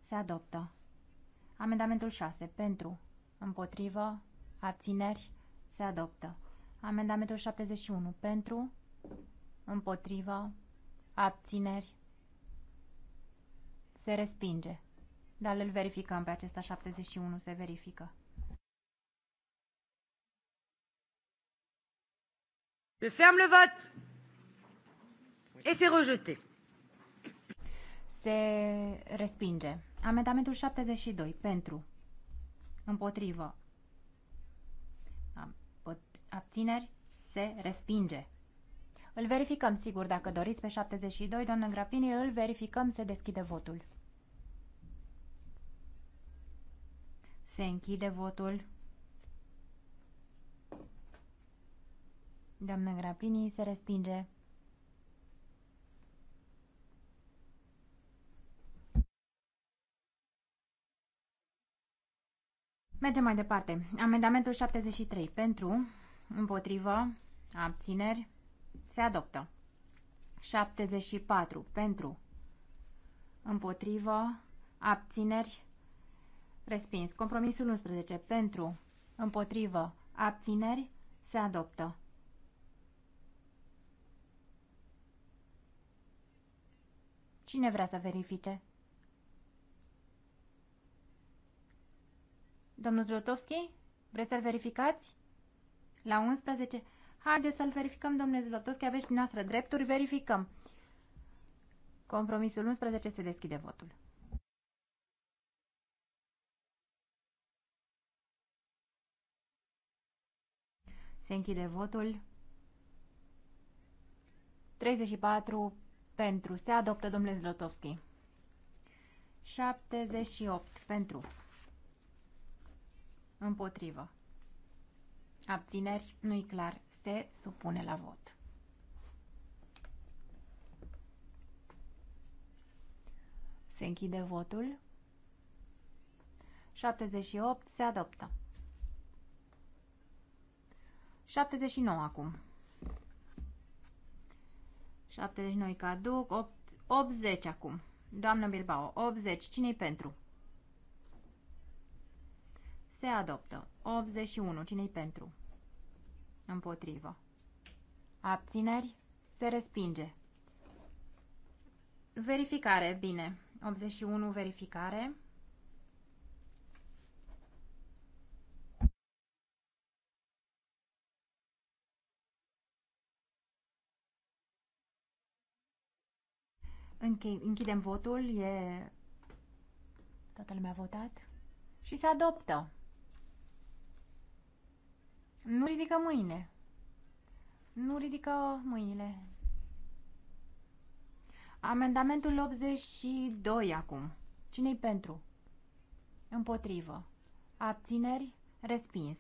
Se adoptă. Amendamentul 6. Pentru. Împotrivă. Abțineri. Se adoptă. Amendamentul 71. Pentru împotriva, abțineri, se respinge. Dar îl verificăm pe acesta 71, se verifică. Je ferme le vot et c'est rejeté. Se respinge. Amendamentul 72 pentru împotrivă abțineri se respinge. Îl verificăm, sigur, dacă doriți, pe 72, doamnă Grapini, îl verificăm, se deschide votul. Se închide votul. Doamnă Grapini se respinge. Mergem mai departe. Amendamentul 73. Pentru, împotrivă, abțineri, se adoptă. 74. Pentru. Împotrivă. Abțineri. Respins. Compromisul 11. Pentru. Împotrivă. Abțineri. Se adoptă. Cine vrea să verifice? Domnul Zlotovski, vreți să-l verificați? La 11? Haideți să-l verificăm, domnule Zlotovski, aveți dumneavoastră drepturi, verificăm. Compromisul 11 se deschide votul. Se închide votul. 34 pentru. Se adoptă domnule Zlotovski. 78 pentru. Împotrivă. Abțineri? Nu-i clar se supune la vot. Se închide votul. 78 se adoptă. 79 acum. 79 caduc, 8, 80 acum. Doamnă Bilbao, 80, cine-i pentru? Se adoptă. 81, cine-i pentru? Împotrivă. Abțineri. Se respinge. Verificare. Bine. 81 verificare. Închidem votul, e... Toată lumea a votat și se adoptă. Nu ridică mâine. Nu ridică mâinile. Amendamentul 82 acum. Cine-i pentru? Împotrivă. Abțineri? Respins.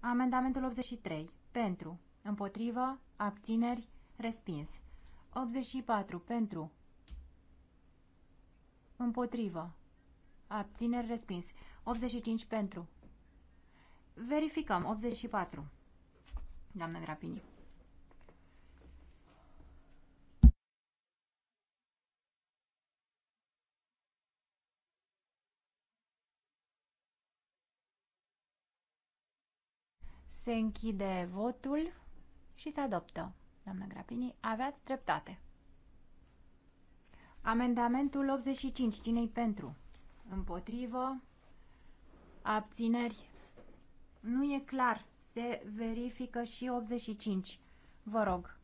Amendamentul 83. Pentru. Împotrivă. Abțineri? Respins. 84. Pentru. Împotrivă. Abțineri? Respins. 85. Pentru. Verificăm. 84. Doamnă Grapini. Se închide votul și se adoptă. Doamnă Grapini, aveați dreptate. Amendamentul 85. Cine-i pentru? Împotrivă? Abțineri? Nu e clar. Se verifică și 85. Vă rog.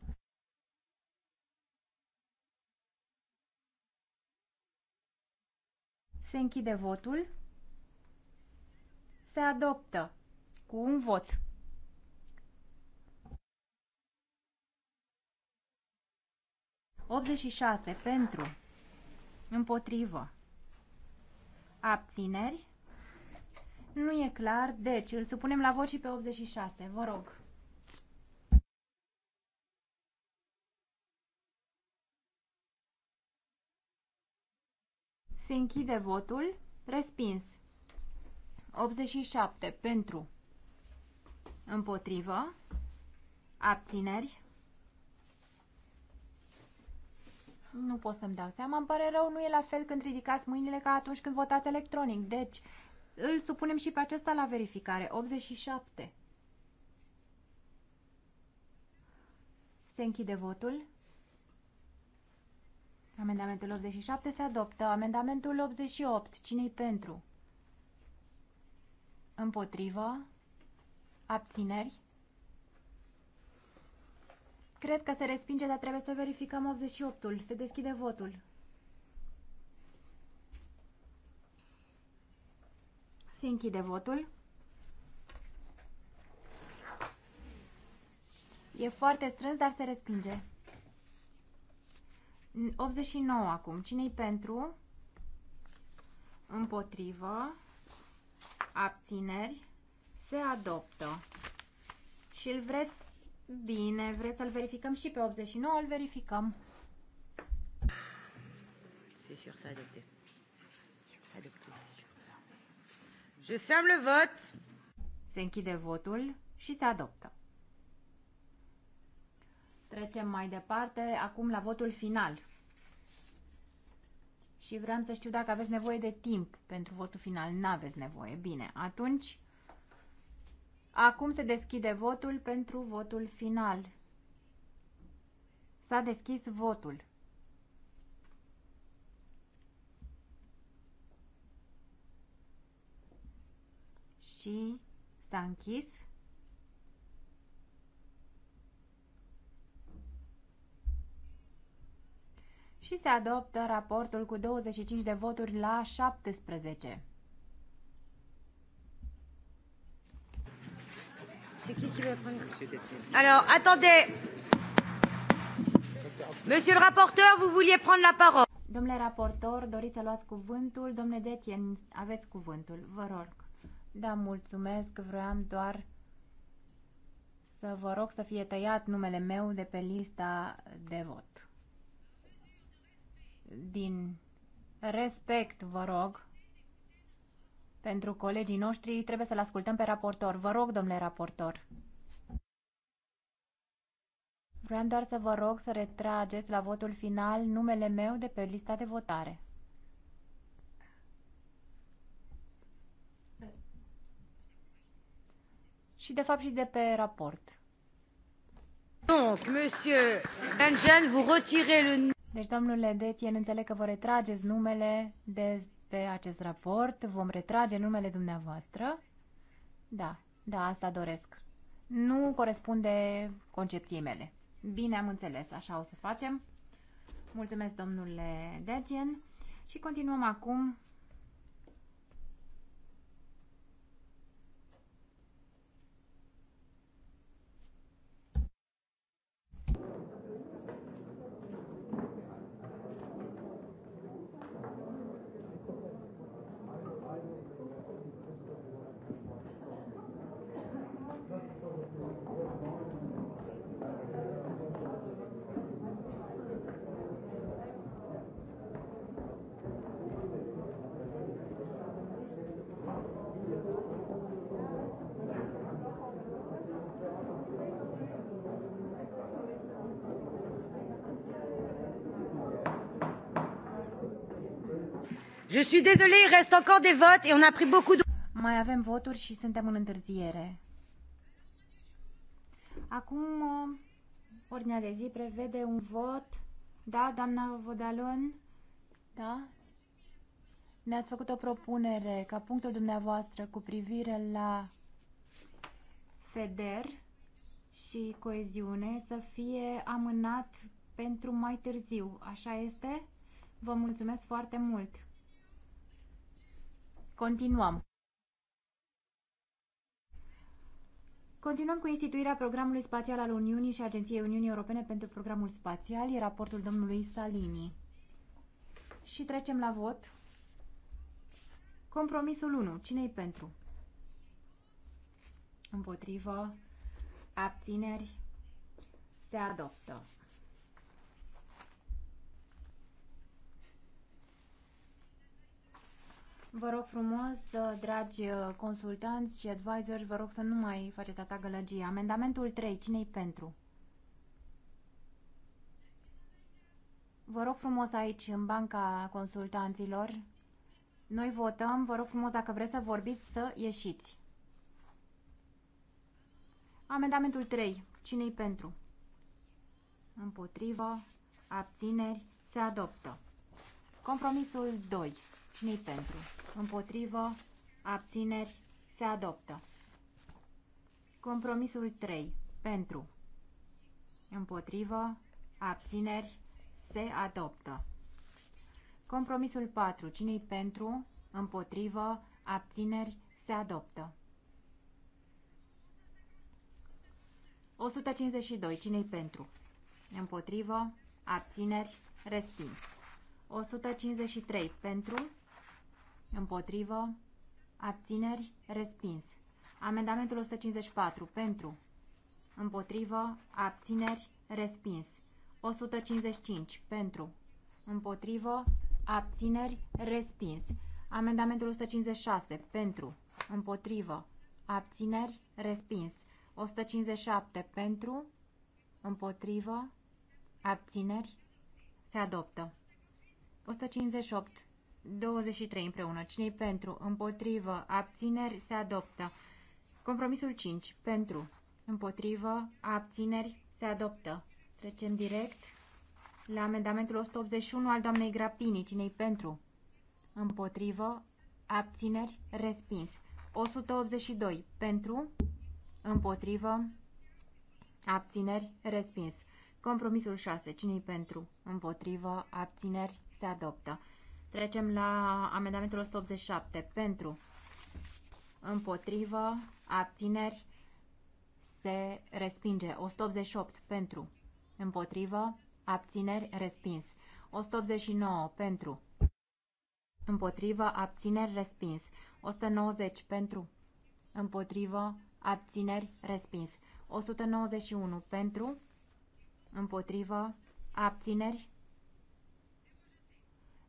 Se închide votul. Se adoptă cu un vot. șase pentru, împotrivă, abțineri, nu e clar, deci îl supunem la vot și pe 86. Vă rog. Se închide votul. Respins. 87 pentru. Împotrivă. Abțineri. Nu pot să-mi dau seama, îmi pare rău, nu e la fel când ridicați mâinile ca atunci când votați electronic. Deci, îl supunem și pe acesta la verificare. 87. Se închide votul. Amendamentul 87 se adoptă. Amendamentul 88. Cine-i pentru? Împotrivă. Abțineri. Cred că se respinge, dar trebuie să verificăm 88-ul. Se deschide votul. Se închide votul. E foarte strâns, dar se respinge. 89 acum. Cine-i pentru? Împotrivă. Abțineri. Se adoptă. Și îl vreți bine. Vreți să-l verificăm și pe 89? Îl verificăm. C'est sûr, ça Je ferme le vote. Se închide votul și se adoptă. Trecem mai departe acum la votul final. Și vreau să știu dacă aveți nevoie de timp pentru votul final. N-aveți nevoie. Bine, atunci... Acum se deschide votul pentru votul final. S-a deschis votul. și s-a închis. Și se adoptă raportul cu 25 de voturi la 17. Alors, attendez. Monsieur le rapporteur, vous vouliez prendre la parole. Domnule raportor, doriți să luați cuvântul. Domnule Detien, aveți cuvântul. Vă rog. Da, mulțumesc, vreau doar să vă rog să fie tăiat numele meu de pe lista de vot. Din respect, vă rog, pentru colegii noștri trebuie să-l ascultăm pe raportor. Vă rog, domnule raportor. Vreau doar să vă rog să retrageți la votul final numele meu de pe lista de votare. și de fapt și de pe raport. Donc, monsieur vous retirez le... Deci, domnule Detien, înțeleg că vă retrageți numele de pe acest raport, vom retrage numele dumneavoastră. Da, da, asta doresc. Nu corespunde concepției mele. Bine, am înțeles, așa o să facem. Mulțumesc, domnule Detien. Și continuăm acum Je suis désolée, il reste encore des votes et on a pris beaucoup de... Mai avem voturi și suntem în întârziere. Acum, ordinea de zi prevede un vot. Da, doamna Vodalon? Da? Ne-ați făcut o propunere ca punctul dumneavoastră cu privire la FEDER și coeziune să fie amânat pentru mai târziu. Așa este? Vă mulțumesc foarte mult! Continuăm. Continuăm cu instituirea programului spațial al Uniunii și Agenției Uniunii Europene pentru programul spațial, e raportul domnului Salini. Și trecem la vot. Compromisul 1. Cine-i pentru? Împotrivă. Abțineri. Se adoptă. Vă rog frumos, uh, dragi uh, consultanți și advisori, vă rog să nu mai faceți atâta gălăgie. Amendamentul 3, cine-i pentru? Vă rog frumos aici, în banca consultanților, noi votăm, vă rog frumos, dacă vreți să vorbiți, să ieșiți. Amendamentul 3, cine-i pentru? Împotrivă, abțineri, se adoptă. Compromisul 2 cine pentru? Împotrivă, abțineri, se adoptă. Compromisul 3. Pentru. Împotrivă, abțineri, se adoptă. Compromisul 4. cine pentru? Împotrivă, abțineri, se adoptă. 152. Cine-i pentru? Împotrivă, abțineri, Resping. 153. Pentru, Împotrivă. Abțineri. Respins. Amendamentul 154. Pentru. Împotrivă. Abțineri. Respins. 155. Pentru. Împotrivă. Abțineri. Respins. Amendamentul 156. Pentru. Împotrivă. Abțineri. Respins. 157. Pentru. Împotrivă. Abțineri. Se adoptă. 158 23 împreună. cine pentru? Împotrivă. Abțineri. Se adoptă. Compromisul 5. Pentru. Împotrivă. Abțineri. Se adoptă. Trecem direct la amendamentul 181 al doamnei Grapini. cine pentru? Împotrivă. Abțineri. Respins. 182. Pentru. Împotrivă. Abțineri. Respins. Compromisul 6. cine pentru? Împotrivă. Abțineri. Se adoptă. Trecem la amendamentul 187. Pentru, împotrivă, abțineri, se respinge. 188. Pentru, împotrivă, abțineri, respins. 189. Pentru, împotrivă, abțineri, respins. 190. Pentru, împotrivă, abțineri, respins. 191. Pentru, împotrivă, abțineri,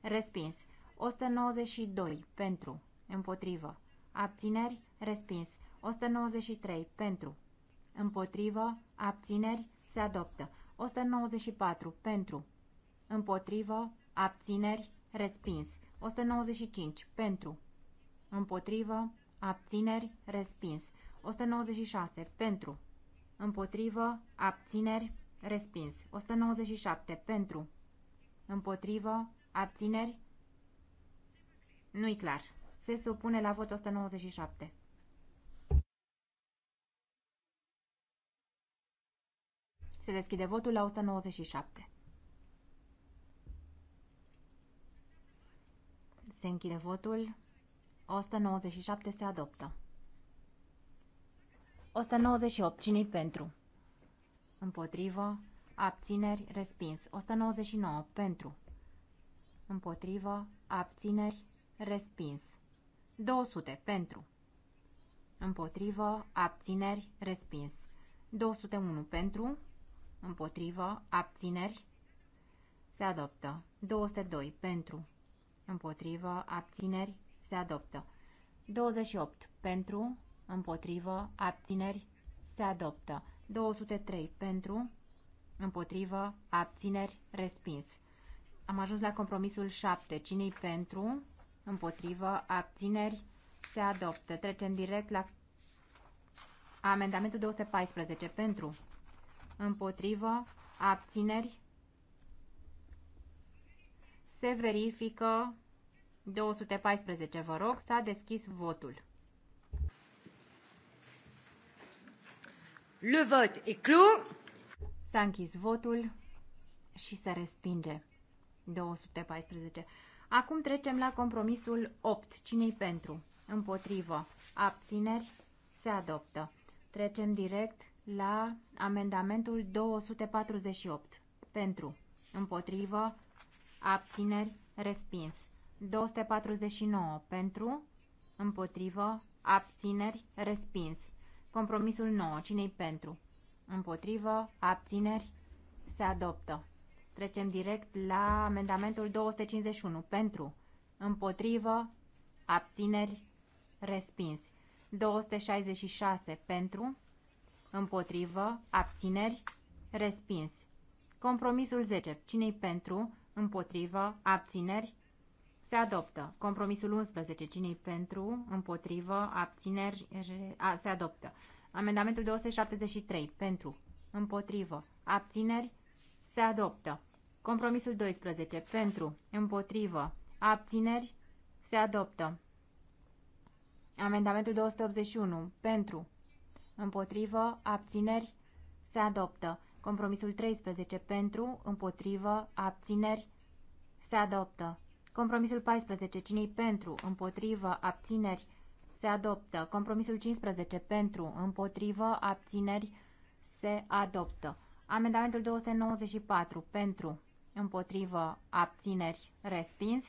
Respins. 192. Pentru. Împotrivă. Abțineri. Respins. 193. Pentru. Împotrivă. Abțineri. Se adoptă. 194. Pentru. Împotrivă. Abțineri. Respins. 195. Pentru. Împotrivă. Abțineri. Respins. 196. Pentru. Împotrivă. Abțineri. Respins. 197. Pentru. Împotrivă. Abțineri? Nu-i clar. Se supune la vot 197. Se deschide votul la 197. Se închide votul. 197 se adoptă. 198. Cine-i pentru? Împotrivă. Abțineri. Respins. 199. Pentru împotrivă, abțineri, respins. 200 pentru, împotrivă, abțineri, respins. 201 pentru, împotrivă, abțineri, se adoptă. 202 pentru, împotrivă, abțineri, se adoptă. 28 pentru, împotrivă, abțineri, se adoptă. 203 pentru, împotrivă, abțineri, respins. Am ajuns la compromisul 7. cine pentru? Împotrivă. Abțineri? Se adoptă. Trecem direct la amendamentul 214. Pentru? Împotrivă. Abțineri? Se verifică 214, vă rog, s-a deschis votul. Le vot e clos. S-a închis votul și se respinge. 214. Acum trecem la compromisul 8. Cine-i pentru? Împotrivă. Abțineri? Se adoptă. Trecem direct la amendamentul 248. Pentru. Împotrivă. Abțineri? Respins. 249. Pentru. Împotrivă. Abțineri? Respins. Compromisul 9. Cine-i pentru? Împotrivă. Abțineri? Se adoptă. Trecem direct la amendamentul 251. Pentru, împotrivă, abțineri, respins. 266 pentru, împotrivă, abțineri, respins. Compromisul 10. Cine-i pentru, împotrivă, abțineri, se adoptă. Compromisul 11. Cine-i pentru, împotrivă, abțineri, a, se adoptă. Amendamentul 273. Pentru, împotrivă, abțineri, se adoptă. Compromisul 12. Pentru, împotrivă, abțineri, se adoptă. Amendamentul 281. Pentru, împotrivă, abțineri, se adoptă. Compromisul 13. Pentru, împotrivă, abțineri, se adoptă. Compromisul 14. Cinei pentru, împotrivă, abțineri, se adoptă. Compromisul 15. Pentru, împotrivă, abțineri, se adoptă. Amendamentul 294. Pentru, împotrivă, abțineri, respins.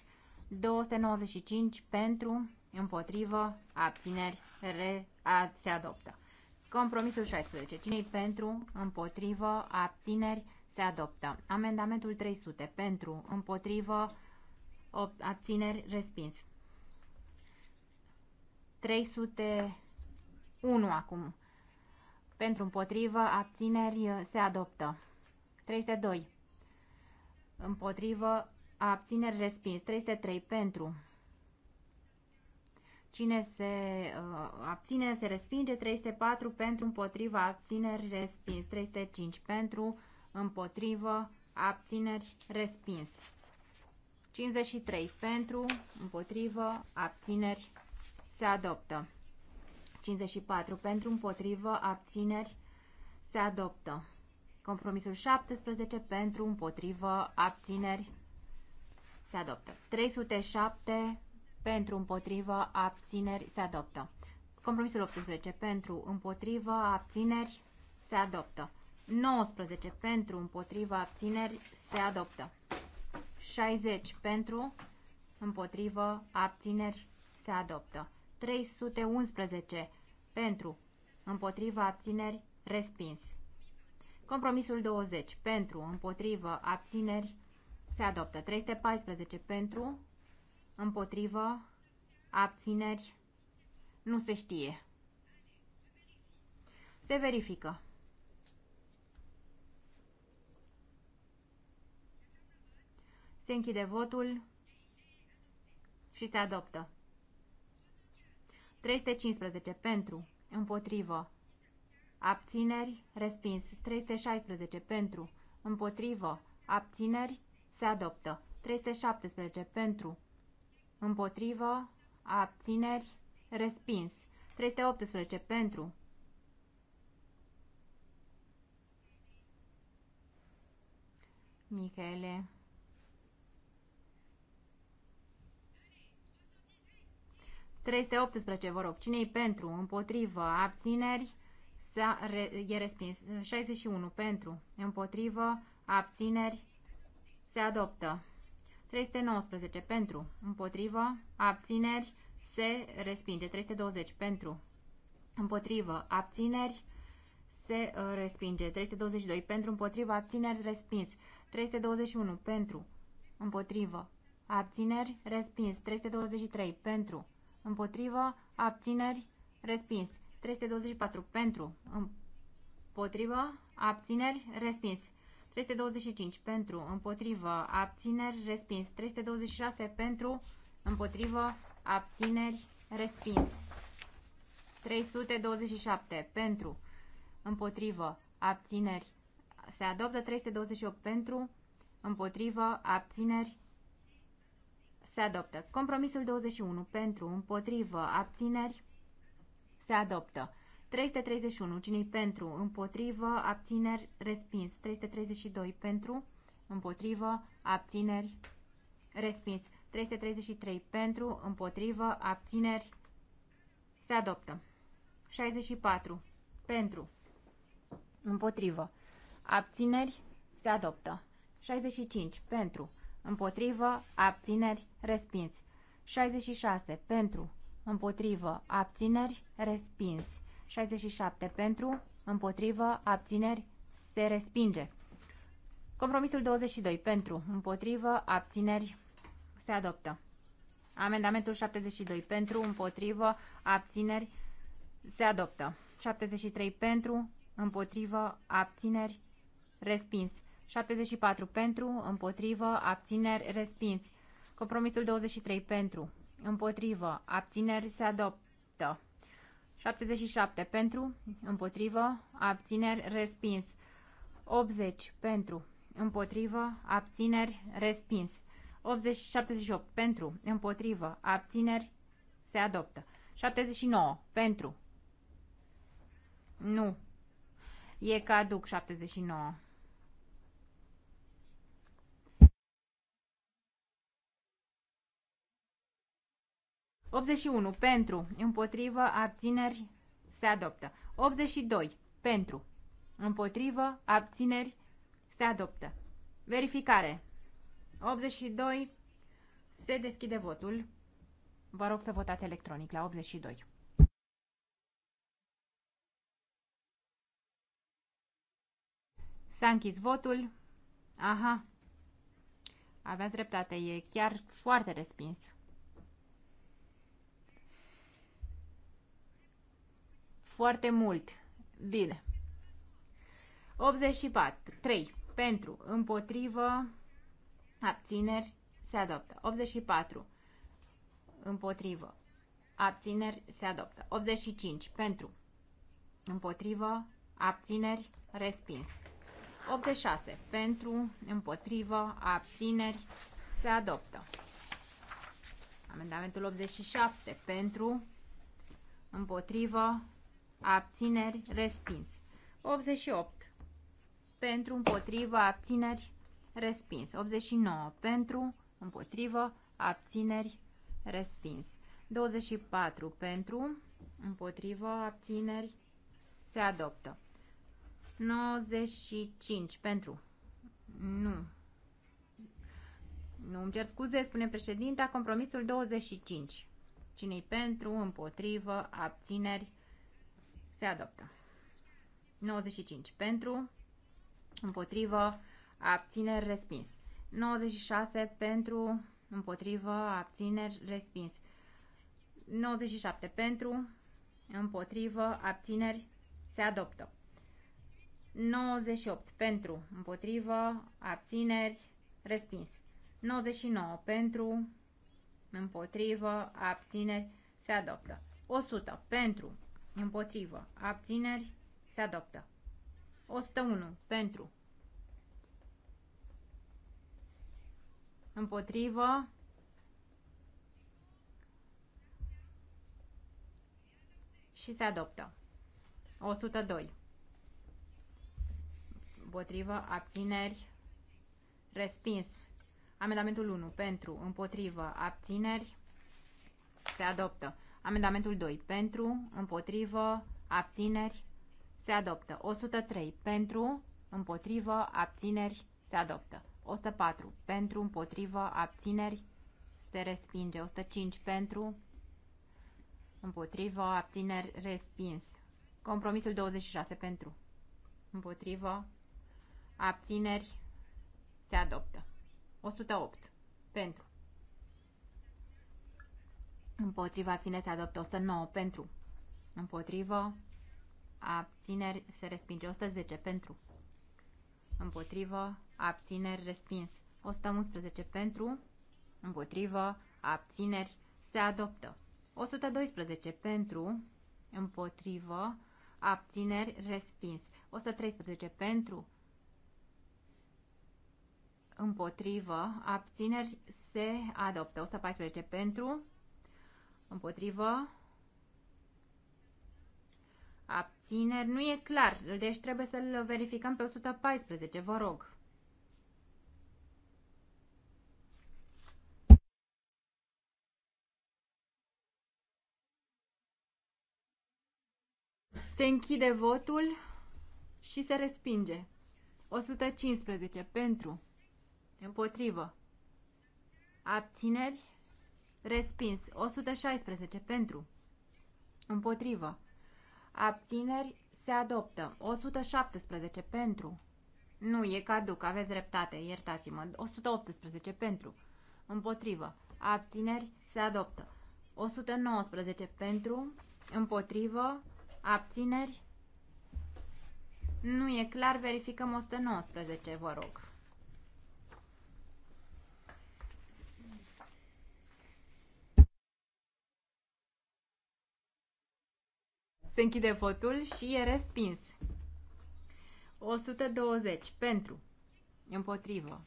295 pentru, împotrivă, abțineri, re, a, se adoptă. Compromisul 16. cine pentru, împotrivă, abțineri, se adoptă. Amendamentul 300. Pentru, împotrivă, abțineri, respins. 301 acum. Pentru, împotrivă, abțineri, se adoptă. 302 împotrivă, abțineri respins. 303 pentru, cine se uh, abține se respinge. 304 pentru, împotrivă, abțineri respins. 305 pentru, împotrivă, abțineri respins. 53 pentru, împotrivă, abțineri se adoptă. 54 pentru, împotrivă, abțineri se adoptă. Compromisul 17 pentru, împotrivă, abțineri, se adoptă. 307 pentru, împotrivă, abțineri, se adoptă. Compromisul 18 pentru, împotrivă, abțineri, se adoptă. 19 pentru, împotrivă, abțineri, se adoptă. 60 pentru, împotrivă, abțineri, se adoptă. 311 pentru, împotrivă, abțineri, respins. Compromisul 20 pentru, împotrivă, abțineri se adoptă. 314 pentru, împotrivă, abțineri nu se știe. Se verifică. Se închide votul și se adoptă. 315 pentru, împotrivă, abțineri, respins. 316 pentru, împotrivă, abțineri, se adoptă. 317 pentru, împotrivă, abțineri, respins. 318 pentru, Michele. 318, vă rog. Cine-i pentru? Împotrivă? Abțineri? e respins. 61 pentru, împotrivă, abțineri, se adoptă. 319 pentru, împotrivă, abțineri, se respinge. 320 pentru, împotrivă, abțineri, se uh, respinge. 322 pentru, împotrivă, abțineri, respins. 321 pentru, împotrivă, abțineri, respins. 323 pentru, împotrivă, abțineri, respins. 324 pentru, împotrivă, abțineri, respins. 325 pentru, împotrivă, abțineri, respins. 326 pentru, împotrivă, abțineri, respins. 327 pentru, împotrivă, abțineri, se adoptă. 328 pentru, împotrivă, abțineri, se adoptă. Compromisul 21 pentru, împotrivă, abțineri, se adoptă. 331. Cine-i pentru? Împotrivă. Abțineri. Respins. 332. Pentru. Împotrivă. Abțineri. Respins. 333. Pentru. Împotrivă. Abțineri. Se adoptă. 64. Pentru. Împotrivă. Abțineri. Se adoptă. 65. Pentru. Împotrivă. Abțineri. Respins. 66. Pentru împotrivă, abțineri, respins. 67 pentru, împotrivă, abțineri, se respinge. Compromisul 22 pentru, împotrivă, abțineri, se adoptă. Amendamentul 72 pentru, împotrivă, abțineri, se adoptă. 73 pentru, împotrivă, abțineri, respins. 74 pentru, împotrivă, abțineri, respins. Compromisul 23 pentru, Împotrivă. Abțineri se adoptă. 77 pentru. Împotrivă. Abțineri respins. 80 pentru. Împotrivă. Abțineri respins. 80, 78 pentru. Împotrivă. Abțineri se adoptă. 79 pentru. Nu. E caduc 79. 81 pentru, împotrivă, abțineri, se adoptă. 82 pentru, împotrivă, abțineri, se adoptă. Verificare. 82 se deschide votul. Vă rog să votați electronic la 82. S-a închis votul. Aha. Aveați dreptate, e chiar foarte respins. foarte mult. Bine. 84. 3. Pentru, împotrivă, abțineri, se adoptă. 84. Împotrivă, abțineri, se adoptă. 85. Pentru, împotrivă, abțineri, respins. 86. Pentru, împotrivă, abțineri, se adoptă. Amendamentul 87. Pentru, împotrivă, abțineri, respins. 88 pentru, împotrivă, abțineri, respins. 89 pentru, împotrivă, abțineri, respins. 24 pentru, împotrivă, abțineri, se adoptă. 95 pentru, nu, nu îmi cer scuze, spune președinta, compromisul 25. Cine-i pentru, împotrivă, abțineri, se adoptă. 95 pentru, împotrivă, abțineri, respins. 96 pentru, împotrivă, abțineri, respins. 97 pentru, împotrivă, abțineri, se adoptă. 98 pentru, împotrivă, abțineri, respins. 99 pentru, împotrivă, abțineri, se adoptă. 100 pentru, Împotrivă. Abțineri. Se adoptă. 101. Pentru. Împotrivă. Și se adoptă. 102. Împotrivă. Abțineri. Respins. Amendamentul 1. Pentru. Împotrivă. Abțineri. Se adoptă. Amendamentul 2 pentru, împotrivă, abțineri, se adoptă. 103 pentru, împotrivă, abțineri, se adoptă. 104 pentru, împotrivă, abțineri, se respinge. 105 pentru, împotrivă, abțineri, respins. Compromisul 26 pentru, împotrivă, abțineri, se adoptă. 108 pentru, Împotriva abțineri se adoptă 109 pentru. Împotrivă abțineri se respinge 110 pentru. Împotrivă abțineri respins 111 pentru. Împotrivă abțineri se adoptă 112 pentru. Împotrivă abțineri respins 113 pentru. Împotrivă abțineri se adoptă 114 pentru Împotrivă. Abțineri. Nu e clar, deci trebuie să-l verificăm pe 114, vă rog. Se închide votul și se respinge. 115 pentru, împotrivă, abțineri, Respins. 116 pentru. Împotrivă. Abțineri se adoptă. 117 pentru. Nu, e caduc, aveți dreptate, iertați-mă. 118 pentru. Împotrivă. Abțineri se adoptă. 119 pentru. Împotrivă. Abțineri. Nu e clar, verificăm 119, vă rog. Se închide votul și e respins. 120 pentru, împotrivă,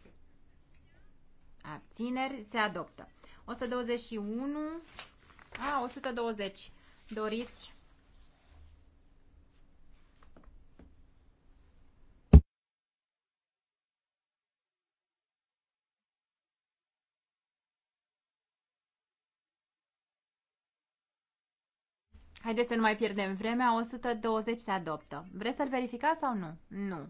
abțineri, se adoptă. 121, a, 120, doriți Haideți să nu mai pierdem vremea, 120 se adoptă. Vreți să-l verificați sau nu? Nu.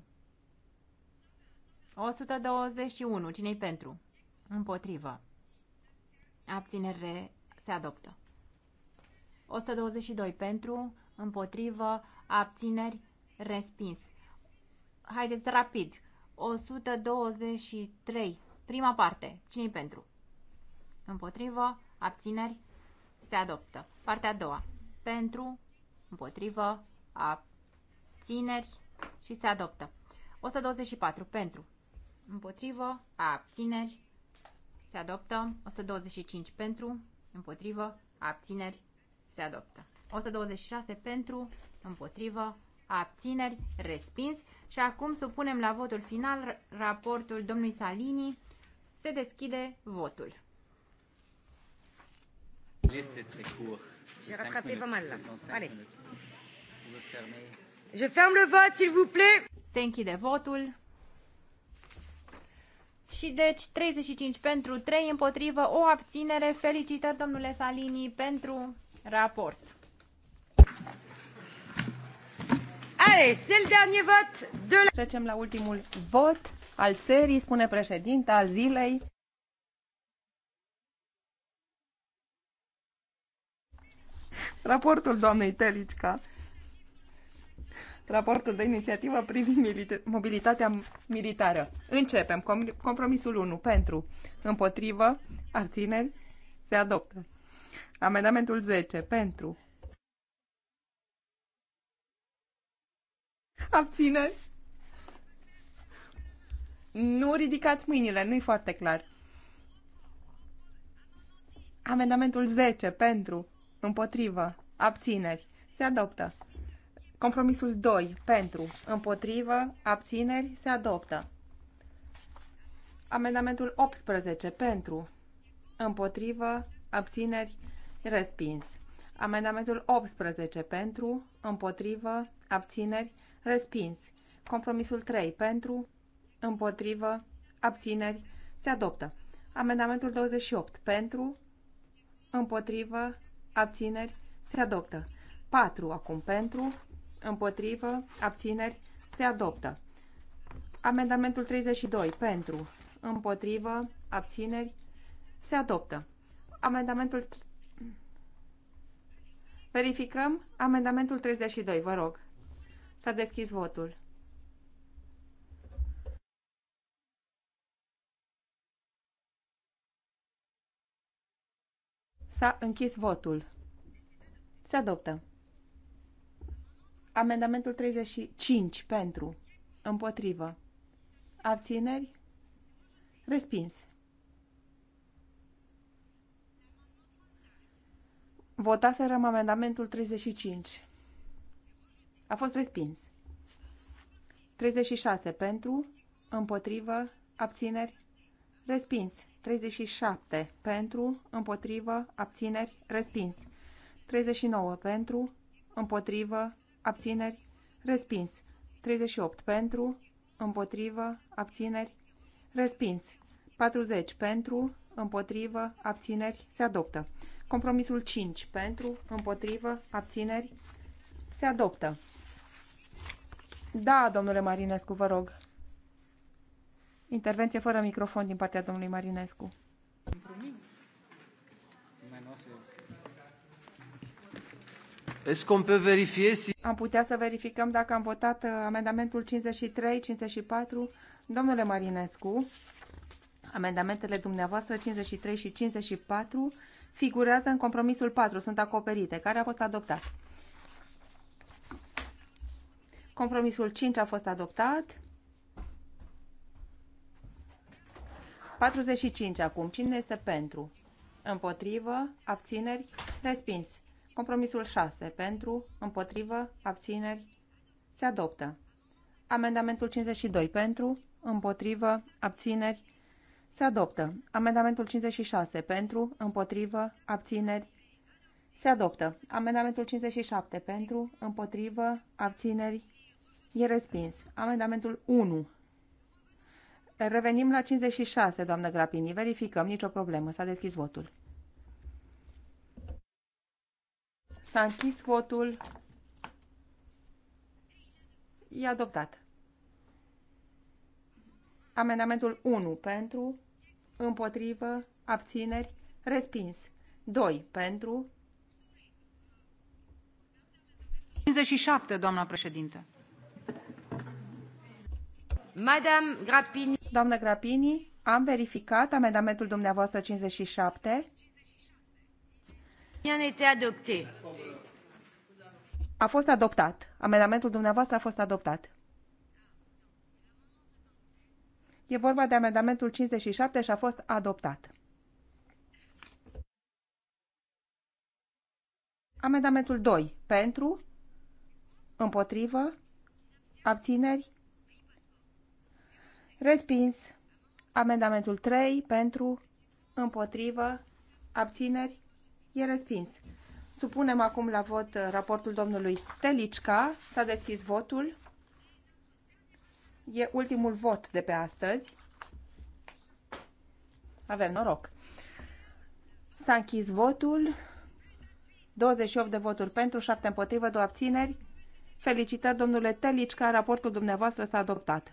121. Cine-i pentru? Împotrivă. Abținere se adoptă. 122 pentru, împotrivă, abțineri, respins. Haideți rapid. 123. Prima parte. Cine-i pentru? Împotrivă, abțineri, se adoptă. Partea a doua pentru, împotrivă, abțineri și se adoptă. 124 pentru, împotrivă, abțineri, se adoptă. 125 pentru, împotrivă, abțineri, se adoptă. 126 pentru, împotrivă, abțineri, respins. Și acum supunem la votul final raportul domnului Salini. Se deschide votul liste, c'est très court. J'ai rattrapé pas mal là. Allez. Je ferme le vote, s'il vous plaît. Se închide votul. Și deci 35 pentru, 3 împotrivă, o abținere. Felicitări, domnule Salini, pentru raport. Allez, c'est le dernier vote de la... Trecem la ultimul vot al serii, spune președinta, al zilei. Raportul doamnei Telicca, raportul de inițiativă privind milita mobilitatea militară. Începem. Com compromisul 1. Pentru. Împotrivă. Abțineri. Se adoptă. Amendamentul 10. Pentru. Abțineri. Nu ridicați mâinile, nu-i foarte clar. Amendamentul 10. Pentru. Împotrivă. Abțineri. Se adoptă. Compromisul 2. Pentru. Împotrivă. Abțineri. Se adoptă. Amendamentul 18. Pentru. Împotrivă. Abțineri. Respins. Amendamentul 18. Pentru. Împotrivă. Abțineri. Respins. Compromisul 3. Pentru. Împotrivă. Abțineri. Se adoptă. Amendamentul 28. Pentru. Împotrivă abțineri, se adoptă. 4 acum pentru, împotrivă, abțineri, se adoptă. Amendamentul 32 pentru, împotrivă, abțineri, se adoptă. Amendamentul Verificăm amendamentul 32, vă rog. S-a deschis votul. S-a închis votul. Se adoptă. Amendamentul 35 pentru. Împotrivă. Abțineri. Respins. Votaserăm amendamentul 35. A fost respins. 36 pentru, împotrivă, abțineri, respins. 37 pentru, împotrivă, abțineri, respins. 39 pentru, împotrivă, abțineri, respins. 38 pentru, împotrivă, abțineri, respins. 40 pentru, împotrivă, abțineri, se adoptă. Compromisul 5 pentru, împotrivă, abțineri, se adoptă. Da, domnule Marinescu, vă rog. Intervenție fără microfon din partea domnului Marinescu. Am putea să verificăm dacă am votat uh, amendamentul 53, 54. Domnule Marinescu, amendamentele dumneavoastră 53 și 54 figurează în compromisul 4, sunt acoperite, care a fost adoptat. Compromisul 5 a fost adoptat. 45 acum. Cine este pentru? Împotrivă, abțineri, respins. Compromisul 6. Pentru, împotrivă, abțineri, se adoptă. Amendamentul 52. Pentru, împotrivă, abțineri, se adoptă. Amendamentul 56. Pentru, împotrivă, abțineri, se adoptă. Amendamentul 57. Pentru, împotrivă, abțineri, e respins. Amendamentul 1. Revenim la 56, doamnă Grapini. Verificăm, nicio problemă. S-a deschis votul. S-a închis votul. E adoptat. Amendamentul 1 pentru, împotrivă, abțineri, respins. 2 pentru. 57, doamna președinte. Madame Grapini. Doamnă Grapini, am verificat amendamentul dumneavoastră 57. A fost adoptat. Amendamentul dumneavoastră a fost adoptat. E vorba de amendamentul 57 și a fost adoptat. Amendamentul 2. Pentru, împotrivă, abțineri, Respins. Amendamentul 3 pentru, împotrivă, abțineri, e respins. Supunem acum la vot uh, raportul domnului Telicca. S-a deschis votul. E ultimul vot de pe astăzi. Avem noroc. S-a închis votul. 28 de voturi pentru, 7 împotrivă, 2 abțineri. Felicitări, domnule Telicca, raportul dumneavoastră s-a adoptat.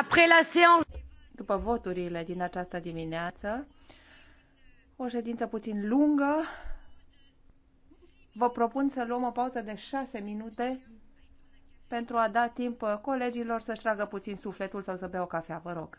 Après la séance... După voturile din această dimineață, o ședință puțin lungă, vă propun să luăm o pauză de șase minute pentru a da timp colegilor să-și tragă puțin sufletul sau să bea o cafea, vă rog.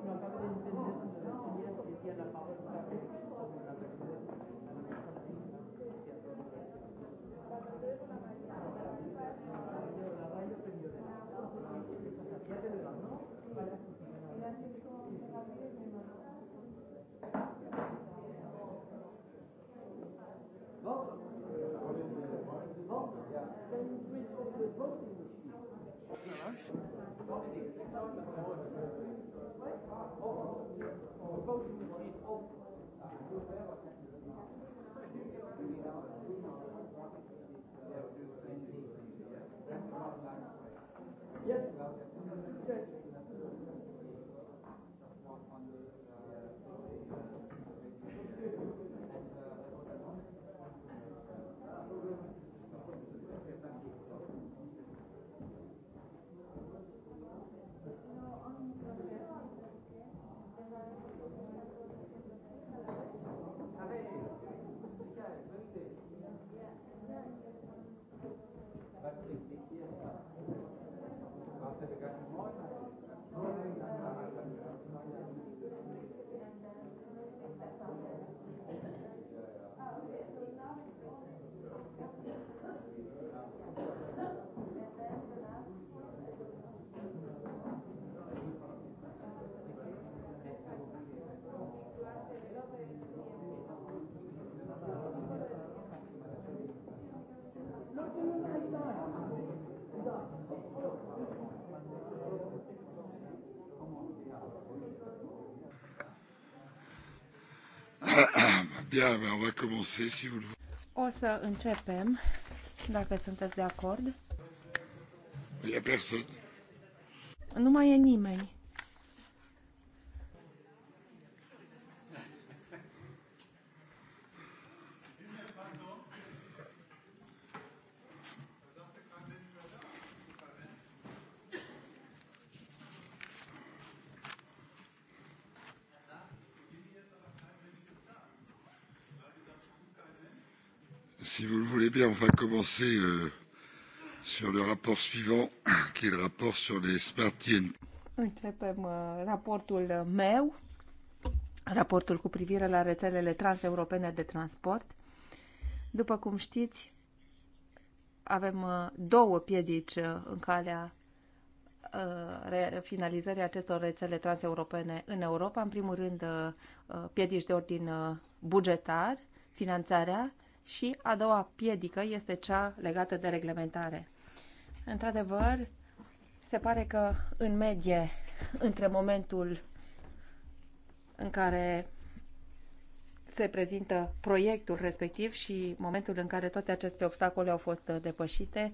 Yes. Yes. O să începem, dacă sunteți de acord. Nu mai e nimeni. bien, on va commencer euh, sur le rapport suivant, (coughs) qui est le rapport sur les smart TNT. Începem uh, raportul meu, raportul cu privire la rețelele transeuropene de transport. După cum știți, avem uh, două piedici uh, în calea uh, finalizării acestor rețele transeuropene în Europa. În primul rând, uh, uh, piedici de ordin bugetar, finanțarea și a doua piedică este cea legată de reglementare. Într-adevăr, se pare că în medie, între momentul în care se prezintă proiectul respectiv și momentul în care toate aceste obstacole au fost uh, depășite,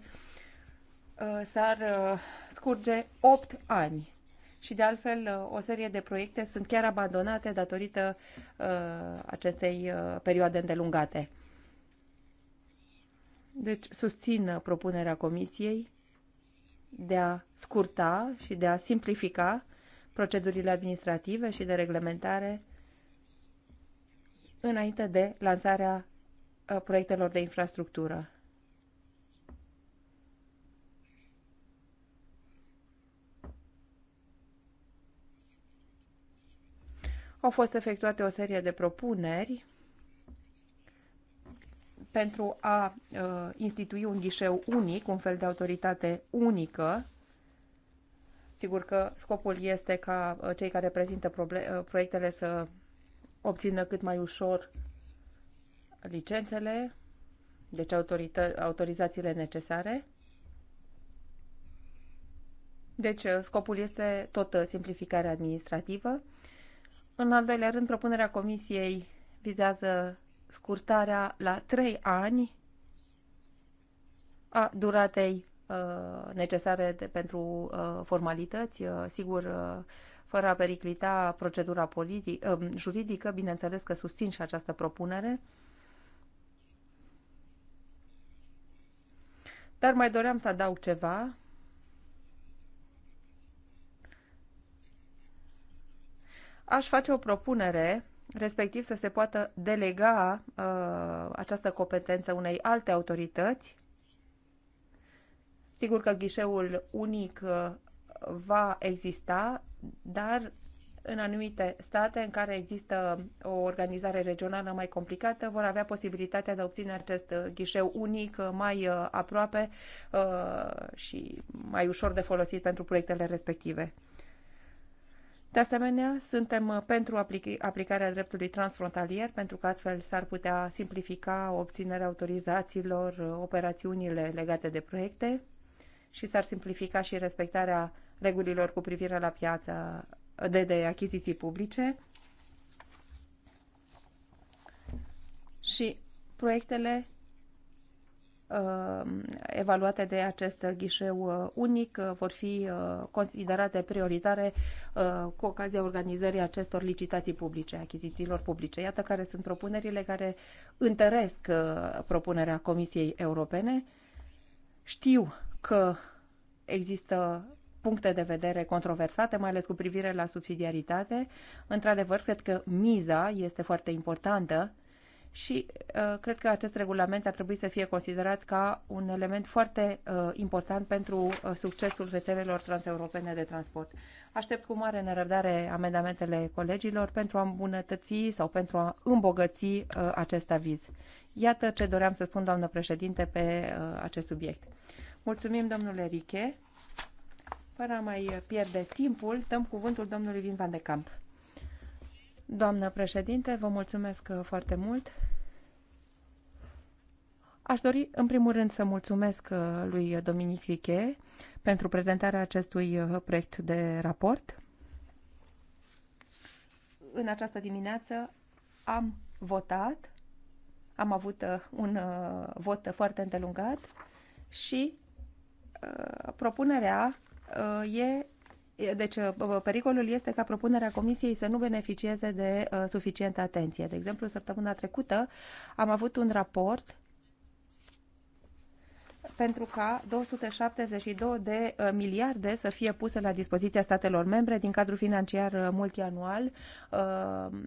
uh, s-ar uh, scurge 8 ani. Și de altfel, o serie de proiecte sunt chiar abandonate datorită acestei perioade îndelungate. Deci susțin uh, propunerea Comisiei de a scurta și de a simplifica procedurile administrative și de reglementare înainte de lansarea uh, proiectelor de infrastructură. Au fost efectuate o serie de propuneri pentru a uh, institui un ghișeu unic, un fel de autoritate unică. Sigur că scopul este ca uh, cei care prezintă uh, proiectele să obțină cât mai ușor licențele, deci autorizațiile necesare. Deci scopul este tot simplificarea administrativă. În al doilea rând, propunerea Comisiei vizează scurtarea la trei ani a duratei uh, necesare de, pentru uh, formalități, uh, sigur, fără a periclita procedura politic, juridică, bineînțeles că susțin și această propunere. Dar mai doream să adaug ceva. Aș face o propunere respectiv să se poată delega uh, această competență unei alte autorități. Sigur că ghișeul unic uh, va exista, dar în anumite state în care există o organizare regională mai complicată, vor avea posibilitatea de a obține acest uh, ghișeu unic uh, mai uh, aproape și mai ușor de folosit pentru proiectele respective. De asemenea, suntem uh, pentru aplic aplicarea dreptului transfrontalier, pentru că astfel s-ar putea simplifica obținerea autorizațiilor, uh, operațiunile legate de proiecte și s-ar simplifica și respectarea regulilor cu privire la piața de, de achiziții publice. Și proiectele Uh, evaluate de acest ghișeu uh, unic uh, vor fi considerate prioritare cu ocazia organizării acestor licitații publice, achizițiilor publice. Iată care sunt propunerile care întăresc propunerea Comisiei Europene. Știu că există puncte de vedere controversate, mai ales cu privire la subsidiaritate. Într-adevăr, cred că miza este foarte importantă și uh, cred că acest regulament ar trebui să fie considerat ca un element foarte uh, important pentru uh, succesul rețelelor transeuropene de transport. Aștept cu mare nerăbdare amendamentele colegilor pentru a îmbunătăți sau pentru a îmbogăți uh, acest aviz. Iată ce doream să spun, doamnă președinte, pe uh, acest subiect. Mulțumim, domnule Riche. Fără a mai pierde timpul, dăm cuvântul domnului Vin Van de Camp. Doamnă președinte, vă mulțumesc uh, foarte mult. Aș dori, în primul rând, să mulțumesc uh, lui Dominic Riche pentru prezentarea acestui uh, proiect de raport. În această dimineață am votat, am avut un vot foarte îndelungat și propunerea e deci, uh, pericolul este ca propunerea Comisiei să nu beneficieze de uh, suficientă atenție. De exemplu, săptămâna trecută am avut un raport pentru ca 272 de uh, miliarde să fie puse la dispoziția statelor membre din cadrul financiar uh, multianual. Uh,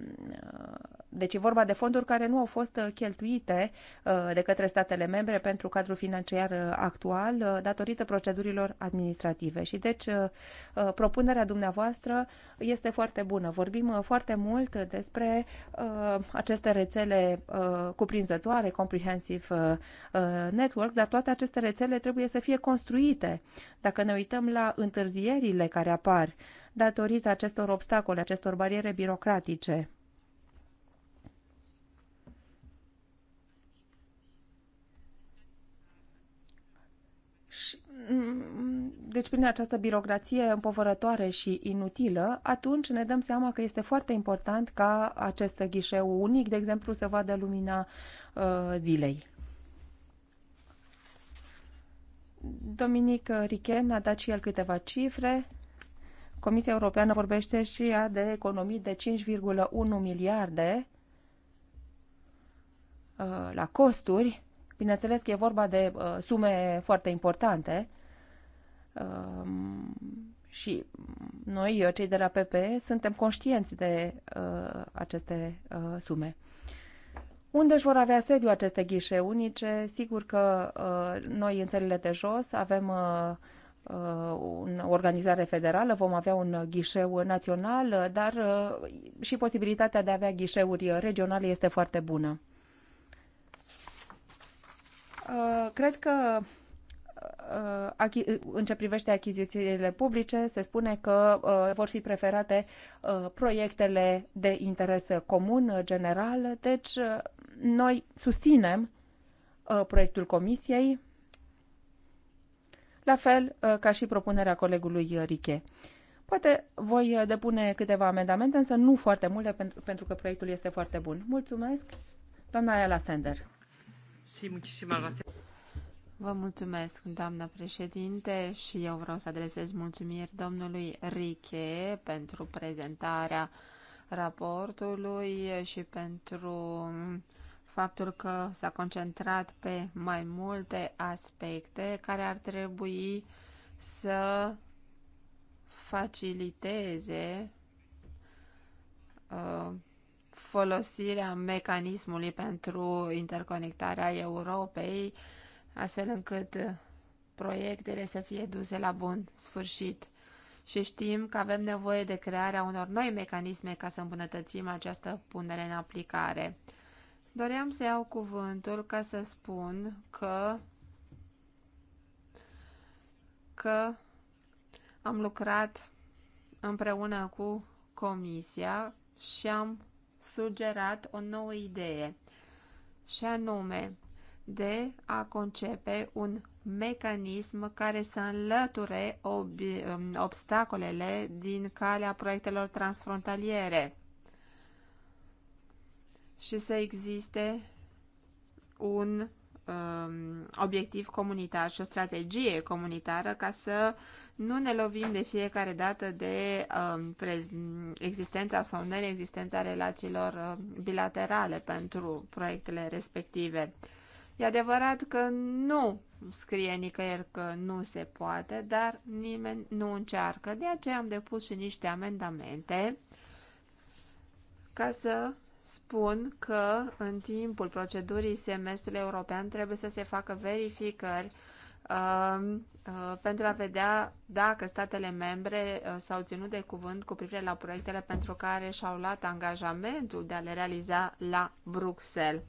deci e vorba de fonduri care nu au fost cheltuite de către statele membre pentru cadrul financiar actual datorită procedurilor administrative. Și deci propunerea dumneavoastră este foarte bună. Vorbim foarte mult despre aceste rețele cuprinzătoare, Comprehensive Network, dar toate aceste aceste rețele trebuie să fie construite. Dacă ne uităm la întârzierile care apar datorită acestor obstacole, acestor bariere birocratice, deci prin această birocrație împovărătoare și inutilă, atunci ne dăm seama că este foarte important ca acest ghișeu unic, de exemplu, să vadă lumina uh, zilei. Dominic Richen a dat și el câteva cifre. Comisia Europeană vorbește și ea de economii de 5,1 miliarde uh, la costuri. Bineînțeles că e vorba de uh, sume foarte importante um, și noi, cei de la PPE, suntem conștienți de uh, aceste sume. Unde își vor avea sediu aceste ghișe unice? Sigur că uh, noi în țările de jos avem uh, uh, o organizare federală, vom avea un ghișeu național, uh, dar uh, și posibilitatea de a avea ghișeuri regionale este foarte bună. Uh, cred că uh, în ce privește achizițiile publice, se spune că uh, vor fi preferate proiectele de interes comun general, deci noi susținem uh, proiectul comisiei, la fel uh, ca și propunerea colegului Riche. Poate voi uh, depune câteva amendamente, însă nu foarte multe, pentru, că proiectul este foarte bun. Mulțumesc, doamna Ayala Sender. Vă mulțumesc, doamna președinte, și eu vreau să adresez mulțumiri domnului Riche pentru prezentarea raportului și pentru uh, faptul că s-a concentrat pe mai multe aspecte care ar trebui să faciliteze uh, folosirea mecanismului pentru interconectarea Europei, astfel încât proiectele să fie duse la bun sfârșit. Și știm că avem nevoie de crearea unor noi mecanisme ca să îmbunătățim această punere în aplicare. Doream să iau cuvântul ca să spun că că am lucrat împreună cu comisia și am sugerat o nouă idee și anume de a concepe un mecanism care să înlăture ob obstacolele din calea proiectelor transfrontaliere și să existe un um, obiectiv comunitar și o strategie comunitară ca să nu ne lovim de fiecare dată de um, existența sau neexistența relațiilor um, bilaterale pentru proiectele respective. E adevărat că nu scrie nicăieri că nu se poate, dar nimeni nu încearcă. De aceea am depus și niște amendamente ca să spun că în timpul procedurii semestrului european trebuie să se facă verificări uh, uh, pentru a vedea dacă statele membre uh, s-au ținut de cuvânt cu privire la proiectele pentru care și-au luat angajamentul de a le realiza la Bruxelles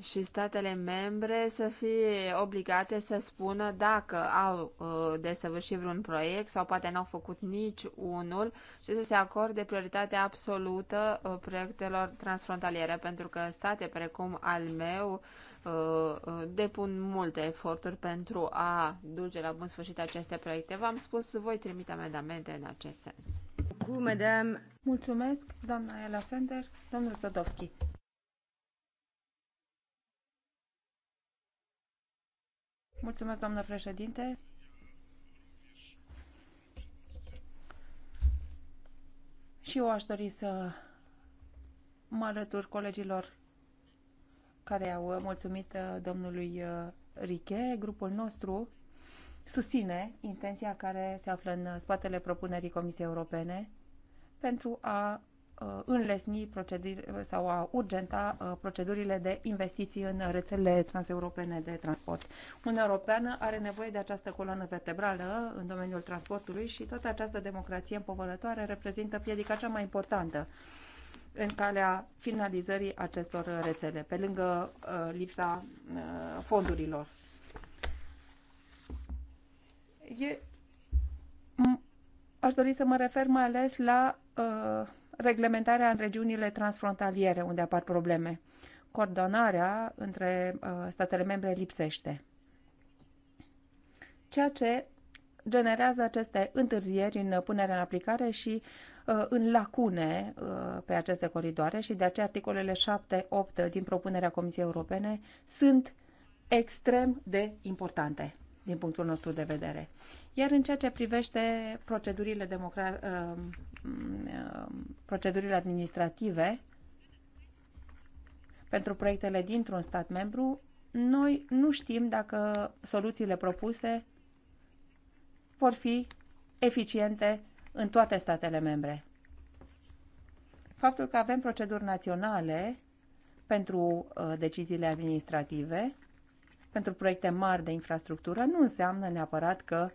și statele membre să fie obligate să spună dacă au uh, desăvârșit vreun proiect sau poate n-au făcut nici unul și să se acorde prioritate absolută uh, proiectelor transfrontaliere, pentru că state precum al meu uh, uh depun multe eforturi pentru a duce la bun sfârșit aceste proiecte. V-am spus, voi trimite amendamente în acest sens. Cu, madame. Mulțumesc, doamna Ela Sender, domnul Sodovski. Mulțumesc, doamnă președinte. Și eu aș dori să mă alătur colegilor care au mulțumit uh, domnului uh, Riche. Grupul nostru susține intenția care se află în spatele propunerii Comisiei Europene pentru a Uh, înlesni proceduri uh, sau a urgenta uh, procedurile de investiții în rețelele transeuropene de transport. Uniunea Europeană are nevoie de această coloană vertebrală în domeniul transportului și toată această democrație împovărătoare reprezintă piedica cea mai importantă în calea finalizării acestor rețele, pe lângă lipsa fondurilor. E, aș dori să mă refer mai ales la uh, reglementarea în regiunile transfrontaliere unde apar probleme. Coordonarea între uh, statele membre lipsește. Ceea ce generează aceste întârzieri în punerea în aplicare și uh, în lacune uh, pe aceste coridoare și de aceea articolele 7-8 din propunerea Comisiei Europene sunt extrem de importante din punctul nostru de vedere. Iar în ceea ce privește procedurile, democra- uh, mm, uh, procedurile administrative pentru proiectele dintr-un stat membru, noi nu știm dacă soluțiile propuse vor fi eficiente în toate statele membre. Faptul că avem proceduri naționale pentru uh, deciziile administrative, pentru proiecte mari de infrastructură, nu înseamnă neapărat că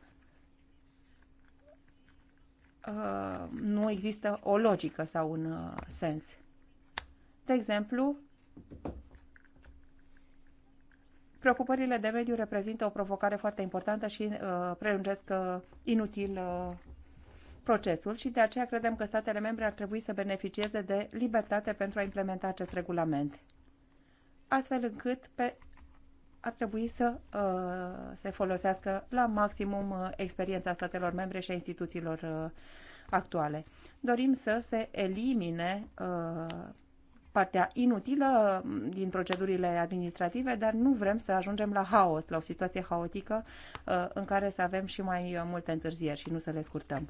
Uh, nu există o logică sau un uh, sens. De exemplu, preocupările de mediu reprezintă o provocare foarte importantă și uh, prelungesc uh, inutil uh, procesul și de aceea credem că statele membre ar trebui să beneficieze de libertate pentru a implementa acest regulament, astfel încât pe ar trebui să uh, se folosească la maximum uh, experiența statelor membre și a instituțiilor uh, actuale. Dorim să se elimine uh, partea inutilă mm, din procedurile administrative, dar nu vrem să ajungem la haos, la o situație haotică uh, în care să avem și mai uh, multe întârzieri și nu să le scurtăm.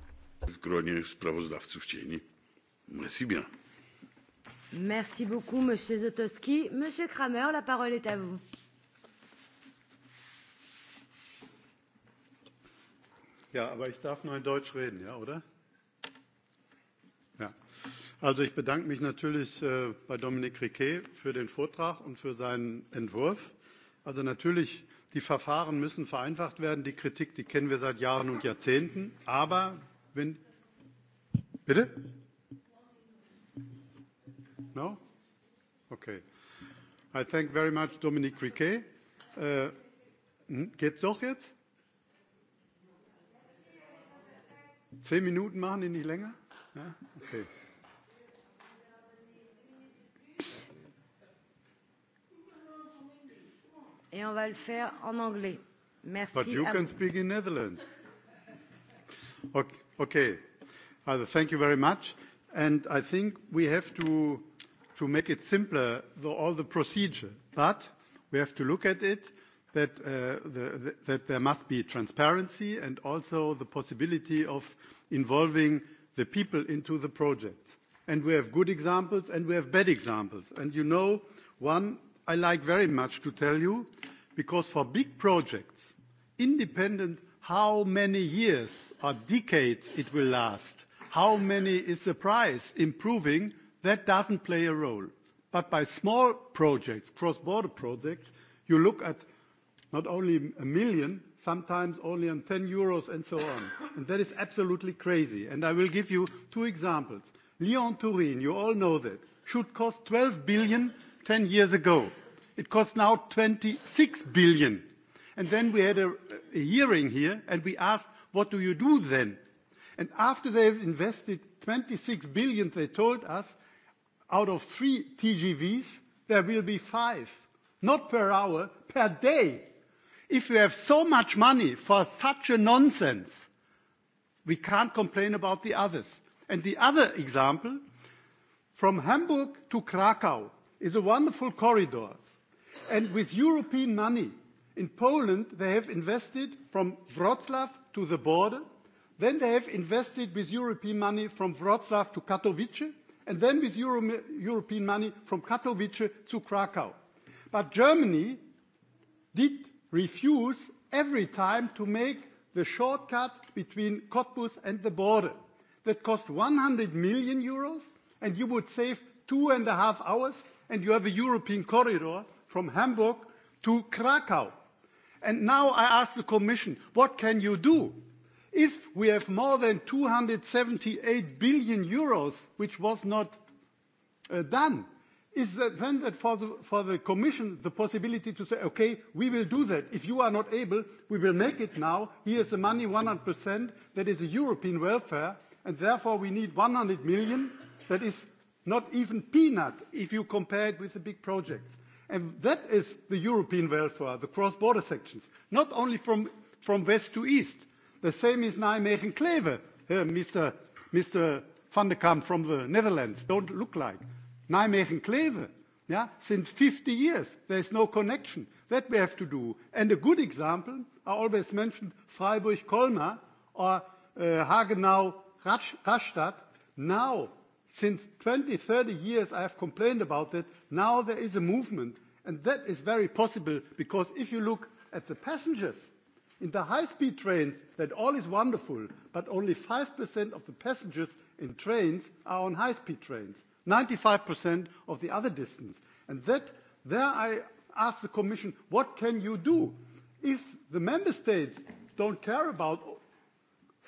Merci Merci beaucoup, Monsieur Zotowski. Monsieur Kramer, la parole est à vous. Ja, aber ich darf nur in Deutsch reden, ja, oder? Ja. Also ich bedanke mich natürlich äh, bei Dominique Riquet für den Vortrag und für seinen Entwurf. Also natürlich, die Verfahren müssen vereinfacht werden. Die Kritik, die kennen wir seit Jahren und Jahrzehnten. Aber wenn... Bitte? No? Okay. I thank very much Dominique Riquet. Äh, hm? geht's doch jetzt? Zehn Minuten machen die nicht länger? Ja? Okay. Et on va le faire en anglais. Merci. But you à... can speak in Netherlands. Okay. okay. Uh, thank you very much. And I think we have to, to make it simpler, the, all the procedure. But we have to look at it Uh, that, there must be transparency and also the possibility of involving the people into the projects. And we have good examples, and we have bad examples. And you know, one I like very much to tell you, because for big projects, independent how many years or decades it will last, how many is the price improving, that doesn't play a role. But by small projects, cross-border projects, you look at not only a million, sometimes only on 10 euros and so on. and that is absolutely crazy. And I will give you two examples. Lyon-Turin, you all know that, should cost 12 billion 10 years ago. It costs now 26 billion. And then we had a, a hearing here and we asked, what do you do then? And after they've invested 26 billion, they told us, out of three TGVs, there will be five. Not per hour, per day If you have so much money for such a nonsense, we can't complain about the others. And the other example, from Hamburg to Krakow, is a wonderful corridor. And with European money, in Poland, they have invested from Wroclaw to the border. Then they have invested with European money from Wroclaw to Katowice, and then with Euro European money from Katowice to Krakow. But Germany did refuse every time to make the shortcut between Cottbus and the border. That cost 100 million euros, and you would save two and a half hours, and you have a European corridor from Hamburg to Krakow. And now I ask the Commission, what can you do? If we have more than 278 billion euros, which was not uh, done, is that then that for the, for the Commission the possibility to say, okay, we will do that. If you are not able, we will make it now. Here's the money, 100%. That is a European welfare, and therefore we need 100 million. That is not even peanut if you compare it with the big projects. And that is the European welfare, the cross-border sections, not only from, from west to east. The same is Nijmegen-Kleve, uh, Mr. Mr. van der Kamp from the Netherlands. Don't look like. Nijmegen-Kleve, yeah, since 50 years, there is no connection. That we have to do. And a good example, I always mentioned Freiburg-Colmar or uh, Hagenau-Rastatt. Now, since 20, 30 years, I have complained about that. Now there is a movement, and that is very possible because if you look at the passengers in the high-speed trains, that all is wonderful, but only 5% of the passengers in trains are on high-speed trains. 95% of the other distance. And that, there I ask the Commission, what can you do? If the member states don't care about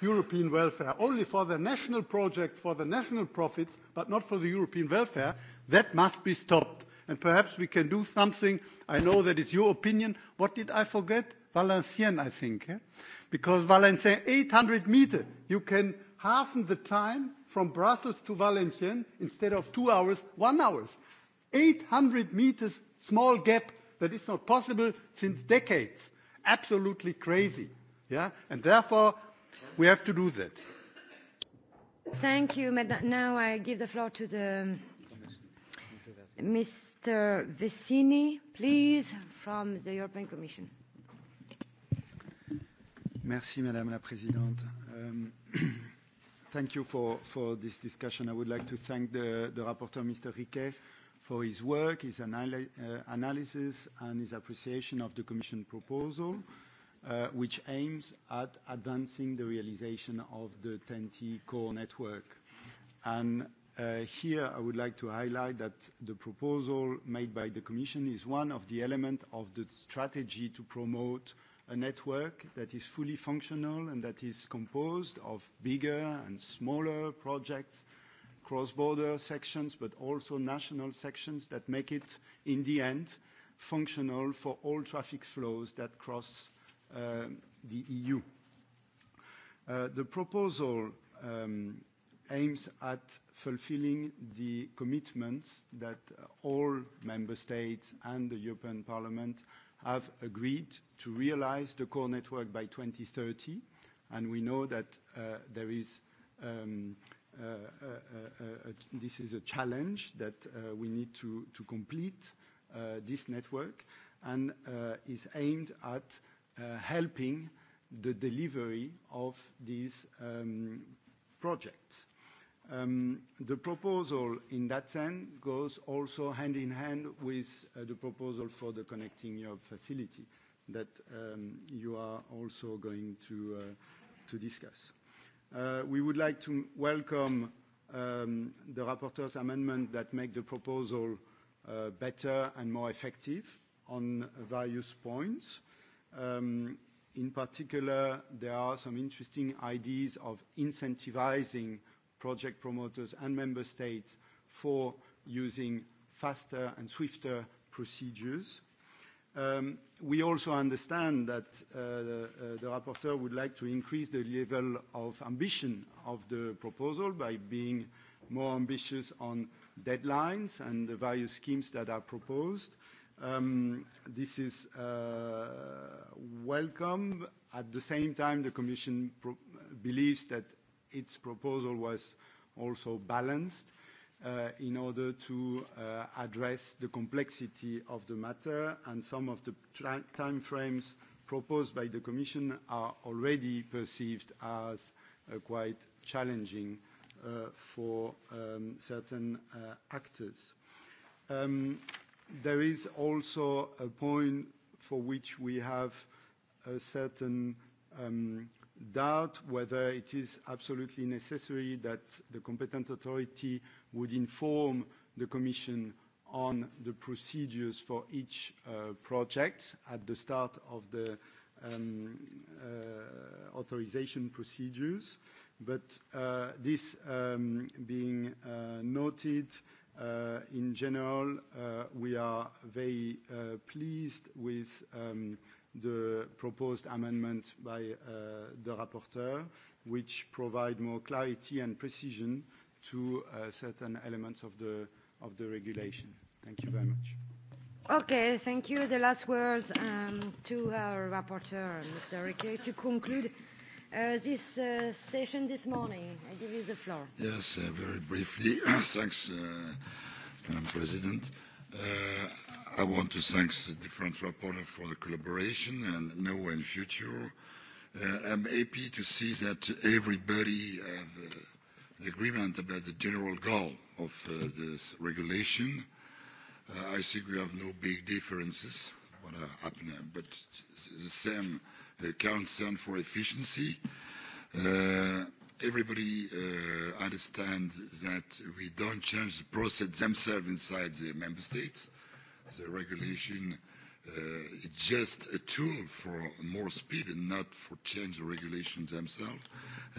European welfare, only for the national project, for the national profit, but not for the European welfare, that must be stopped. And perhaps we can do something. I know that is your opinion. What did I forget? Valenciennes, I think. Eh? Because Valenciennes, 800 meter, you can half the time from Brussels to Valenciennes instead of two hours, one hour. 800 meters small gap that is not possible since decades. Absolutely crazy. Yeah? And therefore, we have to do that. Thank you, Madam. Now I give the floor to the Mr. Um, Vecini, please, from the European Commission. Merci, Madame la Présidente. Euh, (clears throat) Thank you for, for this discussion. I would like to thank the, the rapporteur, Mr. Riquet, for his work, his anali uh, analysis, and his appreciation of the Commission proposal, uh, which aims at advancing the realization of the TEN-T core network. And uh, here I would like to highlight that the proposal made by the Commission is one of the elements of the strategy to promote a network that is fully functional and that is composed of bigger and smaller projects, cross-border sections, but also national sections that make it, in the end, functional for all traffic flows that cross uh, the EU. Uh, the proposal um, aims at fulfilling the commitments that all member states and the European Parliament have agreed to realize the core network by 2030, and we know that uh, there is um, uh, uh, this is a challenge that we need to, complete this network and is aimed at helping the delivery of these um, projects. Um, the proposal in that sense goes also hand in hand with uh, the proposal for the Connecting Europe facility that um, you are also going to, uh, to discuss. Uh, we would like to welcome um, the rapporteur's amendment that make the proposal uh, better and more effective on various points. Um, in particular, there are some interesting ideas of incentivizing project promoters and member states for using faster and swifter procedures. Um, we also understand that uh, the, uh, the rapporteur would like to increase the level of ambition of the proposal by being more ambitious on deadlines and the various schemes that are proposed. Um, this is uh, welcome. At the same time, the Commission believes that its proposal was also balanced uh, in order to uh, address the complexity of the matter, and some of the time frames proposed by the Commission are already perceived as uh, quite challenging uh, for um, certain uh, actors. Um, there is also a point for which we have a certain um, doubt whether it is absolutely necessary that the competent authority would inform the Commission on the procedures for each uh, project at the start of the um, uh, authorization procedures. But uh, this um, being uh, noted, uh, in general, uh, we are very pleased with um, the proposed amendment by uh, the rapporteur, which provide more clarity and precision to uh, certain elements of the, of the regulation. Thank you very much. Okay, thank you. The last words um, to our rapporteur, Mr. Riquet, to conclude uh, this uh, session this morning. I give you the floor. Yes, uh, very briefly. (coughs) Thanks, uh, Madam President. Uh, I want to thank the different rapporteurs for the collaboration and now and future. Uh, I'm happy to see that everybody have uh, an agreement about the general goal of uh, this regulation. Uh, I think we have no big differences, what are happening, but the same uh, concern for efficiency. Uh, everybody uh, understands that we don't change the process themselves inside the member states the regulation uh, just a tool for more speed and not for change the regulations themselves.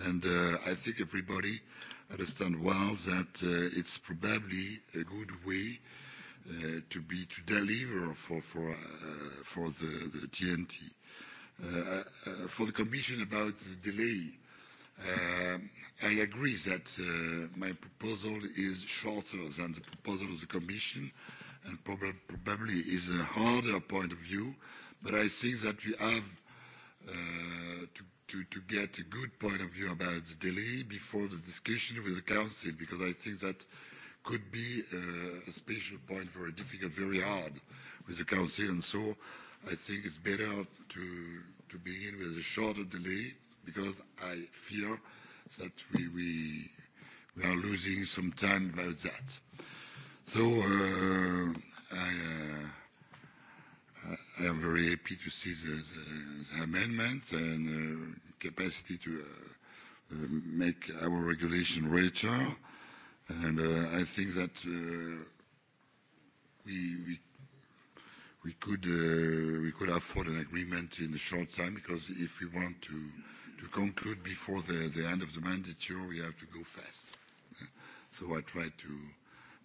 And uh, I think everybody understand well that uh, it's probably a good way uh, to be to deliver for for uh, for the, the TNT. Uh, uh, for the Commission about the delay, uh, I agree that uh, my proposal is shorter than the proposal of the Commission. Uh, and prob probably is a harder point of view. But I think that we have uh, to, to, to get a good point of view about the delay before the discussion with the Council, because I think that could be uh, a special point for a difficult, very hard with the Council. And so I think it's better to, to begin with a shorter delay, because I fear that we, we, we are losing some time about that. So uh, I, uh, I am very happy to see the, the, the amendments and uh, capacity to uh, uh, make our regulation richer. And uh, I think that uh, we, we we could uh, we could afford an agreement in the short time because if we want to to conclude before the, the end of the mandate, we have to go fast. So I try to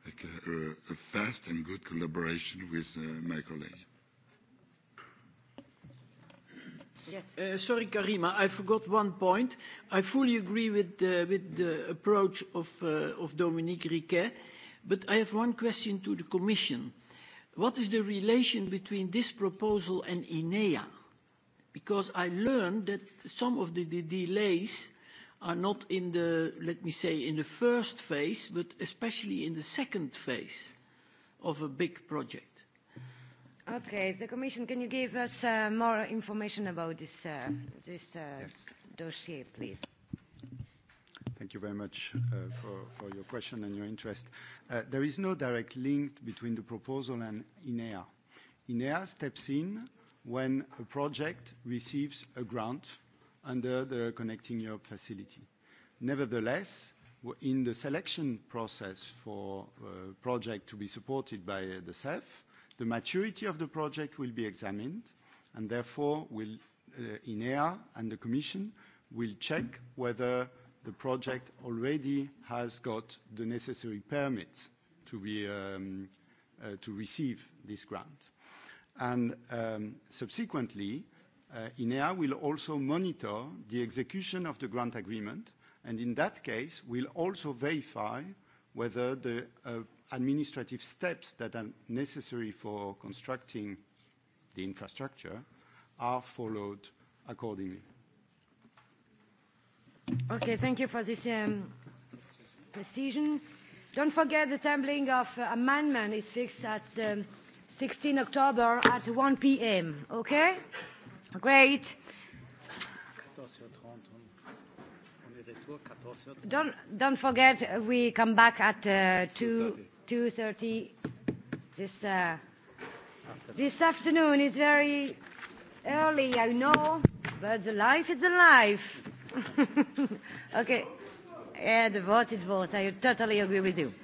like a, a fast and good collaboration with uh, my colleague. Yes. Uh, sorry, Karima, I forgot one point. I fully agree with the, with the approach of, uh, of Dominique Riquet, but I have one question to the Commission. What is the relation between this proposal and INEA? Because I learned that some of the, the delays are not in the, let me say, in the first phase, but especially in the second phase of a big project. Okay, the Commission, can you give us uh, more information about this, uh, this uh, yes. dossier, please? Thank you very much uh, for, for your question and your interest. Uh, there is no direct link between the proposal and INEA. INEA steps in when a project receives a grant under the Connecting Europe facility. Nevertheless, in the selection process for a uh, project to be supported by uh, the CEF, the maturity of the project will be examined, and therefore will uh, INEA and the Commission will check whether the project already has got the necessary permits to be um, to receive this grant. And um, subsequently, Uh, INEA will also monitor the execution of the grant agreement, and in that case, will also verify whether the uh, administrative steps that are necessary for constructing the infrastructure are followed accordingly. Okay, thank you for this um, precision. Don't forget the tabling of uh, amendment is fixed at 16 um, October at 1 p.m., okay? Great. Don't, don't forget, we come back at uh, 2, 2.30 this, uh, this afternoon. It's very early, I know, but the life is the life. (laughs) okay. Yeah, the vote is vote. I totally agree with you.